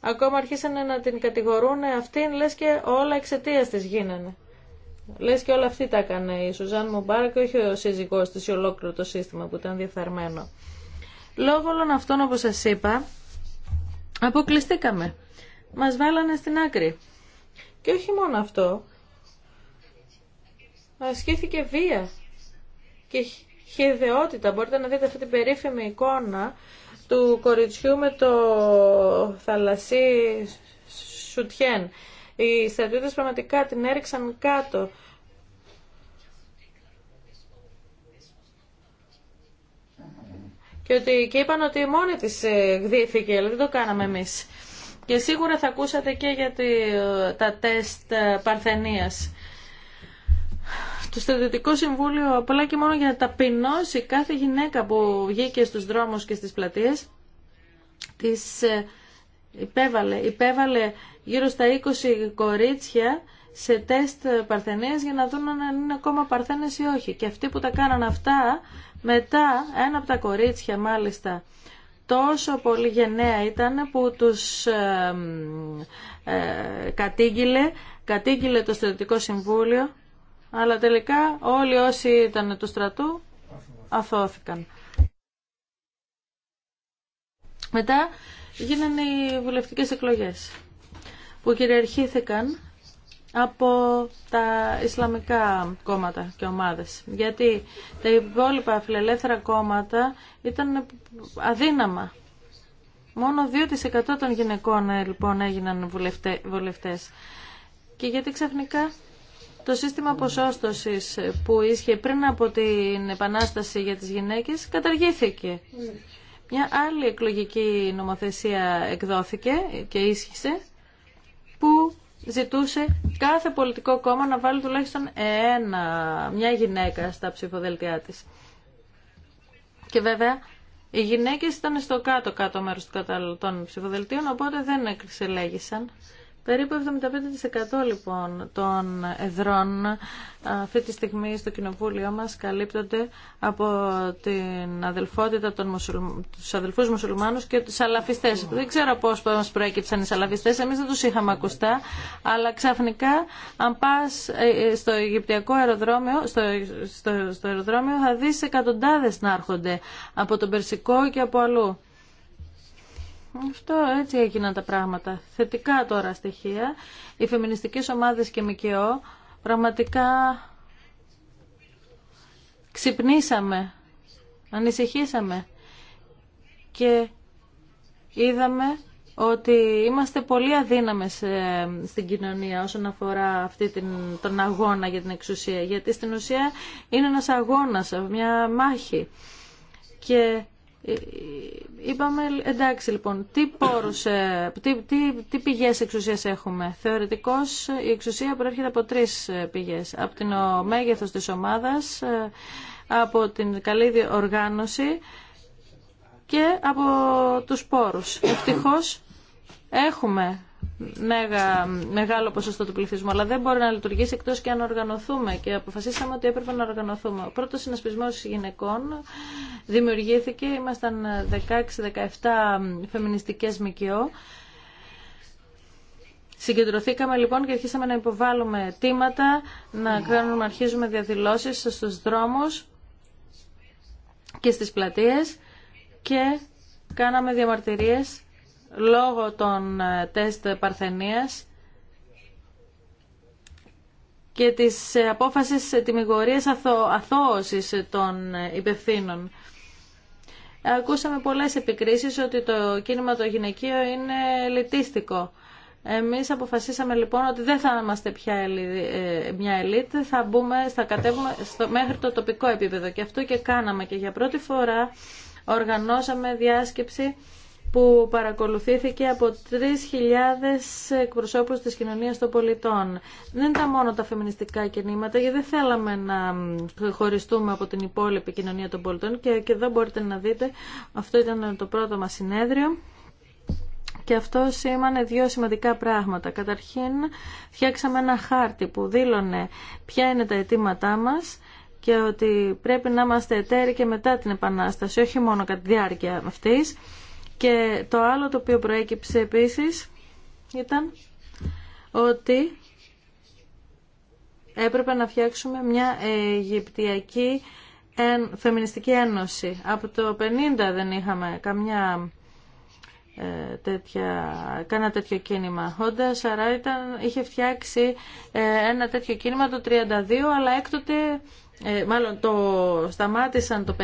Ακόμα αρχίσανε να την κατηγορούν αυτήν λες και όλα εξαιτία της γίνανε. Λες και όλα αυτή τα έκανε η Σουζάν Μουμπάρα και όχι ο σύζυγός της ή ολόκληρο το σύστημα που ήταν διεφθαρμένο. Λόγω όλων αυτών όπως σας είπα αποκλειστήκαμε. Μας βάλανε στην άκρη. Και όχι μόνο αυτό. Ασκήθηκε βία και χειδεότητα. Μπορείτε να δείτε αυτή την περίφημη εικόνα του κοριτσιού με το θαλασσί σουτιέν. Οι στρατιώτες πραγματικά την έριξαν κάτω. Και, ότι, και είπαν ότι μόνη της γδύθηκε, ε, αλλά δεν το κάναμε εμείς. Και σίγουρα θα ακούσατε και για τα τεστ ε, παρθενίας. Το Στρατιωτικό Συμβούλιο απλά και μόνο για να ταπεινώσει κάθε γυναίκα που βγήκε στους δρόμους και στις πλατείες της ε, υπέβαλε, υπέβαλε γύρω στα 20 κορίτσια σε τεστ παρθενίας για να δουν αν είναι ακόμα παρθένες ή όχι. Και αυτοί που τα κάναν αυτά, μετά ένα από τα κορίτσια μάλιστα τόσο πολύ γενναία ήταν που τους ε, ε, κατήγγειλε, το στρατικό συμβούλιο, αλλά τελικά όλοι όσοι ήταν του στρατού αθώθηκαν. Μετά γίνανε οι βουλευτικές εκλογές που κυριαρχήθηκαν από τα Ισλαμικά κόμματα και ομάδες. Γιατί τα υπόλοιπα φιλελεύθερα κόμματα ήταν αδύναμα. Μόνο 2% των γυναικών ε, λοιπόν έγιναν βουλευτές. Και γιατί ξαφνικά το σύστημα ποσόστοσης ε, που ίσχυε πριν από την Επανάσταση για τις γυναίκες καταργήθηκε. Ναι. Μια άλλη εκλογική νομοθεσία εκδόθηκε και ίσχυσε που ζητούσε κάθε πολιτικό κόμμα να βάλει τουλάχιστον ένα, μια γυναίκα στα ψηφοδελτιά της. Και βέβαια οι γυναίκες ήταν στο κάτω-κάτω μέρος των ψηφοδελτίων, οπότε δεν εξελέγησαν. Περίπου 75% λοιπόν των εδρών αυτή τη στιγμή στο κοινοβούλιο μας καλύπτονται από την αδελφότητα των τους αδελφούς μουσουλμάνους και τους σαλαφιστές. Δεν ξέρω πώς μας προέκυψαν οι σαλαφιστές, εμείς δεν τους είχαμε ακουστά, αλλά ξαφνικά αν πας ε, ε, στο Αιγυπτιακό αεροδρόμιο, στο, στο, στο αεροδρόμιο θα δεις εκατοντάδες να έρχονται από τον Περσικό και από αλλού. Αυτό έτσι έγιναν τα πράγματα. Θετικά τώρα στοιχεία. Οι φεμινιστικές ομάδες και ΜΚΟ πραγματικά ξυπνήσαμε, ανησυχήσαμε και είδαμε ότι είμαστε πολύ αδύναμες ε, στην κοινωνία όσον αφορά αυτή την, τον αγώνα για την εξουσία. Γιατί στην ουσία είναι ένας αγώνας, μια μάχη. Και Είπαμε, εντάξει λοιπόν, τι, πόρους, ε, τι, τι, πηγές εξουσίας έχουμε. Θεωρητικώς η εξουσία προέρχεται από τρεις ε, πηγές. Από την ο μέγεθος της ομάδας, ε, από την καλή οργάνωση και από τους πόρους. Ευτυχώς έχουμε μεγάλο ποσοστό του πληθυσμού, αλλά δεν μπορεί να λειτουργήσει εκτό και αν οργανωθούμε και αποφασίσαμε ότι έπρεπε να οργανωθούμε. Ο πρώτο συνασπισμός γυναικών δημιουργήθηκε, ήμασταν 16-17 φεμινιστικές ΜΚΟ, Συγκεντρωθήκαμε λοιπόν και αρχίσαμε να υποβάλλουμε τίματα, να κάνουμε, αρχίζουμε διαδηλώσεις στους δρόμους και στις πλατείες και κάναμε διαμαρτυρίες λόγω των ε, τεστ παρθενίας και της ε, απόφασης τιμιγορίας αθώ, αθώωσης των ε, υπευθύνων. Ακούσαμε πολλές επικρίσεις ότι το κίνημα το γυναικείο είναι λιτίστικο. Εμείς αποφασίσαμε λοιπόν ότι δεν θα είμαστε πια μια ελίτ, θα μπούμε, θα κατέβουμε στο, μέχρι το τοπικό επίπεδο. Και αυτό και κάναμε και για πρώτη φορά οργανώσαμε διάσκεψη που παρακολουθήθηκε από 3.000 εκπροσώπους της κοινωνίας των πολιτών. Δεν ήταν μόνο τα φεμινιστικά κινήματα, γιατί δεν θέλαμε να χωριστούμε από την υπόλοιπη κοινωνία των πολιτών και, και εδώ μπορείτε να δείτε, αυτό ήταν το πρώτο μας συνέδριο. Και αυτό σήμανε δύο σημαντικά πράγματα. Καταρχήν, φτιάξαμε ένα χάρτη που δήλωνε ποια είναι τα αιτήματά μας και ότι πρέπει να είμαστε εταίροι και μετά την Επανάσταση, όχι μόνο κατά τη διάρκεια αυτής. Και το άλλο το οποίο προέκυψε επίσης ήταν ότι έπρεπε να φτιάξουμε μια Αιγυπτιακή Φεμινιστική Ένωση. Από το 50 δεν είχαμε καμιά ε, τέτοια, τέτοιο κίνημα. Ο ήταν, είχε φτιάξει ε, ένα τέτοιο κίνημα το 32, αλλά έκτοτε, ε, μάλλον το σταμάτησαν το 50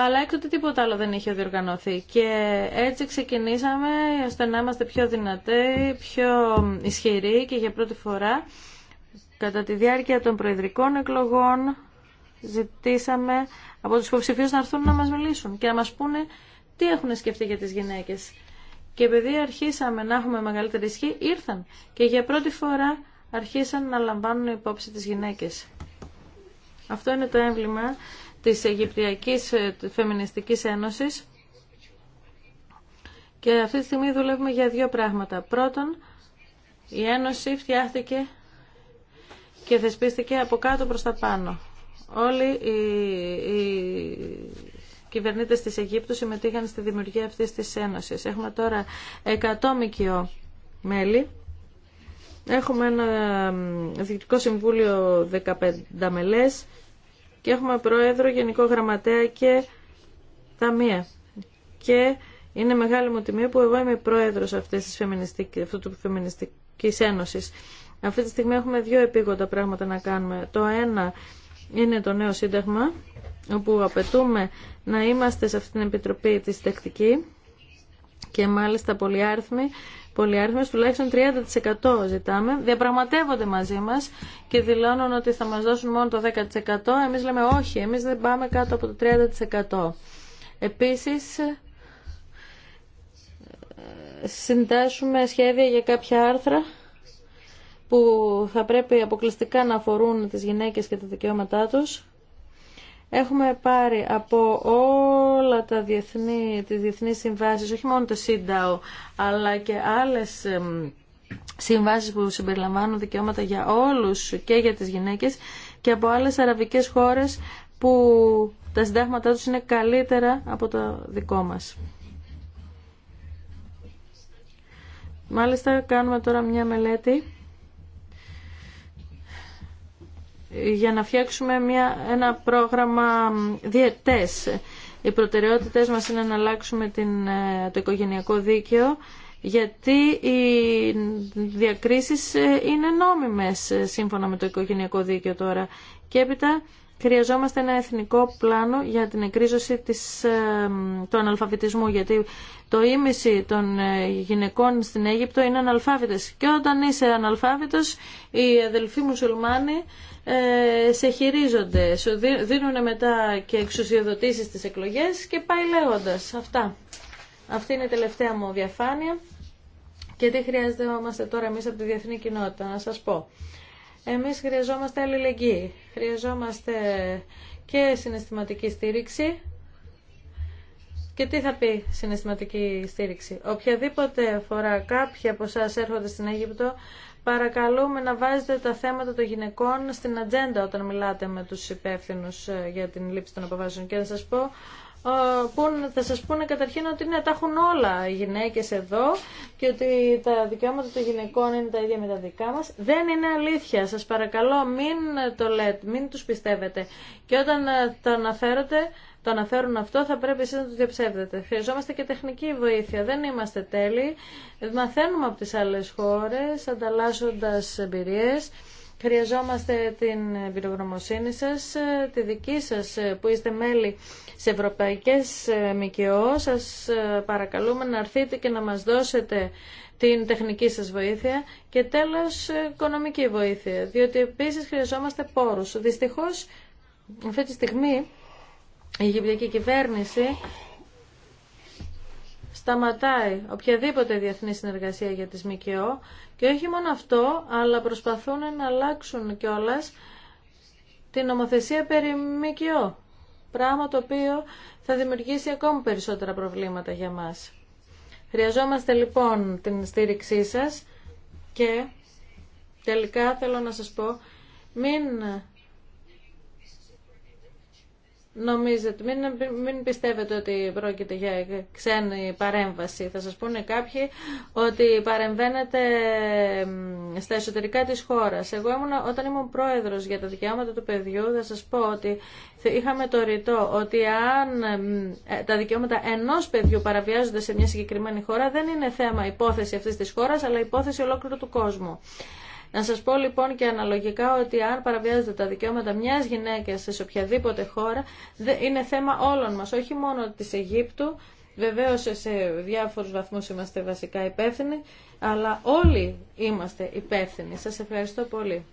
αλλά έκτοτε τίποτα άλλο δεν είχε διοργανωθεί. Και έτσι ξεκινήσαμε ώστε να είμαστε πιο δυνατοί, πιο ισχυροί και για πρώτη φορά κατά τη διάρκεια των προεδρικών εκλογών ζητήσαμε από τους υποψηφίους να έρθουν να μας μιλήσουν και να μας πούνε τι έχουν σκεφτεί για τις γυναίκες. Και επειδή αρχίσαμε να έχουμε μεγαλύτερη ισχύ, ήρθαν και για πρώτη φορά αρχίσαν να λαμβάνουν υπόψη τις γυναίκες. Αυτό είναι το έμβλημα της Αιγυπτιακής ε, Φεμινιστικής Ένωσης και αυτή τη στιγμή δουλεύουμε για δύο πράγματα. Πρώτον, η Ένωση φτιάχτηκε και θεσπίστηκε από κάτω προς τα πάνω. Όλοι οι, οι κυβερνήτες της Αιγύπτου συμμετείχαν στη δημιουργία αυτής της Ένωσης. Έχουμε τώρα 100 μικιό μέλη. Έχουμε ένα ε, διοικητικό συμβούλιο 15 μελές έχουμε πρόεδρο, γενικό γραμματέα και ταμεία. Και είναι μεγάλη μου τιμή που εγώ είμαι πρόεδρος αυτής της φεμινιστικής, αυτού του φεμινιστικής ένωσης. Αυτή τη στιγμή έχουμε δύο επίγοντα πράγματα να κάνουμε. Το ένα είναι το νέο σύνταγμα, όπου απαιτούμε να είμαστε σε αυτή την επιτροπή της τεκτική και μάλιστα πολυάριθμη πολυάριθμες, τουλάχιστον 30% ζητάμε, διαπραγματεύονται μαζί μας και δηλώνουν ότι θα μας δώσουν μόνο το 10%. Εμείς λέμε όχι, εμείς δεν πάμε κάτω από το 30%. Επίσης, ε, συντάσσουμε σχέδια για κάποια άρθρα που θα πρέπει αποκλειστικά να αφορούν τις γυναίκες και τα δικαιώματά τους. Έχουμε πάρει από όλα τα διεθνή, τις διεθνείς συμβάσεις, όχι μόνο το ΣΥΝΤΑΟ, αλλά και άλλες συμβάσεις που συμπεριλαμβάνουν δικαιώματα για όλους και για τις γυναίκες και από άλλες αραβικές χώρες που τα συντάγματά τους είναι καλύτερα από το δικό μας. Μάλιστα κάνουμε τώρα μια μελέτη για να φτιάξουμε μια, ένα πρόγραμμα διετές. Οι προτεραιότητες μας είναι να αλλάξουμε την, ε, το οικογενειακό δίκαιο γιατί οι διακρίσεις ε, είναι νόμιμες ε, σύμφωνα με το οικογενειακό δίκαιο τώρα. Και έπειτα Χρειαζόμαστε ένα εθνικό πλάνο για την εκρίζωση της, ε, του αναλφαβητισμού, γιατί το ίμιση των ε, γυναικών στην Αίγυπτο είναι αναλφάβητες. Και όταν είσαι αναλφάβητος, οι αδελφοί μουσουλμάνοι ε, σε χειρίζονται, σου δίνουν μετά και εξουσιοδοτήσεις στις εκλογές και πάει λέγοντας αυτά. Αυτή είναι η τελευταία μου διαφάνεια. Και τι χρειάζεται τώρα εμείς από τη διεθνή κοινότητα, να σας πω. Εμείς χρειαζόμαστε αλληλεγγύη, χρειαζόμαστε και συναισθηματική στήριξη. Και τι θα πει συναισθηματική στήριξη. Οποιαδήποτε φορά κάποιοι από εσά έρχονται στην Αίγυπτο, παρακαλούμε να βάζετε τα θέματα των γυναικών στην ατζέντα όταν μιλάτε με τους υπεύθυνου ε, για την λήψη των αποφάσεων. Και να σας πω θα σας πούνε καταρχήν ότι ναι, τα έχουν όλα οι γυναίκες εδώ και ότι τα δικαιώματα των γυναικών είναι τα ίδια με τα δικά μας. Δεν είναι αλήθεια. Σας παρακαλώ μην το λέτε, μην τους πιστεύετε. Και όταν ε, το αναφέρονται, το αναφέρουν αυτό, θα πρέπει εσείς να το διαψεύδετε. Χρειαζόμαστε και τεχνική βοήθεια. Δεν είμαστε τέλειοι. Μαθαίνουμε από τις άλλες χώρες, ανταλλάσσοντας εμπειρίες. Χρειαζόμαστε την εμπειρογνωμοσύνη σας, τη δική σας που είστε μέλη σε ευρωπαϊκές ε, ΜΚΟ. Σας ε, παρακαλούμε να έρθετε και να μας δώσετε την τεχνική σας βοήθεια και τέλος οικονομική βοήθεια, διότι επίσης χρειαζόμαστε πόρους. Δυστυχώς αυτή τη στιγμή η Αιγυπτιακή κυβέρνηση σταματάει οποιαδήποτε διεθνή συνεργασία για τις ΜΚΟ και όχι μόνο αυτό, αλλά προσπαθούν να αλλάξουν κιόλα την νομοθεσία περί ΜΚΟ, πράγμα το οποίο θα δημιουργήσει ακόμη περισσότερα προβλήματα για μας. Χρειαζόμαστε λοιπόν την στήριξή σας και τελικά θέλω να σας πω μην νομίζετε, μην, μην πιστεύετε ότι πρόκειται για ξένη παρέμβαση. Θα σας πούνε κάποιοι ότι παρεμβαίνετε στα εσωτερικά της χώρας. Εγώ ήμουν, όταν ήμουν πρόεδρος για τα δικαιώματα του παιδιού, θα σας πω ότι είχαμε το ρητό ότι αν ε, τα δικαιώματα ενός παιδιού παραβιάζονται σε μια συγκεκριμένη χώρα, δεν είναι θέμα υπόθεση αυτής της χώρας, αλλά υπόθεση ολόκληρου του κόσμου. Να σας πω λοιπόν και αναλογικά ότι αν παραβιάζεται τα δικαιώματα μιας γυναίκας σε οποιαδήποτε χώρα, είναι θέμα όλων μας, όχι μόνο της Αιγύπτου, Βεβαίως σε διάφορους βαθμούς είμαστε βασικά υπεύθυνοι, αλλά όλοι είμαστε υπεύθυνοι. Σας ευχαριστώ πολύ.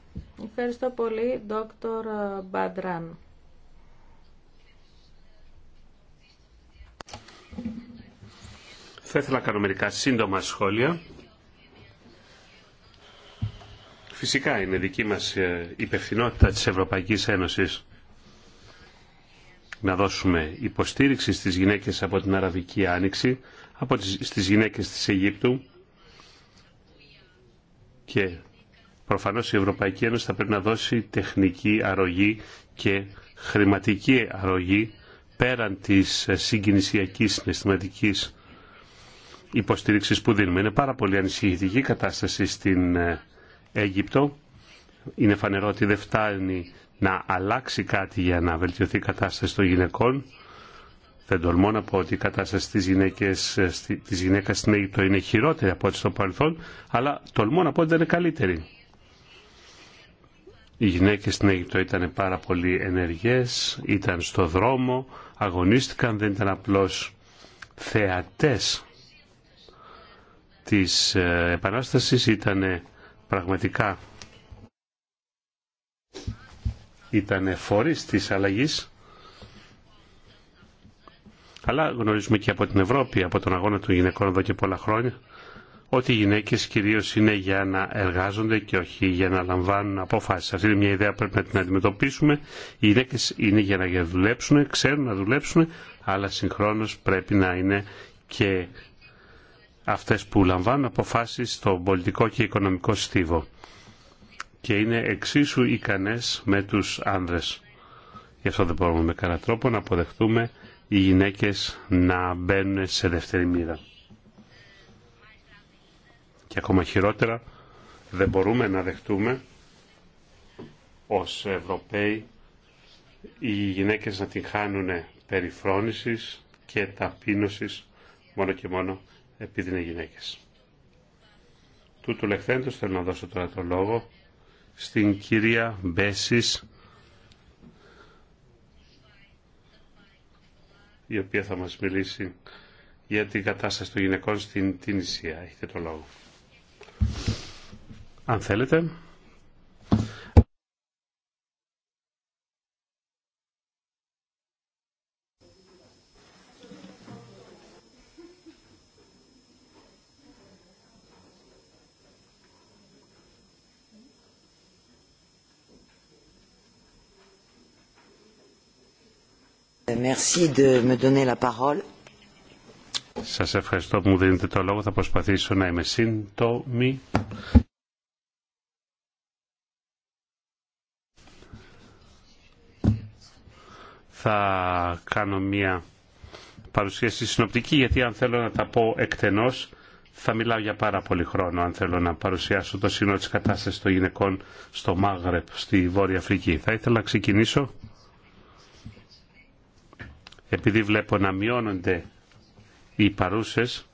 Ευχαριστώ πολύ, Δόκτωρ Μπαντράν. Θα ήθελα να κάνω μερικά σύντομα σχόλια Φυσικά είναι δική μας ε, υπευθυνότητα της Ευρωπαϊκής Ένωσης να δώσουμε υποστήριξη στις γυναίκες από την Αραβική Άνοιξη, από τις, στις γυναίκες της Αιγύπτου και προφανώς η Ευρωπαϊκή Ένωση θα πρέπει να δώσει τεχνική αρρωγή και χρηματική αρρωγή πέραν της ε, συγκινησιακής συναισθηματική υποστήριξης που δίνουμε. Είναι πάρα πολύ ανησυχητική κατάσταση στην ε, Αίγυπτο. Είναι φανερό ότι δεν φτάνει να αλλάξει κάτι για να βελτιωθεί η κατάσταση των γυναικών. Δεν τολμώ να πω ότι η κατάσταση της, γυναίκες, γυναίκας στην Αίγυπτο είναι χειρότερη από ό,τι στο παρελθόν, αλλά τολμώ να πω ότι δεν είναι καλύτερη. Οι γυναίκες στην Αίγυπτο ήταν πάρα πολύ ενεργές, ήταν στο δρόμο, αγωνίστηκαν, δεν ήταν απλώς θεατές της ε, επανάστασης, ήταν πραγματικά ήταν φορείς της αλλαγής αλλά γνωρίζουμε και από την Ευρώπη, από τον αγώνα των γυναικών εδώ και πολλά χρόνια, ότι οι γυναίκες κυρίως είναι για να εργάζονται και όχι για να λαμβάνουν αποφάσεις. Αυτή είναι μια ιδέα που πρέπει να την αντιμετωπίσουμε. Οι γυναίκες είναι για να δουλέψουν, ξέρουν να δουλέψουν, αλλά συγχρόνως πρέπει να είναι και αυτές που λαμβάνουν αποφάσεις στο πολιτικό και οικονομικό στίβο και είναι εξίσου ικανές με τους άνδρες. Γι' αυτό δεν μπορούμε με κανένα τρόπο να αποδεχτούμε οι γυναίκες να μπαίνουν σε δεύτερη μοίρα. Και ακόμα χειρότερα δεν μπορούμε να δεχτούμε ως Ευρωπαίοι οι γυναίκες να την χάνουν περιφρόνησης και ταπείνωσης μόνο και μόνο επειδή είναι γυναίκε. Τούτου λεχθέντος θέλω να δώσω τώρα το λόγο στην κυρία Μπέση. η οποία θα μας μιλήσει για την κατάσταση των γυναικών στην Τινησία. Έχετε το λόγο. Αν θέλετε. merci Σας ευχαριστώ που μου δίνετε το λόγο. Θα προσπαθήσω να είμαι σύντομη. Θα κάνω μία παρουσίαση συνοπτική, γιατί αν θέλω να τα πω εκτενώς, θα μιλάω για πάρα πολύ χρόνο, αν θέλω να παρουσιάσω το σύνολο της κατάστασης των γυναικών στο Μάγρεπ, στη Βόρεια Αφρική. Θα ήθελα να ξεκινήσω επειδή βλέπω να μειώνονται οι παρούσες,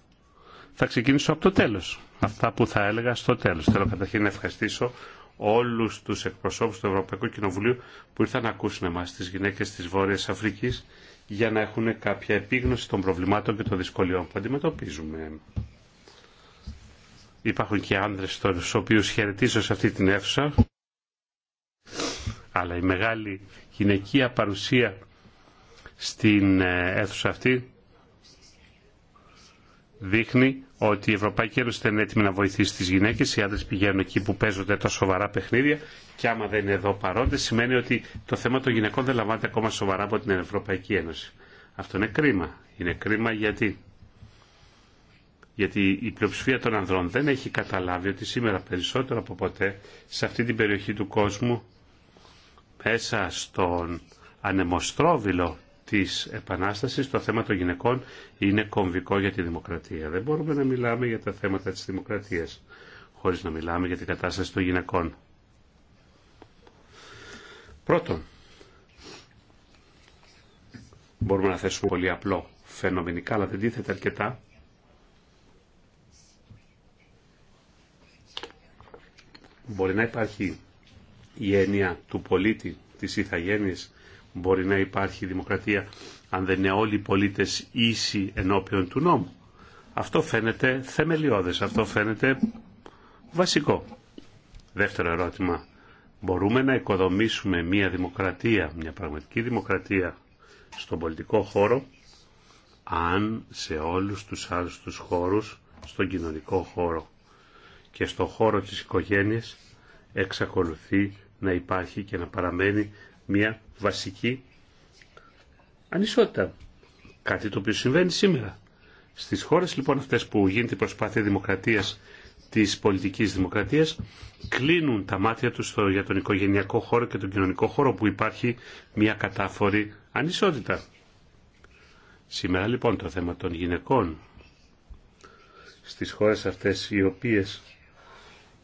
θα ξεκινήσω από το τέλος. Αυτά που θα έλεγα στο τέλος. Θέλω καταρχήν να ευχαριστήσω όλους τους εκπροσώπους του Ευρωπαϊκού Κοινοβουλίου που ήρθαν να ακούσουν εμάς τις γυναίκες της Βόρειας Αφρικής για να έχουν κάποια επίγνωση των προβλημάτων και των δυσκολιών που αντιμετωπίζουμε. Υπάρχουν και άνδρες στους οποίους χαιρετίζω σε αυτή την αίθουσα αλλά η μεγάλη γυναικεία παρουσία στην ε, αίθουσα αυτή δείχνει ότι η Ευρωπαϊκή Ένωση δεν είναι έτοιμη να βοηθήσει τι γυναίκε. οι άντρε πηγαίνουν εκεί που παίζονται τα σοβαρά παιχνίδια και άμα δεν είναι εδώ παρόντε, σημαίνει ότι το θέμα των γυναικών δεν λαμβάνεται ακόμα σοβαρά από την Ευρωπαϊκή Ένωση. Αυτό είναι κρίμα. Είναι κρίμα γιατί, γιατί η πλειοψηφία των ανδρών δεν έχει καταλάβει ότι σήμερα περισσότερο από ποτέ σε αυτή την περιοχή του κόσμου μέσα στον ανεμοστρόβιλο της Επανάστασης, το θέμα των γυναικών είναι κομβικό για τη δημοκρατία. Δεν μπορούμε να μιλάμε για τα θέματα της δημοκρατίας χωρίς να μιλάμε για την κατάσταση των γυναικών. Πρώτον, μπορούμε να θέσουμε πολύ απλό φαινομενικά, αλλά δεν τίθεται αρκετά. Μπορεί να υπάρχει η έννοια του πολίτη της ηθαγένειας Μπορεί να υπάρχει δημοκρατία αν δεν είναι όλοι οι πολίτες ίσοι ενώπιον του νόμου. Αυτό φαίνεται θεμελιώδες, αυτό φαίνεται βασικό. Δεύτερο ερώτημα. Μπορούμε να οικοδομήσουμε μια δημοκρατία, μια πραγματική δημοκρατία στον πολιτικό χώρο, αν σε όλους τους άλλους τους χώρους, στον κοινωνικό χώρο και στον χώρο της οικογένειας, εξακολουθεί να υπάρχει και να παραμένει μια βασική ανισότητα. Κάτι το οποίο συμβαίνει σήμερα. Στις χώρες λοιπόν αυτές που γίνεται η προσπάθεια δημοκρατίας της πολιτικής δημοκρατίας κλείνουν τα μάτια τους για τον οικογενειακό χώρο και τον κοινωνικό χώρο που υπάρχει μια κατάφορη ανισότητα. Σήμερα λοιπόν το θέμα των γυναικών στις χώρες αυτές οι οποίες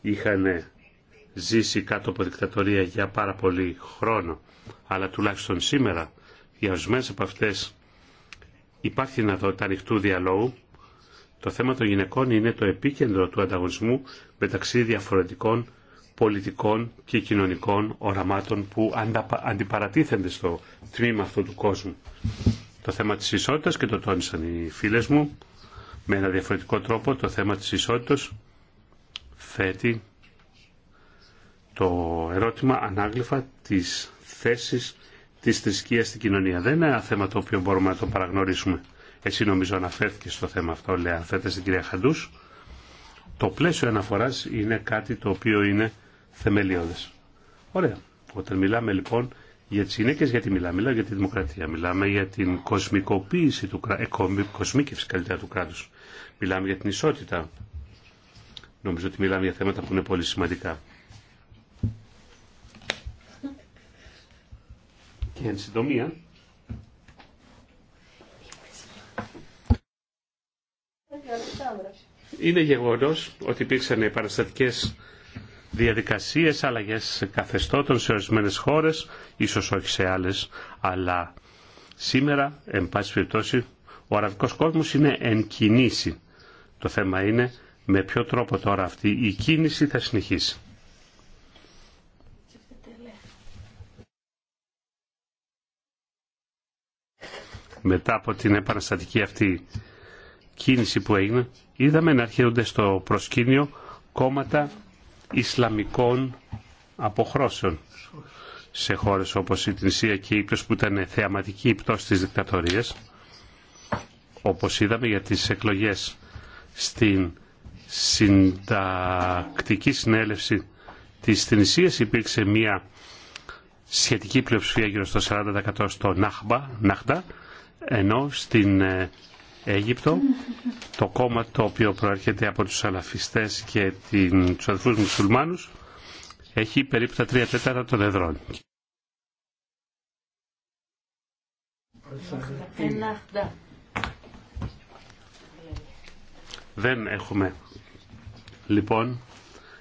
είχαν ζήσει κάτω από δικτατορία για πάρα πολύ χρόνο, αλλά τουλάχιστον σήμερα για ορισμένε από αυτέ υπάρχει δυνατότητα ανοιχτού διαλόγου. Το θέμα των γυναικών είναι το επίκεντρο του ανταγωνισμού μεταξύ διαφορετικών πολιτικών και κοινωνικών οραμάτων που αντιπαρατίθενται στο τμήμα αυτού του κόσμου. Το θέμα της ισότητας και το τόνισαν οι φίλες μου με ένα διαφορετικό τρόπο το θέμα της ισότητας θέτει το ερώτημα ανάγλυφα της θέσης της θρησκείας στην κοινωνία. Δεν είναι ένα θέμα το οποίο μπορούμε να το παραγνωρίσουμε. Εσύ νομίζω αναφέρθηκε στο θέμα αυτό, λέει, θέτε στην κυρία Χαντούς. Το πλαίσιο αναφοράς είναι κάτι το οποίο είναι θεμελιώδες. Ωραία. Όταν μιλάμε λοιπόν για τις γυναίκες, γιατί μιλάμε, μιλάμε για τη δημοκρατία, μιλάμε για την κοσμικοποίηση του κράτου, ε, καλύτερα του κράτους, μιλάμε για την ισότητα. Νομίζω ότι μιλάμε για θέματα που είναι πολύ σημαντικά. Και εν συντομία, είναι γεγονός ότι υπήρξαν παραστατικές διαδικασίες, αλλαγές καθεστώτων σε ορισμένε χώρες, ίσως όχι σε άλλες, αλλά σήμερα, εν πάση περιπτώσει, ο αραβικός κόσμος είναι εν κινήσει. Το θέμα είναι με ποιο τρόπο τώρα αυτή η κίνηση θα συνεχίσει. μετά από την επαναστατική αυτή κίνηση που έγινε, είδαμε να έρχονται στο προσκήνιο κόμματα Ισλαμικών αποχρώσεων σε χώρες όπως η Τινσία και η Ήπτος που ήταν θεαματική η πτώση της δικτατορίας όπως είδαμε για τις εκλογές στην συντακτική συνέλευση της Τινσίας υπήρξε μια σχετική πλειοψηφία γύρω στο 40% στο Ναχμπα, Ναχτα ενώ στην ε, Αίγυπτο το κόμμα το οποίο προέρχεται από τους αλαφιστές και την, τους αδελφούς μουσουλμάνους έχει περίπου τα 3 τέταρτα των εδρών. Δεν έχουμε λοιπόν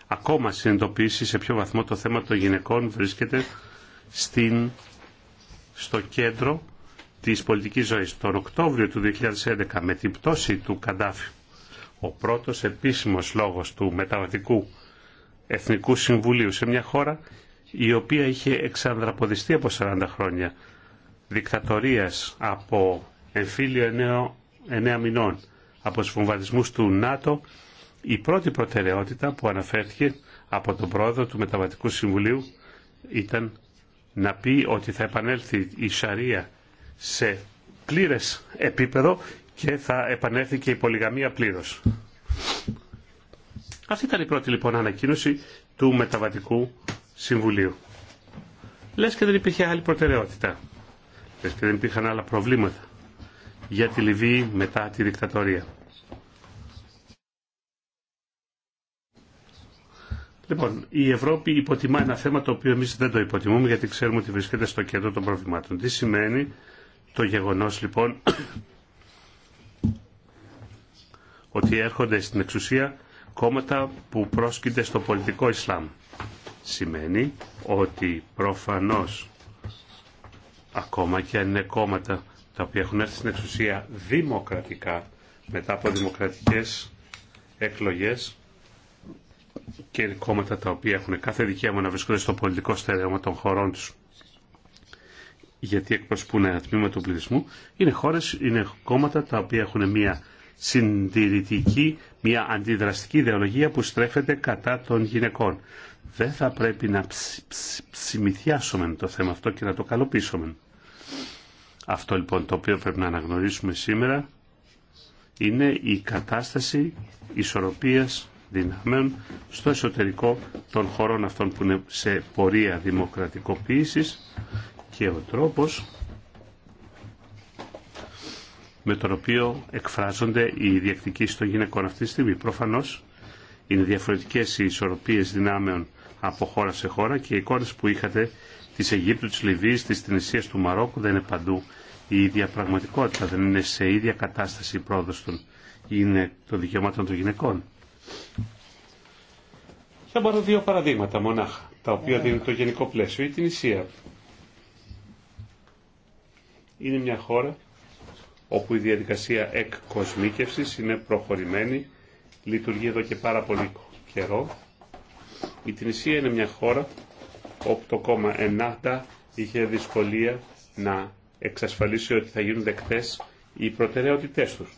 ακόμα συνειδητοποιήσει σε ποιο βαθμό το θέμα των γυναικών βρίσκεται στην, στο κέντρο της πολιτικής ζωής. Τον Οκτώβριο του 2011 με την πτώση του Καντάφη, ο πρώτος επίσημος λόγος του μεταβατικού Εθνικού Συμβουλίου σε μια χώρα η οποία είχε εξανδραποδιστεί από 40 χρόνια δικτατορίας από εμφύλιο 9 μηνών από του βομβαρδισμούς του ΝΑΤΟ η πρώτη προτεραιότητα που αναφέρθηκε από τον πρόεδρο του Μεταβατικού Συμβουλίου ήταν να πει ότι θα επανέλθει η Σαρία σε πλήρες επίπεδο και θα επανέλθει και η πολυγαμία πλήρως. Αυτή ήταν η πρώτη λοιπόν ανακοίνωση του Μεταβατικού Συμβουλίου. Λες και δεν υπήρχε άλλη προτεραιότητα. Λες και δεν υπήρχαν άλλα προβλήματα για τη Λιβύη μετά τη δικτατορία. Λοιπόν, η Ευρώπη υποτιμά ένα θέμα το οποίο εμείς δεν το υποτιμούμε γιατί ξέρουμε ότι βρίσκεται στο κέντρο των προβλημάτων. Τι σημαίνει το γεγονός λοιπόν ότι έρχονται στην εξουσία κόμματα που πρόσκειται στο πολιτικό Ισλάμ. Σημαίνει ότι προφανώς ακόμα και αν είναι κόμματα τα οποία έχουν έρθει στην εξουσία δημοκρατικά μετά από δημοκρατικές εκλογές και κόμματα τα οποία έχουν κάθε δικαίωμα να βρίσκονται στο πολιτικό στερεώμα των χωρών τους γιατί εκπροσωπούν ένα τμήμα του πληθυσμού, είναι χώρες, είναι κόμματα τα οποία έχουν μια συντηρητική, μια αντιδραστική ιδεολογία που στρέφεται κατά των γυναικών. Δεν θα πρέπει να ψ, το θέμα αυτό και να το καλοποιήσουμε. Αυτό λοιπόν το οποίο πρέπει να αναγνωρίσουμε σήμερα είναι η κατάσταση ισορροπίας δυνάμεων στο εσωτερικό των χωρών αυτών που είναι σε πορεία δημοκρατικοποίησης και ο τρόπος με τον οποίο εκφράζονται οι διεκδικήσεις των γυναικών αυτή τη στιγμή. Προφανώς είναι διαφορετικές οι ισορροπίες δυνάμεων από χώρα σε χώρα και οι εικόνες που είχατε της Αιγύπτου, της Λιβύης, της Τινησίας, του Μαρόκου δεν είναι παντού η ίδια πραγματικότητα, δεν είναι σε ίδια κατάσταση η πρόοδος των, είναι των δικαιωμάτων των γυναικών. Θα πάρω δύο παραδείγματα μονάχα, τα οποία δίνουν το γενικό πλαίσιο. Η Τινησία είναι μια χώρα όπου η διαδικασία εκκοσμίκευσης είναι προχωρημένη, λειτουργεί εδώ και πάρα πολύ καιρό. Η Τινησία είναι μια χώρα όπου το κόμμα Ενάχτα είχε δυσκολία να εξασφαλίσει ότι θα γίνουν δεκτές οι προτεραιότητές τους.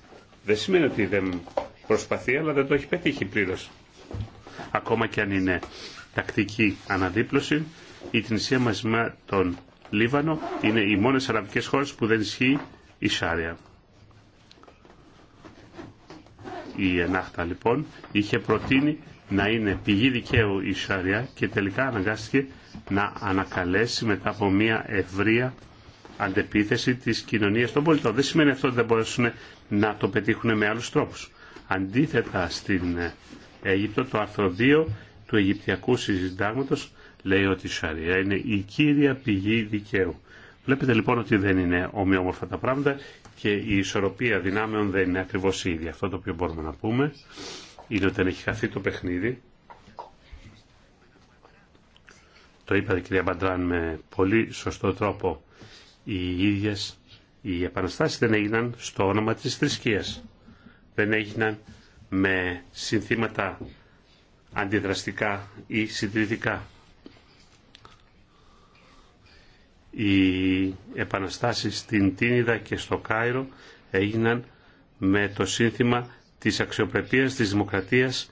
Δεν σημαίνει ότι δεν προσπαθεί, αλλά δεν το έχει πετύχει πλήρως. Ακόμα και αν είναι τακτική αναδίπλωση, η Τινησία μαζί με τον Λίβανο είναι οι μόνες αραβικές χώρες που δεν ισχύει η Σάρια. Η Ενάχτα λοιπόν είχε προτείνει να είναι πηγή δικαίου η Σάρια και τελικά αναγκάστηκε να ανακαλέσει μετά από μια ευρεία αντεπίθεση της κοινωνίας των πολιτών. Δεν σημαίνει αυτό ότι δεν μπορέσουν να το πετύχουν με άλλους τρόπους. Αντίθετα στην Αίγυπτο το άρθρο 2 του Αιγυπτιακού συζητάγματος λέει ότι η Σαρία είναι η κύρια πηγή δικαίου. Βλέπετε λοιπόν ότι δεν είναι ομοιόμορφα τα πράγματα και η ισορροπία δυνάμεων δεν είναι ακριβώς η ίδια. Αυτό το οποίο μπορούμε να πούμε είναι ότι δεν έχει χαθεί το παιχνίδι. Το είπατε κυρία Μπαντράν με πολύ σωστό τρόπο. Οι ίδιες οι επαναστάσει δεν έγιναν στο όνομα τη θρησκεία. Δεν έγιναν με συνθήματα αντιδραστικά ή συντηρητικά. οι επαναστάσεις στην Τίνιδα και στο Κάιρο έγιναν με το σύνθημα της αξιοπρεπίας, της δημοκρατίας,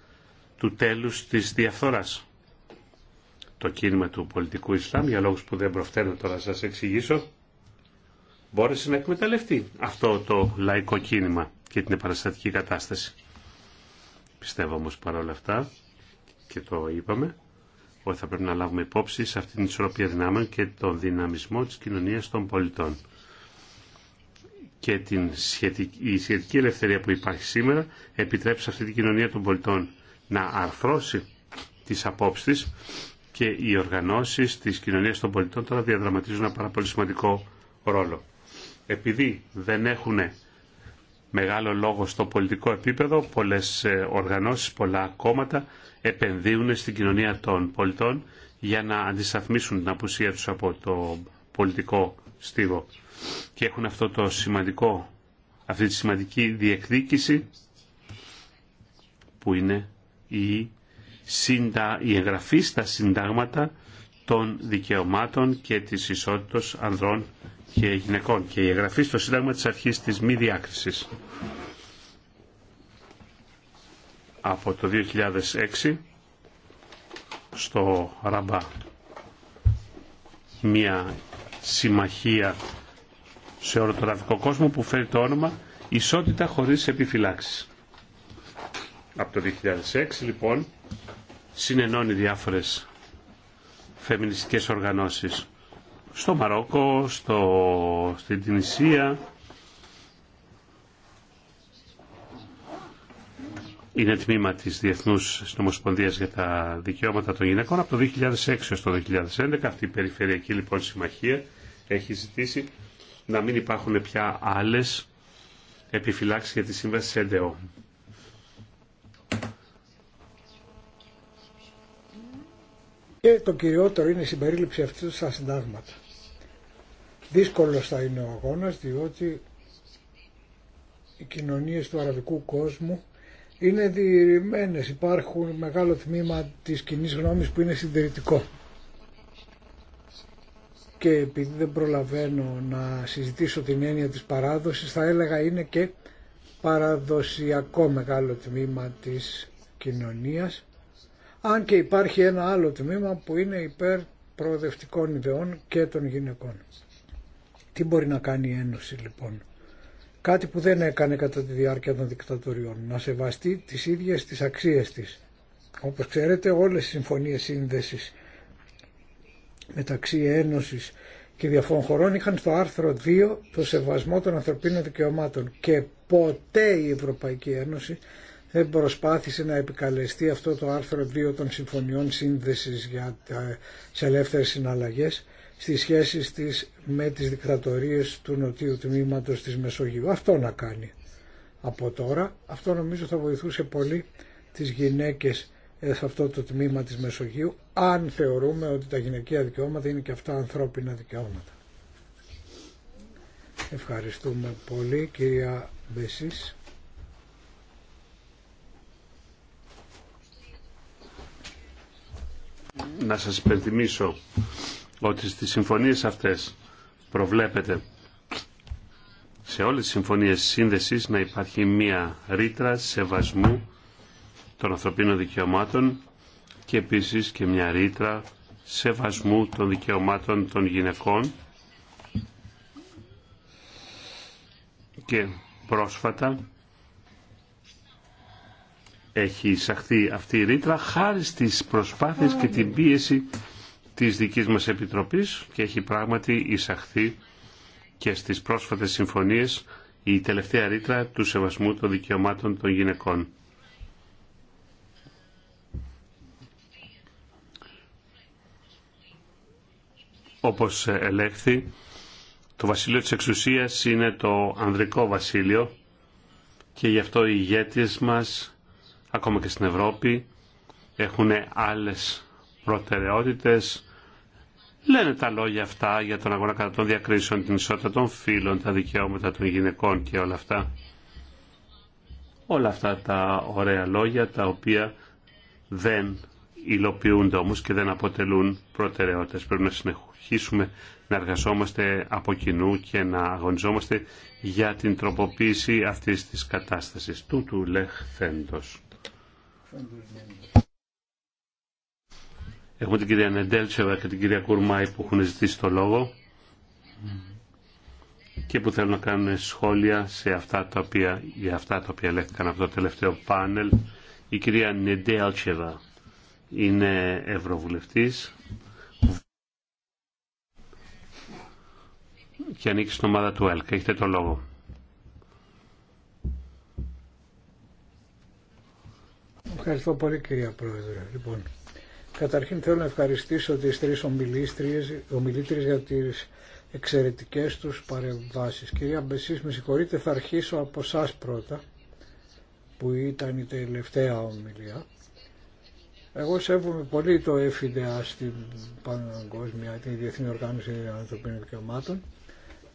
του τέλους της διαφθοράς. Το κίνημα του πολιτικού Ισλάμ, για λόγους που δεν προφταίνω τώρα να σας εξηγήσω, μπόρεσε να εκμεταλλευτεί αυτό το λαϊκό κίνημα και την επαναστατική κατάσταση. Πιστεύω όμως παρόλα αυτά, και το είπαμε, ότι λοιπόν θα πρέπει να λάβουμε υπόψη σε αυτήν την ισορροπία δυνάμεων και τον δυναμισμό της κοινωνίας των πολιτών. Και την σχετική, η σχετική ελευθερία που υπάρχει σήμερα επιτρέπει σε αυτή την κοινωνία των πολιτών να αρθρώσει τις απόψεις και οι οργανώσεις της κοινωνίας των πολιτών τώρα διαδραματίζουν ένα πάρα πολύ σημαντικό ρόλο. Επειδή δεν έχουν μεγάλο λόγο στο πολιτικό επίπεδο. Πολλές ε, οργανώσεις, πολλά κόμματα επενδύουν στην κοινωνία των πολιτών για να αντισταθμίσουν την απουσία του από το πολιτικό στίβο. Και έχουν αυτό το σημαντικό, αυτή τη σημαντική διεκδίκηση που είναι η, συντα... η εγγραφή στα συντάγματα των δικαιωμάτων και της ισότητας ανδρών και γυναικών και η εγγραφή στο Σύνταγμα της Αρχής της Μη Διάκρισης. Από το 2006 στο Ραμπά μια συμμαχία σε όλο το κόσμο που φέρει το όνομα Ισότητα χωρίς επιφυλάξεις. Από το 2006 λοιπόν συνενώνει διάφορες φεμινιστικές οργανώσεις στο Μαρόκο, στο, στην Τινησία. Είναι τμήμα της Διεθνούς Νομοσπονδία για τα Δικαιώματα των Γυναικών από το 2006 έως το 2011. Αυτή η Περιφερειακή λοιπόν Συμμαχία έχει ζητήσει να μην υπάρχουν πια άλλες επιφυλάξεις για τη Σύμβαση ΕΝΤΕΟ. Και το κυριότερο είναι η συμπερίληψη αυτού στα συντάγματα. Δύσκολος θα είναι ο αγώνας διότι οι κοινωνίες του αραβικού κόσμου είναι διηρημένες. Υπάρχουν μεγάλο τμήμα της κοινή γνώμης που είναι συντηρητικό. Και επειδή δεν προλαβαίνω να συζητήσω την έννοια της παράδοσης θα έλεγα είναι και παραδοσιακό μεγάλο τμήμα της κοινωνίας αν και υπάρχει ένα άλλο τμήμα που είναι υπέρ προοδευτικών ιδεών και των γυναικών. Τι μπορεί να κάνει η Ένωση λοιπόν. Κάτι που δεν έκανε κατά τη διάρκεια των δικτατοριών. Να σεβαστεί τις ίδιες τις αξίες της. Όπως ξέρετε όλες οι συμφωνίες σύνδεσης μεταξύ Ένωσης και διαφόρων χωρών είχαν στο άρθρο 2 το σεβασμό των ανθρωπίνων δικαιωμάτων και ποτέ η Ευρωπαϊκή Ένωση δεν προσπάθησε να επικαλεστεί αυτό το άρθρο 2 των συμφωνιών σύνδεσης για τις ελεύθερες συναλλαγές στις σχέσεις της με τις δικτατορίες του νοτίου τμήματος της Μεσογείου. Αυτό να κάνει από τώρα. Αυτό νομίζω θα βοηθούσε πολύ τις γυναίκες ε, σε αυτό το τμήμα της Μεσογείου αν θεωρούμε ότι τα γυναικεία δικαιώματα είναι και αυτά ανθρώπινα δικαιώματα. Ευχαριστούμε πολύ κυρία Μπεσής. Να σας υπενθυμίσω ότι στις συμφωνίες αυτές προβλέπεται σε όλες τις συμφωνίες σύνδεσης να υπάρχει μία ρήτρα σεβασμού των ανθρωπίνων δικαιωμάτων και επίσης και μια ρήτρα σεβασμού των δικαιωμάτων των γυναικών και πρόσφατα έχει εισαχθεί αυτή η ρήτρα χάρη στις προσπάθειες και την πίεση της δικής μας Επιτροπής και έχει πράγματι εισαχθεί και στις πρόσφατες συμφωνίες η τελευταία ρήτρα του σεβασμού των δικαιωμάτων των γυναικών. Όπως ελέγχθη, το βασίλειο της εξουσίας είναι το ανδρικό βασίλειο και γι' αυτό οι ηγέτες μας, ακόμα και στην Ευρώπη, έχουν άλλες προτεραιότητες. Λένε τα λόγια αυτά για τον αγώνα κατά των διακρίσεων, την ισότητα των φίλων τα δικαιώματα των γυναικών και όλα αυτά. Όλα αυτά τα ωραία λόγια τα οποία δεν υλοποιούνται όμως και δεν αποτελούν προτεραιότητες. Πρέπει να συνεχίσουμε να εργαζόμαστε από κοινού και να αγωνιζόμαστε για την τροποποίηση αυτής της κατάστασης του λεχθέντος. Έχουμε την κυρία Νεντέλτσεβα και την κυρία Κουρμάη που έχουν ζητήσει το λόγο και που θέλουν να κάνουν σχόλια σε αυτά τα οποία, για αυτά τα οποία λέχθηκαν από το τελευταίο πάνελ. Η κυρία Νεντέλτσεβα είναι ευρωβουλευτής και ανήκει στην ομάδα του ΕΛΚ. Έχετε το λόγο. Ευχαριστώ πολύ κυρία Πρόεδρε. Λοιπόν, Καταρχήν θέλω να ευχαριστήσω τις τρεις ομιλήτριες για τις εξαιρετικές τους παρεμβάσεις. Κυρία Μπεσής, με συγχωρείτε, θα αρχίσω από εσά πρώτα, που ήταν η τελευταία ομιλία. Εγώ σέβομαι πολύ το ΕΦΙΔΕΑ στην Παναγκόσμια, την Διεθνή Οργάνωση Ανθρωπίνων Δικαιωμάτων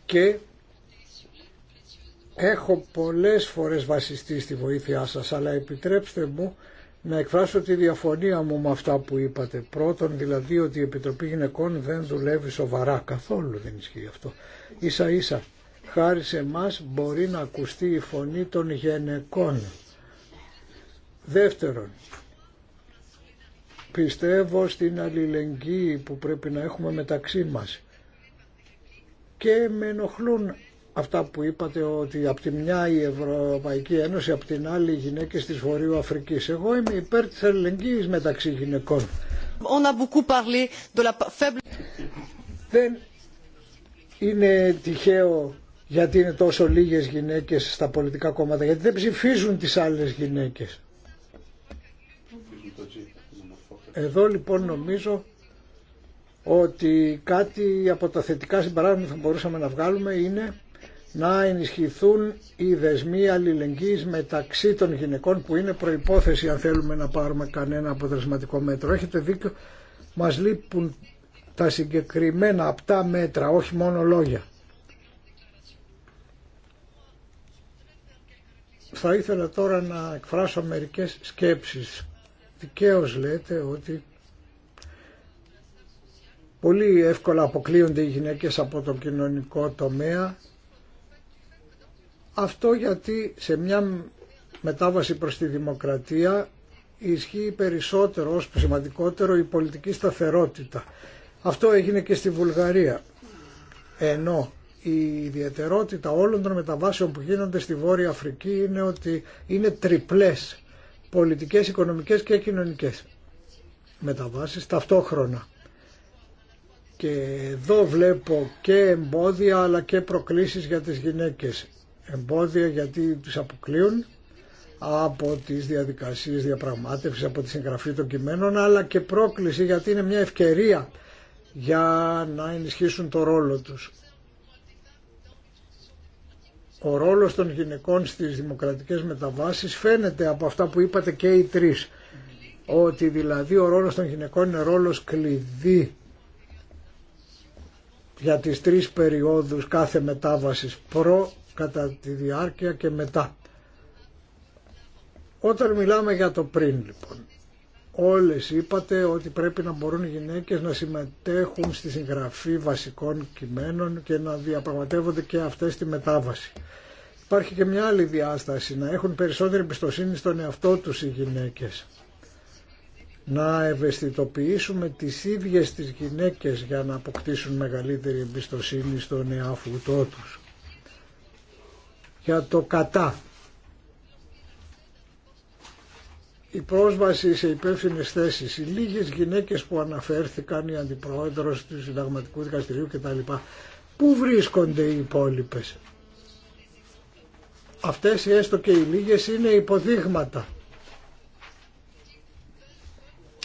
και έχω πολλές φορές βασιστεί στη βοήθειά σας, αλλά επιτρέψτε μου να εκφράσω τη διαφωνία μου με αυτά που είπατε. Πρώτον δηλαδή ότι η Επιτροπή Γυναικών δεν δουλεύει σοβαρά. Καθόλου δεν ισχύει αυτό. Ίσα ίσα χάρη σε εμά μπορεί να ακουστεί η φωνή των γυναικών. Δεύτερον, πιστεύω στην αλληλεγγύη που πρέπει να έχουμε μεταξύ μας και με ενοχλούν αυτά που είπατε ότι από τη μια η Ευρωπαϊκή Ένωση, από την άλλη οι γυναίκες της Βορείου Αφρικής. Εγώ είμαι υπέρ της αλληλεγγύης μεταξύ γυναικών. On a parlé de la faible... Δεν είναι τυχαίο γιατί είναι τόσο λίγες γυναίκες στα πολιτικά κόμματα, γιατί δεν ψηφίζουν τις άλλες γυναίκες. Εδώ λοιπόν νομίζω ότι κάτι από τα θετικά συμπαράγματα που μπορούσαμε να βγάλουμε είναι να ενισχυθούν οι δεσμοί αλληλεγγύης μεταξύ των γυναικών που είναι προϋπόθεση αν θέλουμε να πάρουμε κανένα αποτελεσματικό μέτρο. Έχετε δίκιο, μας λείπουν τα συγκεκριμένα απτά μέτρα, όχι μόνο λόγια. Θα ήθελα τώρα να εκφράσω μερικές σκέψεις. Δικαίως λέτε ότι πολύ εύκολα αποκλείονται οι γυναίκες από τον κοινωνικό τομέα αυτό γιατί σε μια μετάβαση προς τη δημοκρατία ισχύει περισσότερο ως σημαντικότερο η πολιτική σταθερότητα. Αυτό έγινε και στη Βουλγαρία. Ενώ η ιδιαιτερότητα όλων των μεταβάσεων που γίνονται στη Βόρεια Αφρική είναι ότι είναι τριπλές πολιτικές, οικονομικές και κοινωνικές μεταβάσεις ταυτόχρονα. Και εδώ βλέπω και εμπόδια αλλά και προκλήσεις για τις γυναίκες εμπόδια γιατί τους αποκλείουν από τις διαδικασίες διαπραγμάτευσης, από τη συγγραφή των κειμένων, αλλά και πρόκληση γιατί είναι μια ευκαιρία για να ενισχύσουν το ρόλο τους. Ο ρόλος των γυναικών στις δημοκρατικές μεταβάσεις φαίνεται από αυτά που είπατε και οι τρεις, ότι δηλαδή ο ρόλος των γυναικών είναι ρόλος κλειδί για τις τρεις περιόδους κάθε μετάβασης προ, κατά τη διάρκεια και μετά. Όταν μιλάμε για το πριν λοιπόν, όλες είπατε ότι πρέπει να μπορούν οι γυναίκες να συμμετέχουν στη συγγραφή βασικών κειμένων και να διαπραγματεύονται και αυτές τη μετάβαση. Υπάρχει και μια άλλη διάσταση, να έχουν περισσότερη εμπιστοσύνη στον εαυτό τους οι γυναίκες. Να ευαισθητοποιήσουμε τις ίδιες τις γυναίκες για να αποκτήσουν μεγαλύτερη εμπιστοσύνη στον εαυτό τους για το κατά. Η πρόσβαση σε υπεύθυνε θέσει, οι λίγε γυναίκε που αναφέρθηκαν, η αντιπρόεδρο του Συνταγματικού Δικαστηρίου κτλ. Πού βρίσκονται οι υπόλοιπε. Αυτές έστω και οι λίγες είναι υποδείγματα.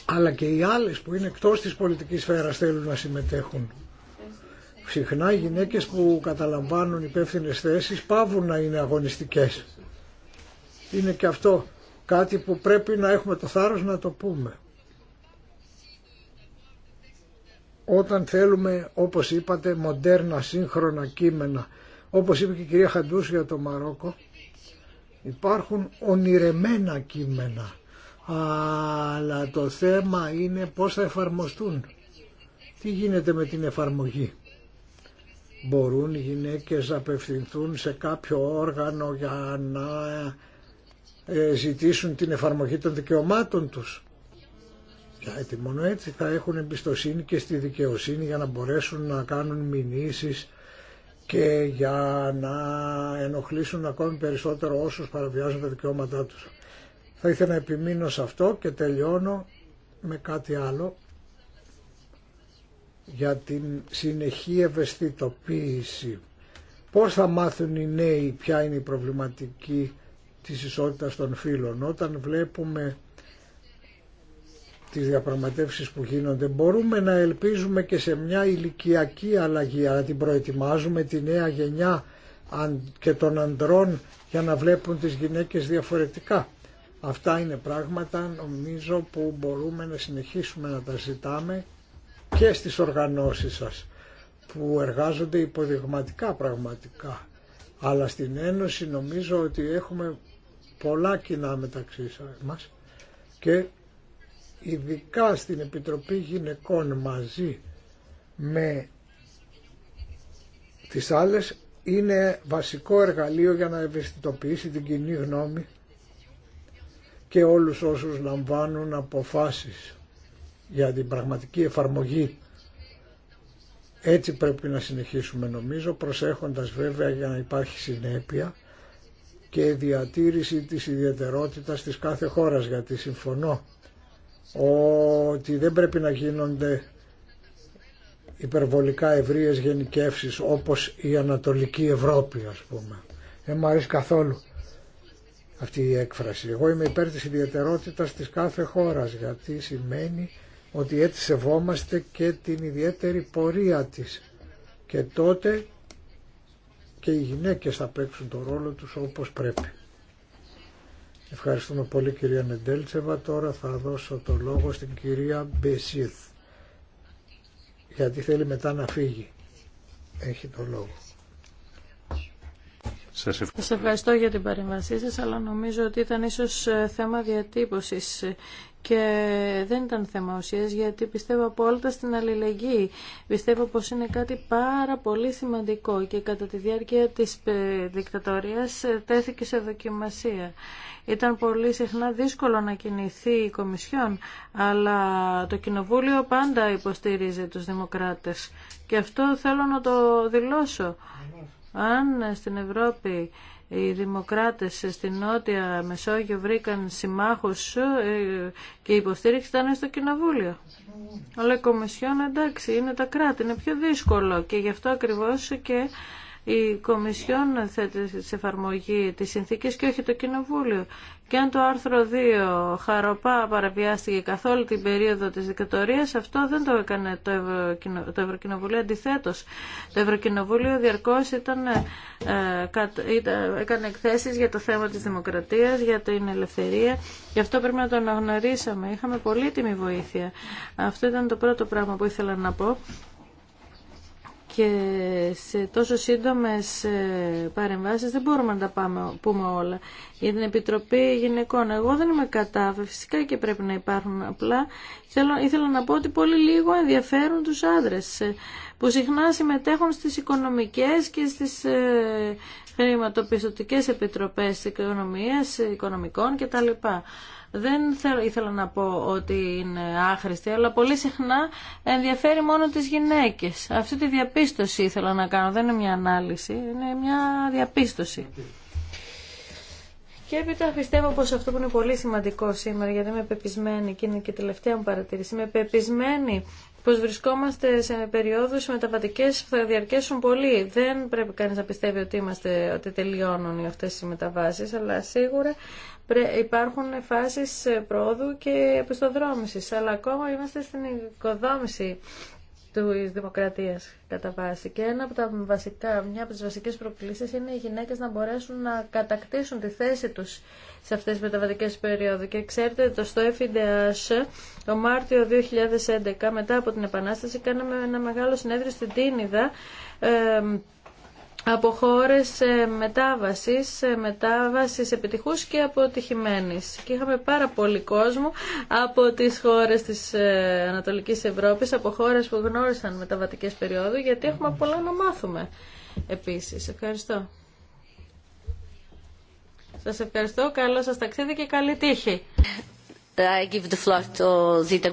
Αλλά και οι άλλες που είναι εκτός της πολιτικής σφαίρας θέλουν να συμμετέχουν. Συχνά οι γυναίκες που καταλαμβάνουν υπεύθυνε θέσεις πάβουν να είναι αγωνιστικές. Είναι και αυτό κάτι που πρέπει να έχουμε το θάρρος να το πούμε. Όταν θέλουμε, όπως είπατε, μοντέρνα, σύγχρονα κείμενα, όπως είπε και η κυρία Χαντούς για το Μαρόκο, υπάρχουν ονειρεμένα κείμενα, αλλά το θέμα είναι πώς θα εφαρμοστούν. Τι γίνεται με την εφαρμογή. Μπορούν οι γυναίκες να απευθυνθούν σε κάποιο όργανο για να ε, ζητήσουν την εφαρμογή των δικαιωμάτων τους. Γιατί μόνο έτσι θα έχουν εμπιστοσύνη και στη δικαιοσύνη για να μπορέσουν να κάνουν μηνύσεις και για να ενοχλήσουν ακόμη περισσότερο όσους παραβιάζουν τα δικαιώματά τους. Θα ήθελα να επιμείνω σε αυτό και τελειώνω με κάτι άλλο για την συνεχή ευαισθητοποίηση. Πώς θα μάθουν οι νέοι ποια είναι η προβληματική της ισότητας των φύλων. Όταν βλέπουμε τις διαπραγματεύσεις που γίνονται μπορούμε να ελπίζουμε και σε μια ηλικιακή αλλαγή αλλά την προετοιμάζουμε τη νέα γενιά και των ανδρών για να βλέπουν τις γυναίκες διαφορετικά. Αυτά είναι πράγματα νομίζω που μπορούμε να συνεχίσουμε να τα ζητάμε και στις οργανώσεις σας που εργάζονται υποδειγματικά πραγματικά. Αλλά στην Ένωση νομίζω ότι έχουμε πολλά κοινά μεταξύ μας και ειδικά στην Επιτροπή Γυναικών μαζί με τις άλλες είναι βασικό εργαλείο για να ευαισθητοποιήσει την κοινή γνώμη και όλους όσους λαμβάνουν αποφάσεις για την πραγματική εφαρμογή. Έτσι πρέπει να συνεχίσουμε νομίζω, προσέχοντας βέβαια για να υπάρχει συνέπεια και διατήρηση της ιδιαιτερότητας της κάθε χώρας, γιατί συμφωνώ ότι δεν πρέπει να γίνονται υπερβολικά ευρείες γενικεύσεις όπως η Ανατολική Ευρώπη ας πούμε. Δεν μου αρέσει καθόλου αυτή η έκφραση. Εγώ είμαι υπέρ της ιδιαιτερότητας της κάθε χώρας γιατί σημαίνει ότι έτσι σεβόμαστε και την ιδιαίτερη πορεία της και τότε και οι γυναίκες θα παίξουν το ρόλο τους όπως πρέπει. Ευχαριστούμε πολύ κυρία Νεντέλτσεβα. Τώρα θα δώσω το λόγο στην κυρία Μπεσίθ γιατί θέλει μετά να φύγει. Έχει το λόγο. Σας ευχαριστώ. για την παρεμβασή σας, αλλά νομίζω ότι ήταν ίσως ε, θέμα διατύπωσης και δεν ήταν θέμα ουσίας γιατί πιστεύω απόλυτα στην αλληλεγγύη. Πιστεύω πως είναι κάτι πάρα πολύ σημαντικό και κατά τη διάρκεια της ε, δικτατορίας ε, τέθηκε σε δοκιμασία. Ήταν πολύ συχνά δύσκολο να κινηθεί η Κομισιόν, αλλά το Κοινοβούλιο πάντα υποστηρίζει τους δημοκράτες. Και αυτό θέλω να το δηλώσω. Αν στην Ευρώπη οι δημοκράτες στην Νότια Μεσόγειο βρήκαν συμμάχους ε, και η υποστήριξη ήταν στο Κοινοβούλιο. Αλλά η Κομισιόν εντάξει είναι τα κράτη, είναι πιο δύσκολο και γι' αυτό ακριβώς και η Κομισιόν θέτει σε εφαρμογή τις συνθήκες και όχι το Κοινοβούλιο. Και αν το άρθρο 2 χαροπά παραβιάστηκε καθ' όλη την περίοδο της δικτατορίας, αυτό δεν το έκανε το, Ευρωκοινο... το Ευρωκοινοβούλιο. Αντιθέτως, το Ευρωκοινοβούλιο διαρκώς ήταν, ε, ήταν... έκανε εκθέσεις για το θέμα της δημοκρατίας, για την ελευθερία. Γι' αυτό πρέπει να το αναγνωρίσαμε. Είχαμε πολύτιμη βοήθεια. Αυτό ήταν το πρώτο πράγμα που ήθελα να πω και σε τόσο σύντομες ε, παρεμβάσεις δεν μπορούμε να τα πάμε, πούμε όλα. Για την Επιτροπή Γυναικών, εγώ δεν είμαι κατά, φυσικά και πρέπει να υπάρχουν απλά. ήθελα να πω ότι πολύ λίγο ενδιαφέρουν τους άντρες ε, που συχνά συμμετέχουν στις οικονομικές και στις ε, χρηματοπιστωτικές επιτροπές οικονομίας, ε, οικονομικών κτλ δεν ήθελα να πω ότι είναι άχρηστη, αλλά πολύ συχνά ενδιαφέρει μόνο τις γυναίκες. Αυτή τη διαπίστωση ήθελα να κάνω, δεν είναι μια ανάλυση, είναι μια διαπίστωση. Και έπειτα πιστεύω πως αυτό που είναι πολύ σημαντικό σήμερα, γιατί είμαι πεπισμένη και είναι και η τελευταία μου παρατήρηση, είμαι πεπισμένη πως βρισκόμαστε σε περιόδους μεταβατικές που θα διαρκέσουν πολύ. Δεν πρέπει κανείς να πιστεύει ότι, είμαστε, ότι τελειώνουν αυτές οι μεταβάσεις, αλλά σίγουρα υπάρχουν φάσεις πρόοδου και επιστοδρόμησης. Αλλά ακόμα είμαστε στην οικοδόμηση της δημοκρατία κατά βάση. Και ένα τα βασικά, μια από τι βασικέ προκλήσει είναι οι γυναίκε να μπορέσουν να κατακτήσουν τη θέση του σε αυτές τι μεταβατικέ περίοδους. Και ξέρετε, το στο FIDAS, το Μάρτιο 2011, μετά από την Επανάσταση, κάναμε ένα μεγάλο συνέδριο στην Τίνιδα, ε, από χώρες ε, μετάβασης, ε, μετάβασης επιτυχούς και αποτυχημένης. Και είχαμε πάρα πολύ κόσμο από τις χώρες της ε, Ανατολικής Ευρώπης, από χώρες που γνώρισαν μεταβατικές περιόδου, γιατί έχουμε πολλά να μάθουμε επίσης. Ευχαριστώ. Σας ευχαριστώ. Καλό σας ταξίδι και καλή τύχη. I give the floor to Zita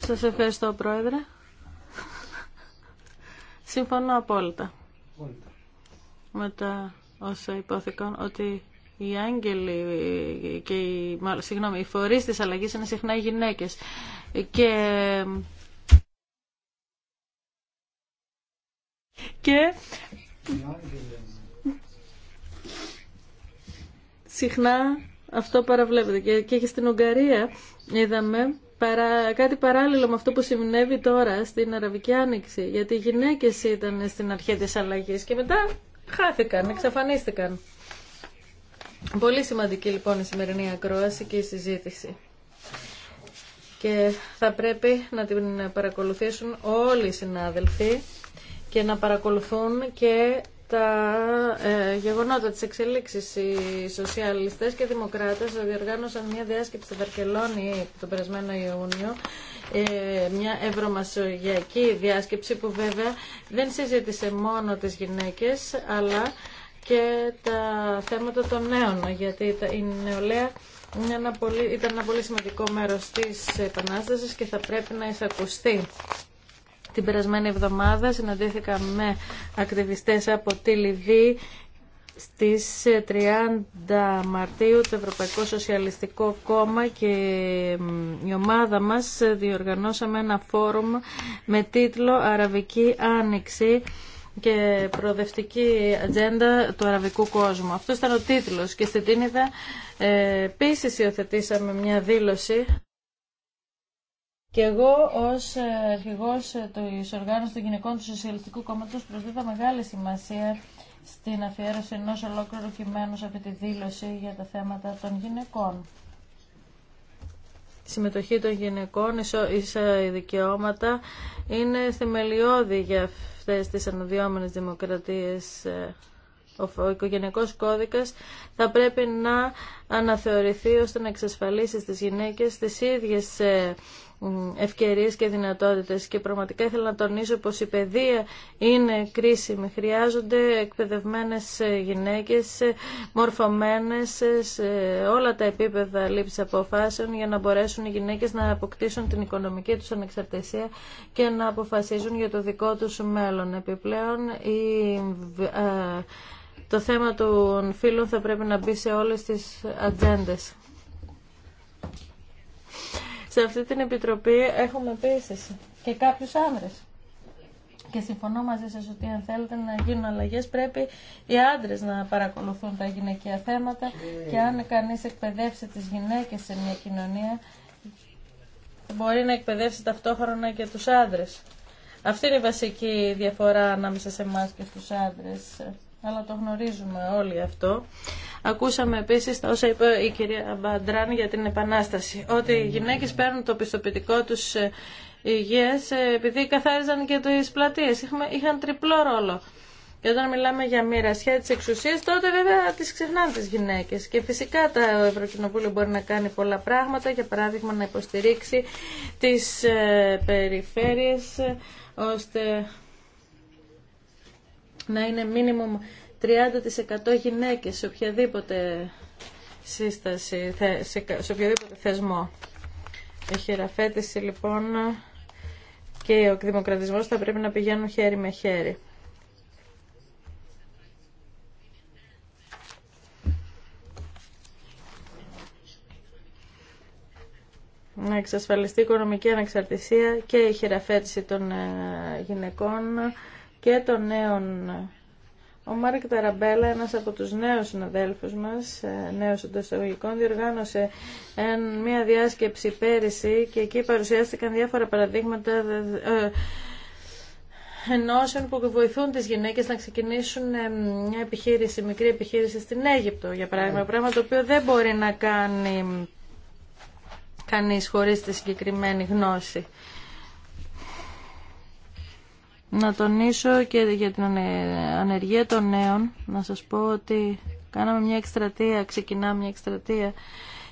σας ευχαριστώ, Πρόεδρε. Συμφωνώ απόλυτα με τα όσα υπόθηκαν ότι οι άγγελοι και οι, οι φορείς της αλλαγής είναι συχνά οι γυναίκες. Και και συχνά αυτό παραβλέπεται και, και στην Ουγγαρία είδαμε παρά, κάτι παράλληλο με αυτό που συμβαίνει τώρα στην Αραβική Άνοιξη. Γιατί οι γυναίκε ήταν στην αρχή τη αλλαγή και μετά χάθηκαν, εξαφανίστηκαν. Πολύ σημαντική λοιπόν η σημερινή ακρόαση και η συζήτηση. Και θα πρέπει να την παρακολουθήσουν όλοι οι συνάδελφοι και να παρακολουθούν και τα ε, γεγονότα της εξελίξης οι σοσιαλιστές και δημοκράτες διοργάνωσαν μια διάσκεψη στη Βαρκελόνη τον περασμένο Ιούνιο ε, μια ευρωμασογειακή διάσκεψη που βέβαια δεν συζήτησε μόνο τις γυναίκες αλλά και τα θέματα των νέων γιατί η νεολαία είναι ένα πολύ, ήταν ένα πολύ σημαντικό μέρος της επανάστασης και θα πρέπει να εισακουστεί. Την περασμένη εβδομάδα συναντήθηκα με ακτιβιστές από τη Λιβύη στις 30 Μαρτίου το Ευρωπαϊκό Σοσιαλιστικό Κόμμα και η ομάδα μας διοργανώσαμε ένα φόρουμ με τίτλο «Αραβική Άνοιξη» και προοδευτική ατζέντα του αραβικού κόσμου. Αυτό ήταν ο τίτλος και στην Τίνιδα ε, επίσης υιοθετήσαμε μια δήλωση και εγώ ως ε, αρχηγό, ε, του οργάνωση των γυναικών του Σοσιαλιστικού Κόμματο, προσδίδα μεγάλη σημασία στην αφιέρωση ενό ολόκληρου κειμένου σε αυτή τη δήλωση για τα θέματα των γυναικών. Η συμμετοχή των γυναικών, ίσα δικαιώματα, είναι θεμελιώδη για αυτές τις αναδυόμενες δημοκρατίες ε. ο οικογενειακός κώδικας θα πρέπει να αναθεωρηθεί ώστε να εξασφαλίσει στις γυναίκες τις ίδιες ευκαιρίες και δυνατότητες και πραγματικά ήθελα να τονίσω πως η παιδεία είναι κρίσιμη. Χρειάζονται εκπαιδευμένες γυναίκες, μορφωμένες σε όλα τα επίπεδα λήψης αποφάσεων για να μπορέσουν οι γυναίκες να αποκτήσουν την οικονομική τους ανεξαρτησία και να αποφασίζουν για το δικό τους μέλλον. Επιπλέον, η ε, το θέμα των φίλων θα πρέπει να μπει σε όλες τις ατζέντες σε αυτή την επιτροπή έχουμε επίσης και κάποιους άνδρες. Και συμφωνώ μαζί σα ότι αν θέλετε να γίνουν αλλαγές πρέπει οι άντρε να παρακολουθούν τα γυναικεία θέματα και αν κανείς εκπαιδεύσει τις γυναίκες σε μια κοινωνία μπορεί να εκπαιδεύσει ταυτόχρονα και τους άντρες. Αυτή είναι η βασική διαφορά ανάμεσα σε εμά και στου άντρε αλλά το γνωρίζουμε όλοι αυτό. Ακούσαμε επίσης τα όσα είπε η κυρία Μπαντράν για την επανάσταση, ότι οι γυναίκες παίρνουν το πιστοποιητικό τους ε, υγείας ε, επειδή καθάριζαν και τις πλατείες, είχαν τριπλό ρόλο. Και όταν μιλάμε για μοιρασιά τη εξουσία, τότε βέβαια τι ξεχνάνε τι γυναίκε. Και φυσικά το Ευρωκοινοβούλιο μπορεί να κάνει πολλά πράγματα, για παράδειγμα να υποστηρίξει τι ε, περιφέρειε, ώστε να είναι μίνιμουμ 30% γυναίκες σε οποιαδήποτε σύσταση, σε οποιοδήποτε θεσμό. Η χειραφέτηση λοιπόν και ο δημοκρατισμός θα πρέπει να πηγαίνουν χέρι με χέρι. να εξασφαλιστεί η οικονομική αναξαρτησία και η χειραφέτηση των ε, γυναικών και των νέων. Ο Μάρκ Ταραμπέλα, ένας από τους νέους συναδέλφους μας, ε, νέος εντοσταγωγικών, διοργάνωσε μια διάσκεψη πέρυσι και εκεί παρουσιάστηκαν διάφορα παραδείγματα ε, ε, ενώσεων που βοηθούν τις γυναίκες να ξεκινήσουν μια επιχείρηση, μικρή επιχείρηση στην Αίγυπτο, για παράδειγμα, ναι. πράγμα το οποίο δεν μπορεί να κάνει κανείς χωρίς τη συγκεκριμένη γνώση. Να τονίσω και για την ανεργία των νέων, να σας πω ότι κάναμε μια εκστρατεία, ξεκινάμε μια εκστρατεία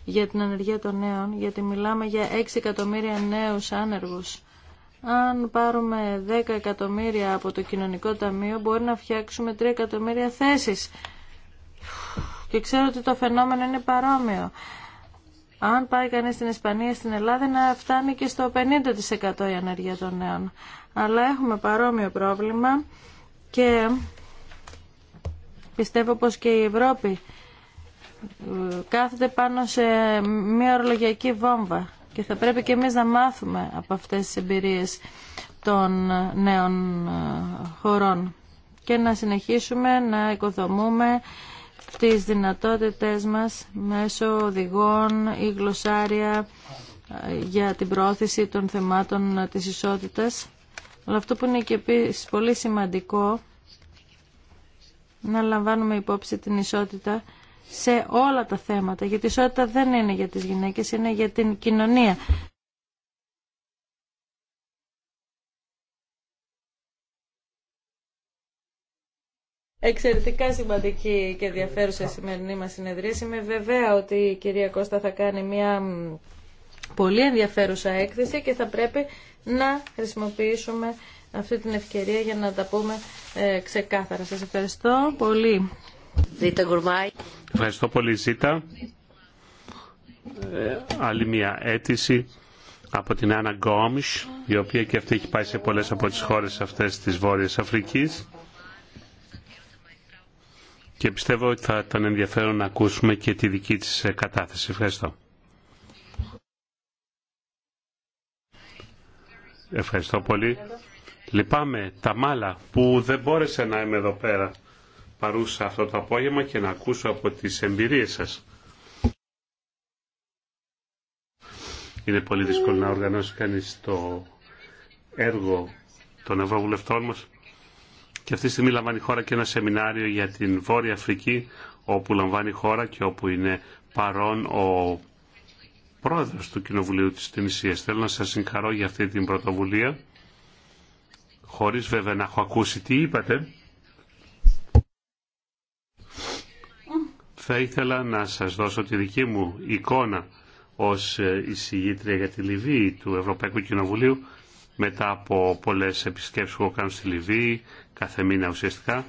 για την ανεργία των νέων, γιατί μιλάμε για 6 εκατομμύρια νέους άνεργους. Αν πάρουμε 10 εκατομμύρια από το κοινωνικό ταμείο, μπορεί να φτιάξουμε 3 εκατομμύρια θέσεις. Και ξέρω ότι το φαινόμενο είναι παρόμοιο. Αν πάει κανείς στην Ισπανία, στην Ελλάδα, να φτάνει και στο 50% η ανεργία των νέων αλλά έχουμε παρόμοιο πρόβλημα και πιστεύω πως και η Ευρώπη ε, κάθεται πάνω σε μια ορολογιακή βόμβα και θα πρέπει και εμείς να μάθουμε από αυτές τις εμπειρίες των νέων ε, χωρών και να συνεχίσουμε να οικοδομούμε τις δυνατότητες μας μέσω οδηγών ή γλωσσάρια ε, για την πρόθεση των θεμάτων της ισότητας αλλά αυτό που είναι και επίση πολύ σημαντικό να λαμβάνουμε υπόψη την ισότητα σε όλα τα θέματα, γιατί η ισότητα δεν είναι για τις γυναίκες, είναι για την κοινωνία. Εξαιρετικά σημαντική και ενδιαφέρουσα η σημερινή μας συνεδρίαση. Είμαι βεβαία ότι η κυρία Κώστα θα κάνει μια πολύ ενδιαφέρουσα έκθεση και θα πρέπει να χρησιμοποιήσουμε αυτή την ευκαιρία για να τα πούμε ε, ξεκάθαρα. Σας ευχαριστώ πολύ. Ευχαριστώ πολύ Ζήτα. Ε, άλλη μια αίτηση από την Άννα Γκόμις, η οποία και αυτή έχει πάει σε πολλές από τις χώρες αυτές της Βόρειας Αφρικής. Και πιστεύω ότι θα τον ενδιαφέρον να ακούσουμε και τη δική της ε, κατάθεση. Ευχαριστώ. Ευχαριστώ πολύ. Λυπάμαι τα μάλα που δεν μπόρεσα να είμαι εδώ πέρα παρούσα αυτό το απόγευμα και να ακούσω από τις εμπειρίες σας. Είναι πολύ δύσκολο να οργανώσει κανείς το έργο των ευρωβουλευτών μας και αυτή τη στιγμή λαμβάνει χώρα και ένα σεμινάριο για την Βόρεια Αφρική όπου λαμβάνει χώρα και όπου είναι παρόν ο Πρόεδρο του Κοινοβουλίου της Τινησίας. Θέλω να σας συγχαρώ για αυτή την πρωτοβουλία, χωρίς βέβαια να έχω ακούσει τι είπατε. Θα ήθελα να σας δώσω τη δική μου εικόνα ως εισηγήτρια για τη Λιβύη του Ευρωπαϊκού Κοινοβουλίου μετά από πολλές επισκέψεις που έχω κάνει στη Λιβύη, κάθε μήνα ουσιαστικά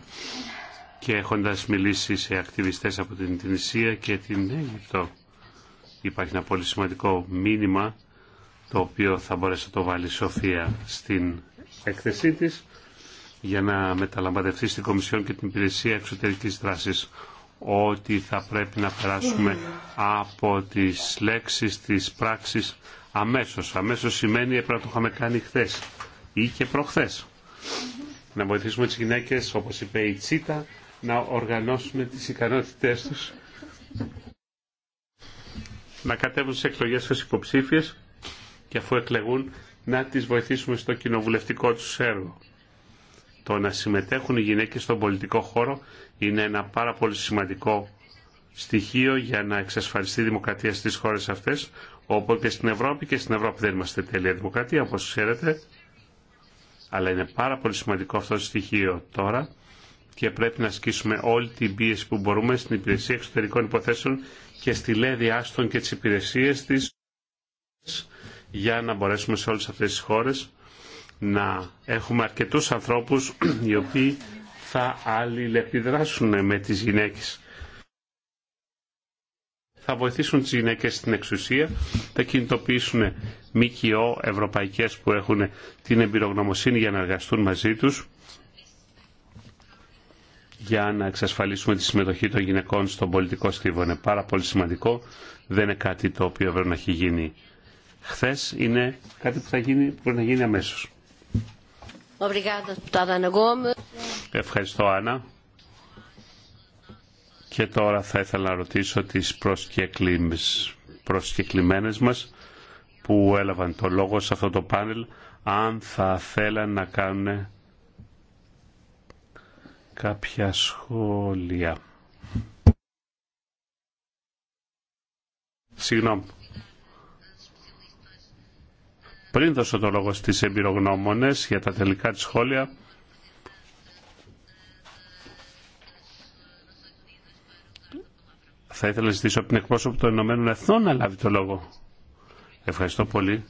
και έχοντας μιλήσει σε ακτιβιστές από την Τινησία και την Αίγυπτο. Υπάρχει ένα πολύ σημαντικό μήνυμα το οποίο θα μπορέσει να το βάλει η Σοφία στην έκθεσή της για να μεταλαμβατευτεί στην Κομισιόν και την Υπηρεσία Εξωτερικής Δράσης ότι θα πρέπει να περάσουμε από τις λέξεις, τις πράξεις αμέσως. Αμέσως σημαίνει έπρεπε να το είχαμε κάνει χθε ή και προχθές. Να βοηθήσουμε τις γυναίκες, όπως είπε η Τσίτα, να οργανώσουν τις γυναικες οπως ειπε η τσιτα να οργανωσουμε τις ικανοτητες τους να κατέβουν στι εκλογές του υποψήφιε και αφού εκλεγούν να τις βοηθήσουμε στο κοινοβουλευτικό τους έργο. Το να συμμετέχουν οι γυναίκες στον πολιτικό χώρο είναι ένα πάρα πολύ σημαντικό στοιχείο για να εξασφαλιστεί η δημοκρατία στις χώρες αυτές, όπου και στην Ευρώπη και στην Ευρώπη δεν είμαστε τέλεια δημοκρατία, όπως ξέρετε, αλλά είναι πάρα πολύ σημαντικό αυτό το στοιχείο τώρα και πρέπει να ασκήσουμε όλη την πίεση που μπορούμε στην υπηρεσία εξωτερικών υποθέσεων και στη Λέδη Άστον και τις υπηρεσίες της για να μπορέσουμε σε όλες αυτές τις χώρες να έχουμε αρκετούς ανθρώπους οι οποίοι θα αλληλεπιδράσουν με τις γυναίκες. Θα βοηθήσουν τις γυναίκες στην εξουσία, θα κινητοποιήσουν ΜΚΟ ευρωπαϊκές που έχουν την εμπειρογνωμοσύνη για να εργαστούν μαζί τους για να εξασφαλίσουμε τη συμμετοχή των γυναικών στον πολιτικό στίβο. Είναι πάρα πολύ σημαντικό. Δεν είναι κάτι το οποίο πρέπει να έχει γίνει χθε. Είναι κάτι που θα γίνει, πρέπει να γίνει αμέσω. Ευχαριστώ, Άννα. Και τώρα θα ήθελα να ρωτήσω τις προσκεκλημένες μας που έλαβαν το λόγο σε αυτό το πάνελ αν θα θέλαν να κάνουν κάποια σχόλια. Συγγνώμη. Πριν δώσω το λόγο στις εμπειρογνώμονες για τα τελικά της σχόλια, θα ήθελα να ζητήσω από την εκπρόσωπο των Ηνωμένων Εθνών να λάβει το λόγο. Ευχαριστώ πολύ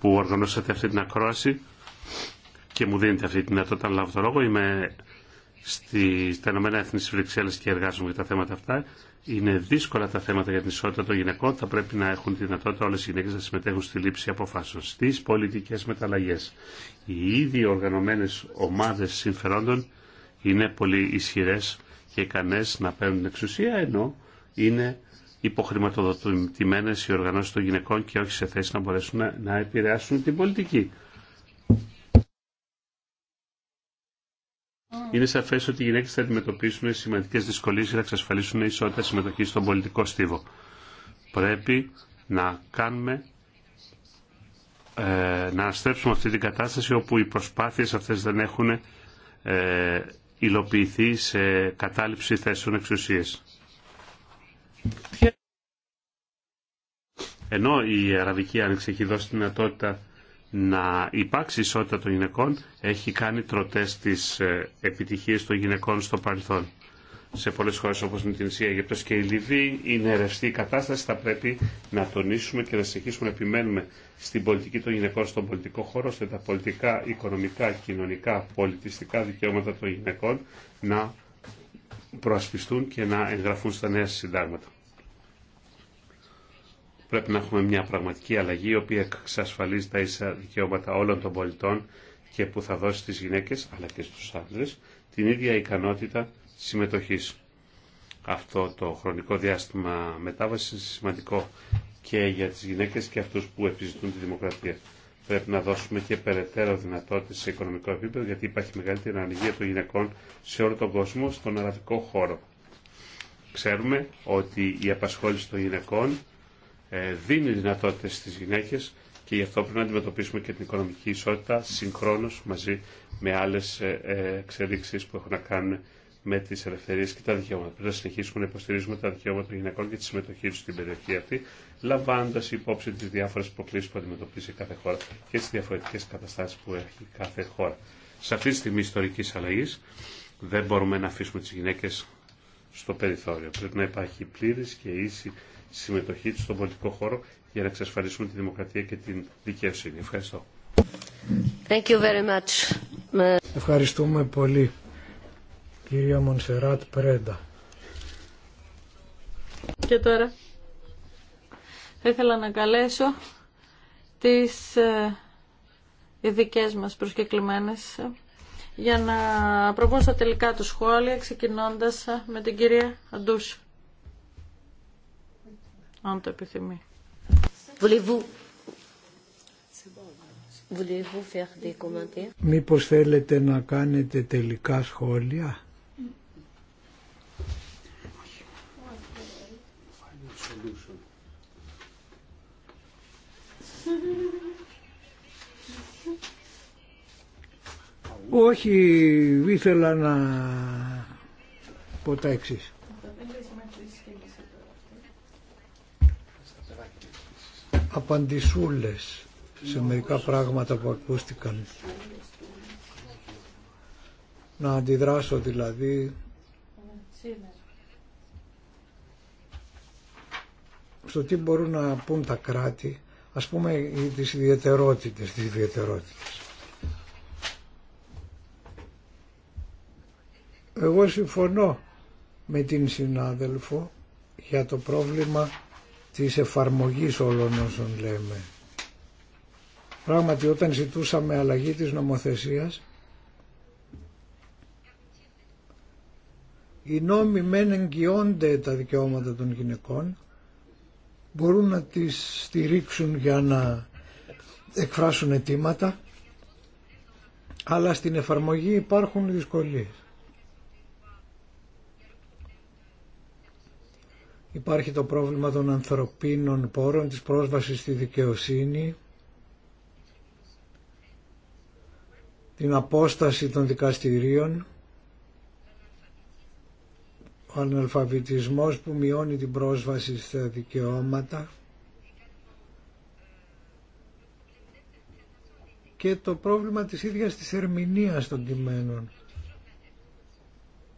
που οργανώσατε αυτή την ακρόαση και μου δίνετε αυτή τη δυνατότητα να λάβω το λόγο. Είμαι στα Ηνωμένα Έθνη τη Βρυξέλλε και εργάζομαι για τα θέματα αυτά. Είναι δύσκολα τα θέματα για την ισότητα των γυναικών. Θα πρέπει να έχουν τη δυνατότητα όλε οι γυναίκε να συμμετέχουν στη λήψη αποφάσεων. Στι πολιτικέ μεταλλαγέ. Οι ήδη οργανωμένε ομάδε συμφερόντων είναι πολύ ισχυρέ και ικανέ να παίρνουν εξουσία, ενώ είναι υποχρηματοδοτημένε οι οργανώσει των γυναικών και όχι σε θέση να μπορέσουν να, να επηρεάσουν την πολιτική. Mm. Είναι σαφέ ότι οι γυναίκε θα αντιμετωπίσουν σημαντικέ δυσκολίε για να εξασφαλίσουν ισότητα συμμετοχή στον πολιτικό στίβο. Πρέπει να κάνουμε ε, να αναστρέψουμε αυτή την κατάσταση όπου οι προσπάθειες αυτές δεν έχουν ε, υλοποιηθεί σε κατάληψη θέσεων εξουσίες. Ενώ η Αραβική Άνοιξη έχει δώσει τη δυνατότητα να υπάρξει ισότητα των γυναικών έχει κάνει τροτές τις ε, επιτυχίες των γυναικών στο παρελθόν. Σε πολλές χώρες όπως με την Ισία, Αιγύπτος και η Λιβύη είναι ρευστή η κατάσταση. Θα πρέπει να τονίσουμε και να συνεχίσουμε να επιμένουμε στην πολιτική των γυναικών στον πολιτικό χώρο, ώστε τα πολιτικά, οικονομικά, κοινωνικά, πολιτιστικά δικαιώματα των γυναικών να προασπιστούν και να εγγραφούν στα νέα συντάγματα. Πρέπει να έχουμε μια πραγματική αλλαγή η οποία εξασφαλίζει τα ίσα δικαιώματα όλων των πολιτών και που θα δώσει στις γυναίκες αλλά και στους άντρες την ίδια ικανότητα συμμετοχής. Αυτό το χρονικό διάστημα μετάβασης είναι σημαντικό και για τις γυναίκες και αυτούς που επιζητούν τη δημοκρατία. Πρέπει να δώσουμε και περαιτέρω δυνατότητες σε οικονομικό επίπεδο γιατί υπάρχει μεγαλύτερη ανοιγία των γυναικών σε όλο τον κόσμο στον αραβικό χώρο. Ξέρουμε ότι η απασχόληση των γυναικών ε, δίνει δυνατότητες στις γυναίκες και γι' αυτό πρέπει να αντιμετωπίσουμε και την οικονομική ισότητα συγχρόνως μαζί με άλλες ε, ε, εξελίξεις που έχουν να κάνουν με τι ελευθερίε και τα δικαιώματα. Πρέπει να συνεχίσουμε να υποστηρίζουμε τα δικαιώματα των γυναικών και τη συμμετοχή του στην περιοχή αυτή, λαμβάνοντα υπόψη τι διάφορε προκλήσει που αντιμετωπίζει κάθε χώρα και τι διαφορετικέ καταστάσει που έχει κάθε χώρα. Σε αυτή τη στιγμή ιστορική αλλαγή δεν μπορούμε να αφήσουμε τι γυναίκε στο περιθώριο. Πρέπει να υπάρχει πλήρη και ίση συμμετοχή του στον πολιτικό χώρο για να εξασφαλίσουν τη δημοκρατία και την δικαιοσύνη. Ευχαριστώ. Thank you very much. Ευχαριστούμε πολύ, κυρία Μονσεράτ Πρέντα. Και τώρα θα ήθελα να καλέσω τις ειδικέ μας προσκεκλημένες ε, για να προβούν στα τελικά του σχόλια, ξεκινώντας ε, με την κυρία Αντούσου αν το επιθυμεί. Μήπως θέλετε να κάνετε τελικά σχόλια. Όχι, ήθελα να πω τα εξής. απαντησούλες σε μερικά πράγματα που ακούστηκαν. Να αντιδράσω δηλαδή στο τι μπορούν να πούν τα κράτη, ας πούμε τις ιδιαιτερότητες, τις ιδιαιτερότητες. Εγώ συμφωνώ με την συνάδελφο για το πρόβλημα της εφαρμογής όλων όσων λέμε. Πράγματι όταν ζητούσαμε αλλαγή της νομοθεσίας οι νόμοι μεν εγγυώνται τα δικαιώματα των γυναικών μπορούν να τις στηρίξουν για να εκφράσουν αιτήματα αλλά στην εφαρμογή υπάρχουν δυσκολίες. Υπάρχει το πρόβλημα των ανθρωπίνων πόρων, της πρόσβασης στη δικαιοσύνη, την απόσταση των δικαστηρίων, ο αναλφαβητισμός που μειώνει την πρόσβαση στα δικαιώματα και το πρόβλημα της ίδιας της ερμηνείας των κειμένων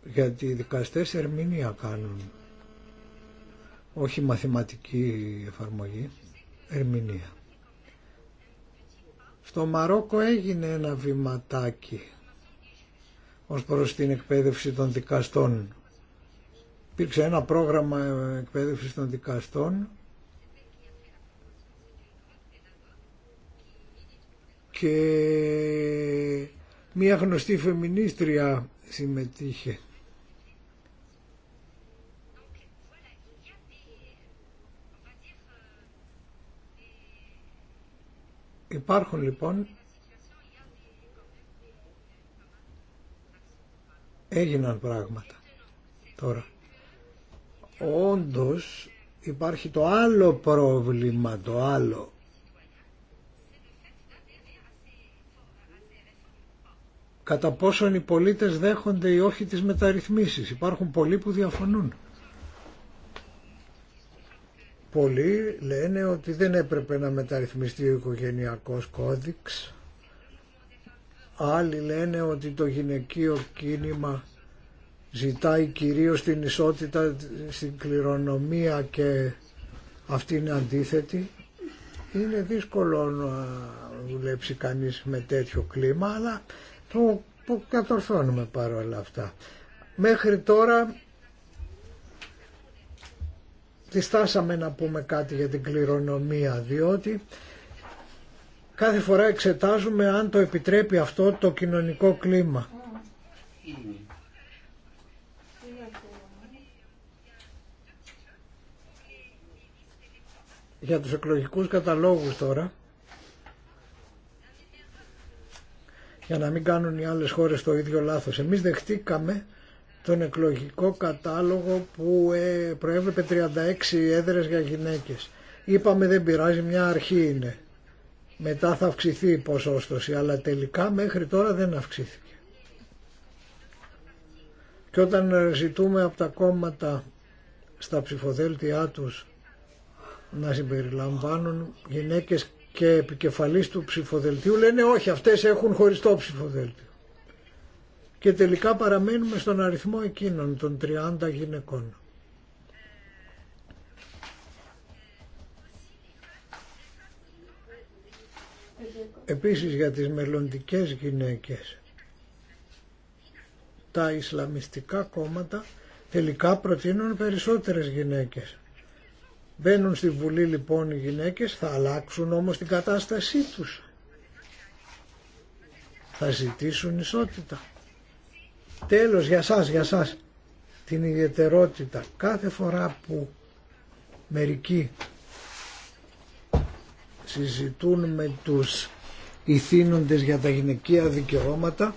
γιατί οι δικαστές ερμηνεία κάνουν όχι μαθηματική εφαρμογή, ερμηνεία. Στο Μαρόκο έγινε ένα βηματάκι ως προς την εκπαίδευση των δικαστών. Υπήρξε ένα πρόγραμμα εκπαίδευσης των δικαστών και μία γνωστή φεμινίστρια συμμετείχε Υπάρχουν λοιπόν, έγιναν πράγματα τώρα. Όντως υπάρχει το άλλο πρόβλημα, το άλλο. Κατά πόσον οι πολίτες δέχονται ή όχι τις μεταρρυθμίσεις. Υπάρχουν πολλοί που διαφωνούν. Πολλοί λένε ότι δεν έπρεπε να μεταρρυθμιστεί ο οικογενειακός κώδικς. Άλλοι λένε ότι το γυναικείο κίνημα ζητάει κυρίως την ισότητα στην κληρονομία και αυτή είναι αντίθετη. Είναι δύσκολο να δουλέψει κανείς με τέτοιο κλίμα, αλλά το, το κατορθώνουμε παρόλα αυτά. Μέχρι τώρα διστάσαμε να πούμε κάτι για την κληρονομία διότι κάθε φορά εξετάζουμε αν το επιτρέπει αυτό το κοινωνικό κλίμα. Για τους εκλογικούς καταλόγους τώρα, για να μην κάνουν οι άλλες χώρες το ίδιο λάθος. Εμείς δεχτήκαμε τον εκλογικό κατάλογο που ε, προέβλεπε 36 έδρες για γυναίκες. Είπαμε δεν πειράζει, μια αρχή είναι. Μετά θα αυξηθεί η ποσόστοση, αλλά τελικά μέχρι τώρα δεν αυξήθηκε. Και όταν ζητούμε από τα κόμματα στα ψηφοδέλτια τους να συμπεριλαμβάνουν γυναίκες και επικεφαλής του ψηφοδελτίου λένε όχι αυτές έχουν χωριστό ψηφοδέλτιο και τελικά παραμένουμε στον αριθμό εκείνων των 30 γυναικών. Επίσης για τις μελλοντικές γυναίκες τα Ισλαμιστικά κόμματα τελικά προτείνουν περισσότερες γυναίκες. Μπαίνουν στη Βουλή λοιπόν οι γυναίκες, θα αλλάξουν όμως την κατάστασή τους. Θα ζητήσουν ισότητα. Τέλος, για σας, για σας, την ιδιαιτερότητα. Κάθε φορά που μερικοί συζητούν με τους ηθήνοντες για τα γυναικεία δικαιώματα,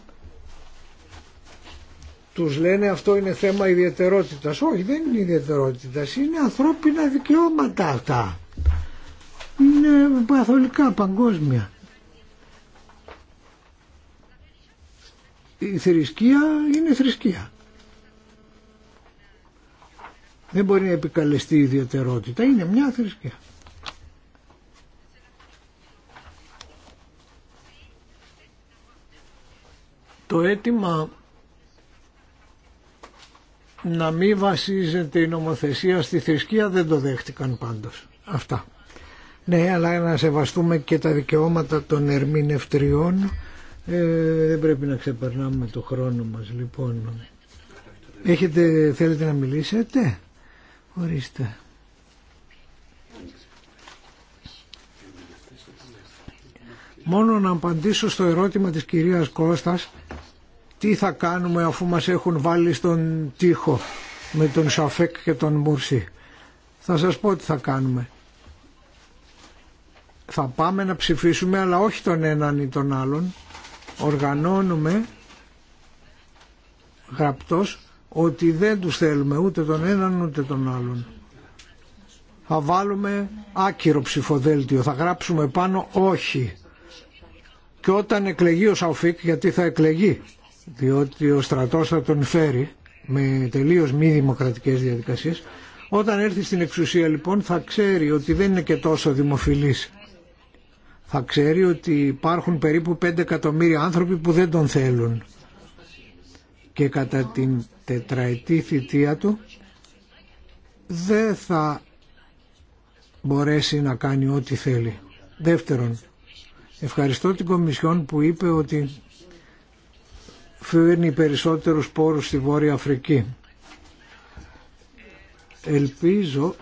τους λένε αυτό είναι θέμα ιδιαιτερότητας. Όχι, δεν είναι ιδιαιτερότητας, είναι ανθρώπινα δικαιώματα αυτά. Είναι παθολικά παγκόσμια. η θρησκεία είναι θρησκεία. Δεν μπορεί να επικαλεστεί ιδιαιτερότητα. Είναι μια θρησκεία. Το αίτημα να μην βασίζεται η νομοθεσία στη θρησκεία δεν το δέχτηκαν πάντως. Αυτά. Ναι, αλλά να σεβαστούμε και τα δικαιώματα των ερμηνευτριών ε, δεν πρέπει να ξεπερνάμε το χρόνο μας λοιπόν. Έχετε, θέλετε να μιλήσετε. Ορίστε. Μόνο να απαντήσω στο ερώτημα της κυρίας Κώστας τι θα κάνουμε αφού μας έχουν βάλει στον τοίχο με τον Σαφέκ και τον Μούρση. Θα σας πω τι θα κάνουμε. Θα πάμε να ψηφίσουμε αλλά όχι τον έναν ή τον άλλον οργανώνουμε γραπτός ότι δεν τους θέλουμε ούτε τον έναν ούτε τον άλλον. Θα βάλουμε άκυρο ψηφοδέλτιο, θα γράψουμε πάνω όχι. Και όταν εκλεγεί ο Σαουφίκ, γιατί θα εκλεγεί, διότι ο στρατός θα τον φέρει με τελείως μη δημοκρατικές διαδικασίες, όταν έρθει στην εξουσία λοιπόν θα ξέρει ότι δεν είναι και τόσο δημοφιλής θα ξέρει ότι υπάρχουν περίπου 5 εκατομμύρια άνθρωποι που δεν τον θέλουν και κατά την τετραετή θητεία του δεν θα μπορέσει να κάνει ό,τι θέλει. Δεύτερον, ευχαριστώ την Κομισιόν που είπε ότι φέρνει περισσότερους πόρους στη Βόρεια Αφρική. Ελπίζω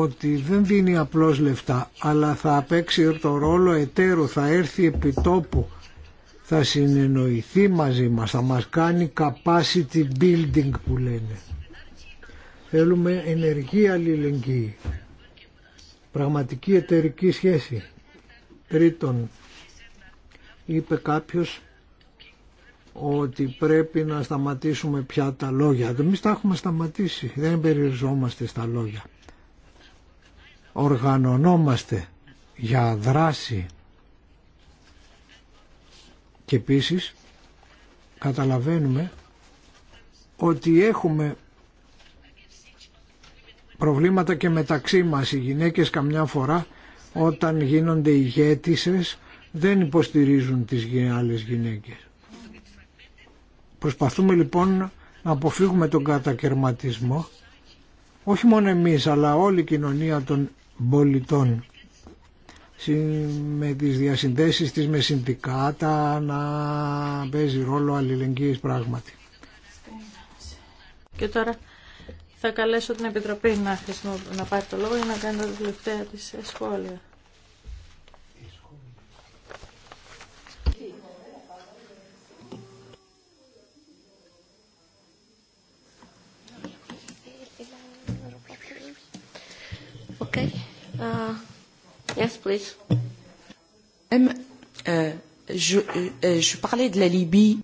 ότι δεν δίνει απλώς λεφτά αλλά θα παίξει το ρόλο εταίρου, θα έρθει επί τόπου, θα συνεννοηθεί μαζί μας, θα μας κάνει capacity building που λένε. Θέλουμε ενεργή αλληλεγγύη, πραγματική εταιρική σχέση. Τρίτον, είπε κάποιος ότι πρέπει να σταματήσουμε πια τα λόγια. Εμεί τα έχουμε σταματήσει, δεν περιοριζόμαστε στα λόγια οργανωνόμαστε για δράση και επίσης καταλαβαίνουμε ότι έχουμε προβλήματα και μεταξύ μας οι γυναίκες καμιά φορά όταν γίνονται ηγέτησες δεν υποστηρίζουν τις άλλες γυναίκες. Προσπαθούμε λοιπόν να αποφύγουμε τον κατακαιρματισμό όχι μόνο εμείς αλλά όλη η κοινωνία των πολιτών με τις διασυνδέσεις της με συνδικάτα να παίζει ρόλο αλληλεγγύης πράγματι. Και τώρα θα καλέσω την Επιτροπή να, να πάρει το λόγο για να κάνει τα τελευταία της σχόλια. Okay. Uh, yes, please. Je, je parlais de la Libye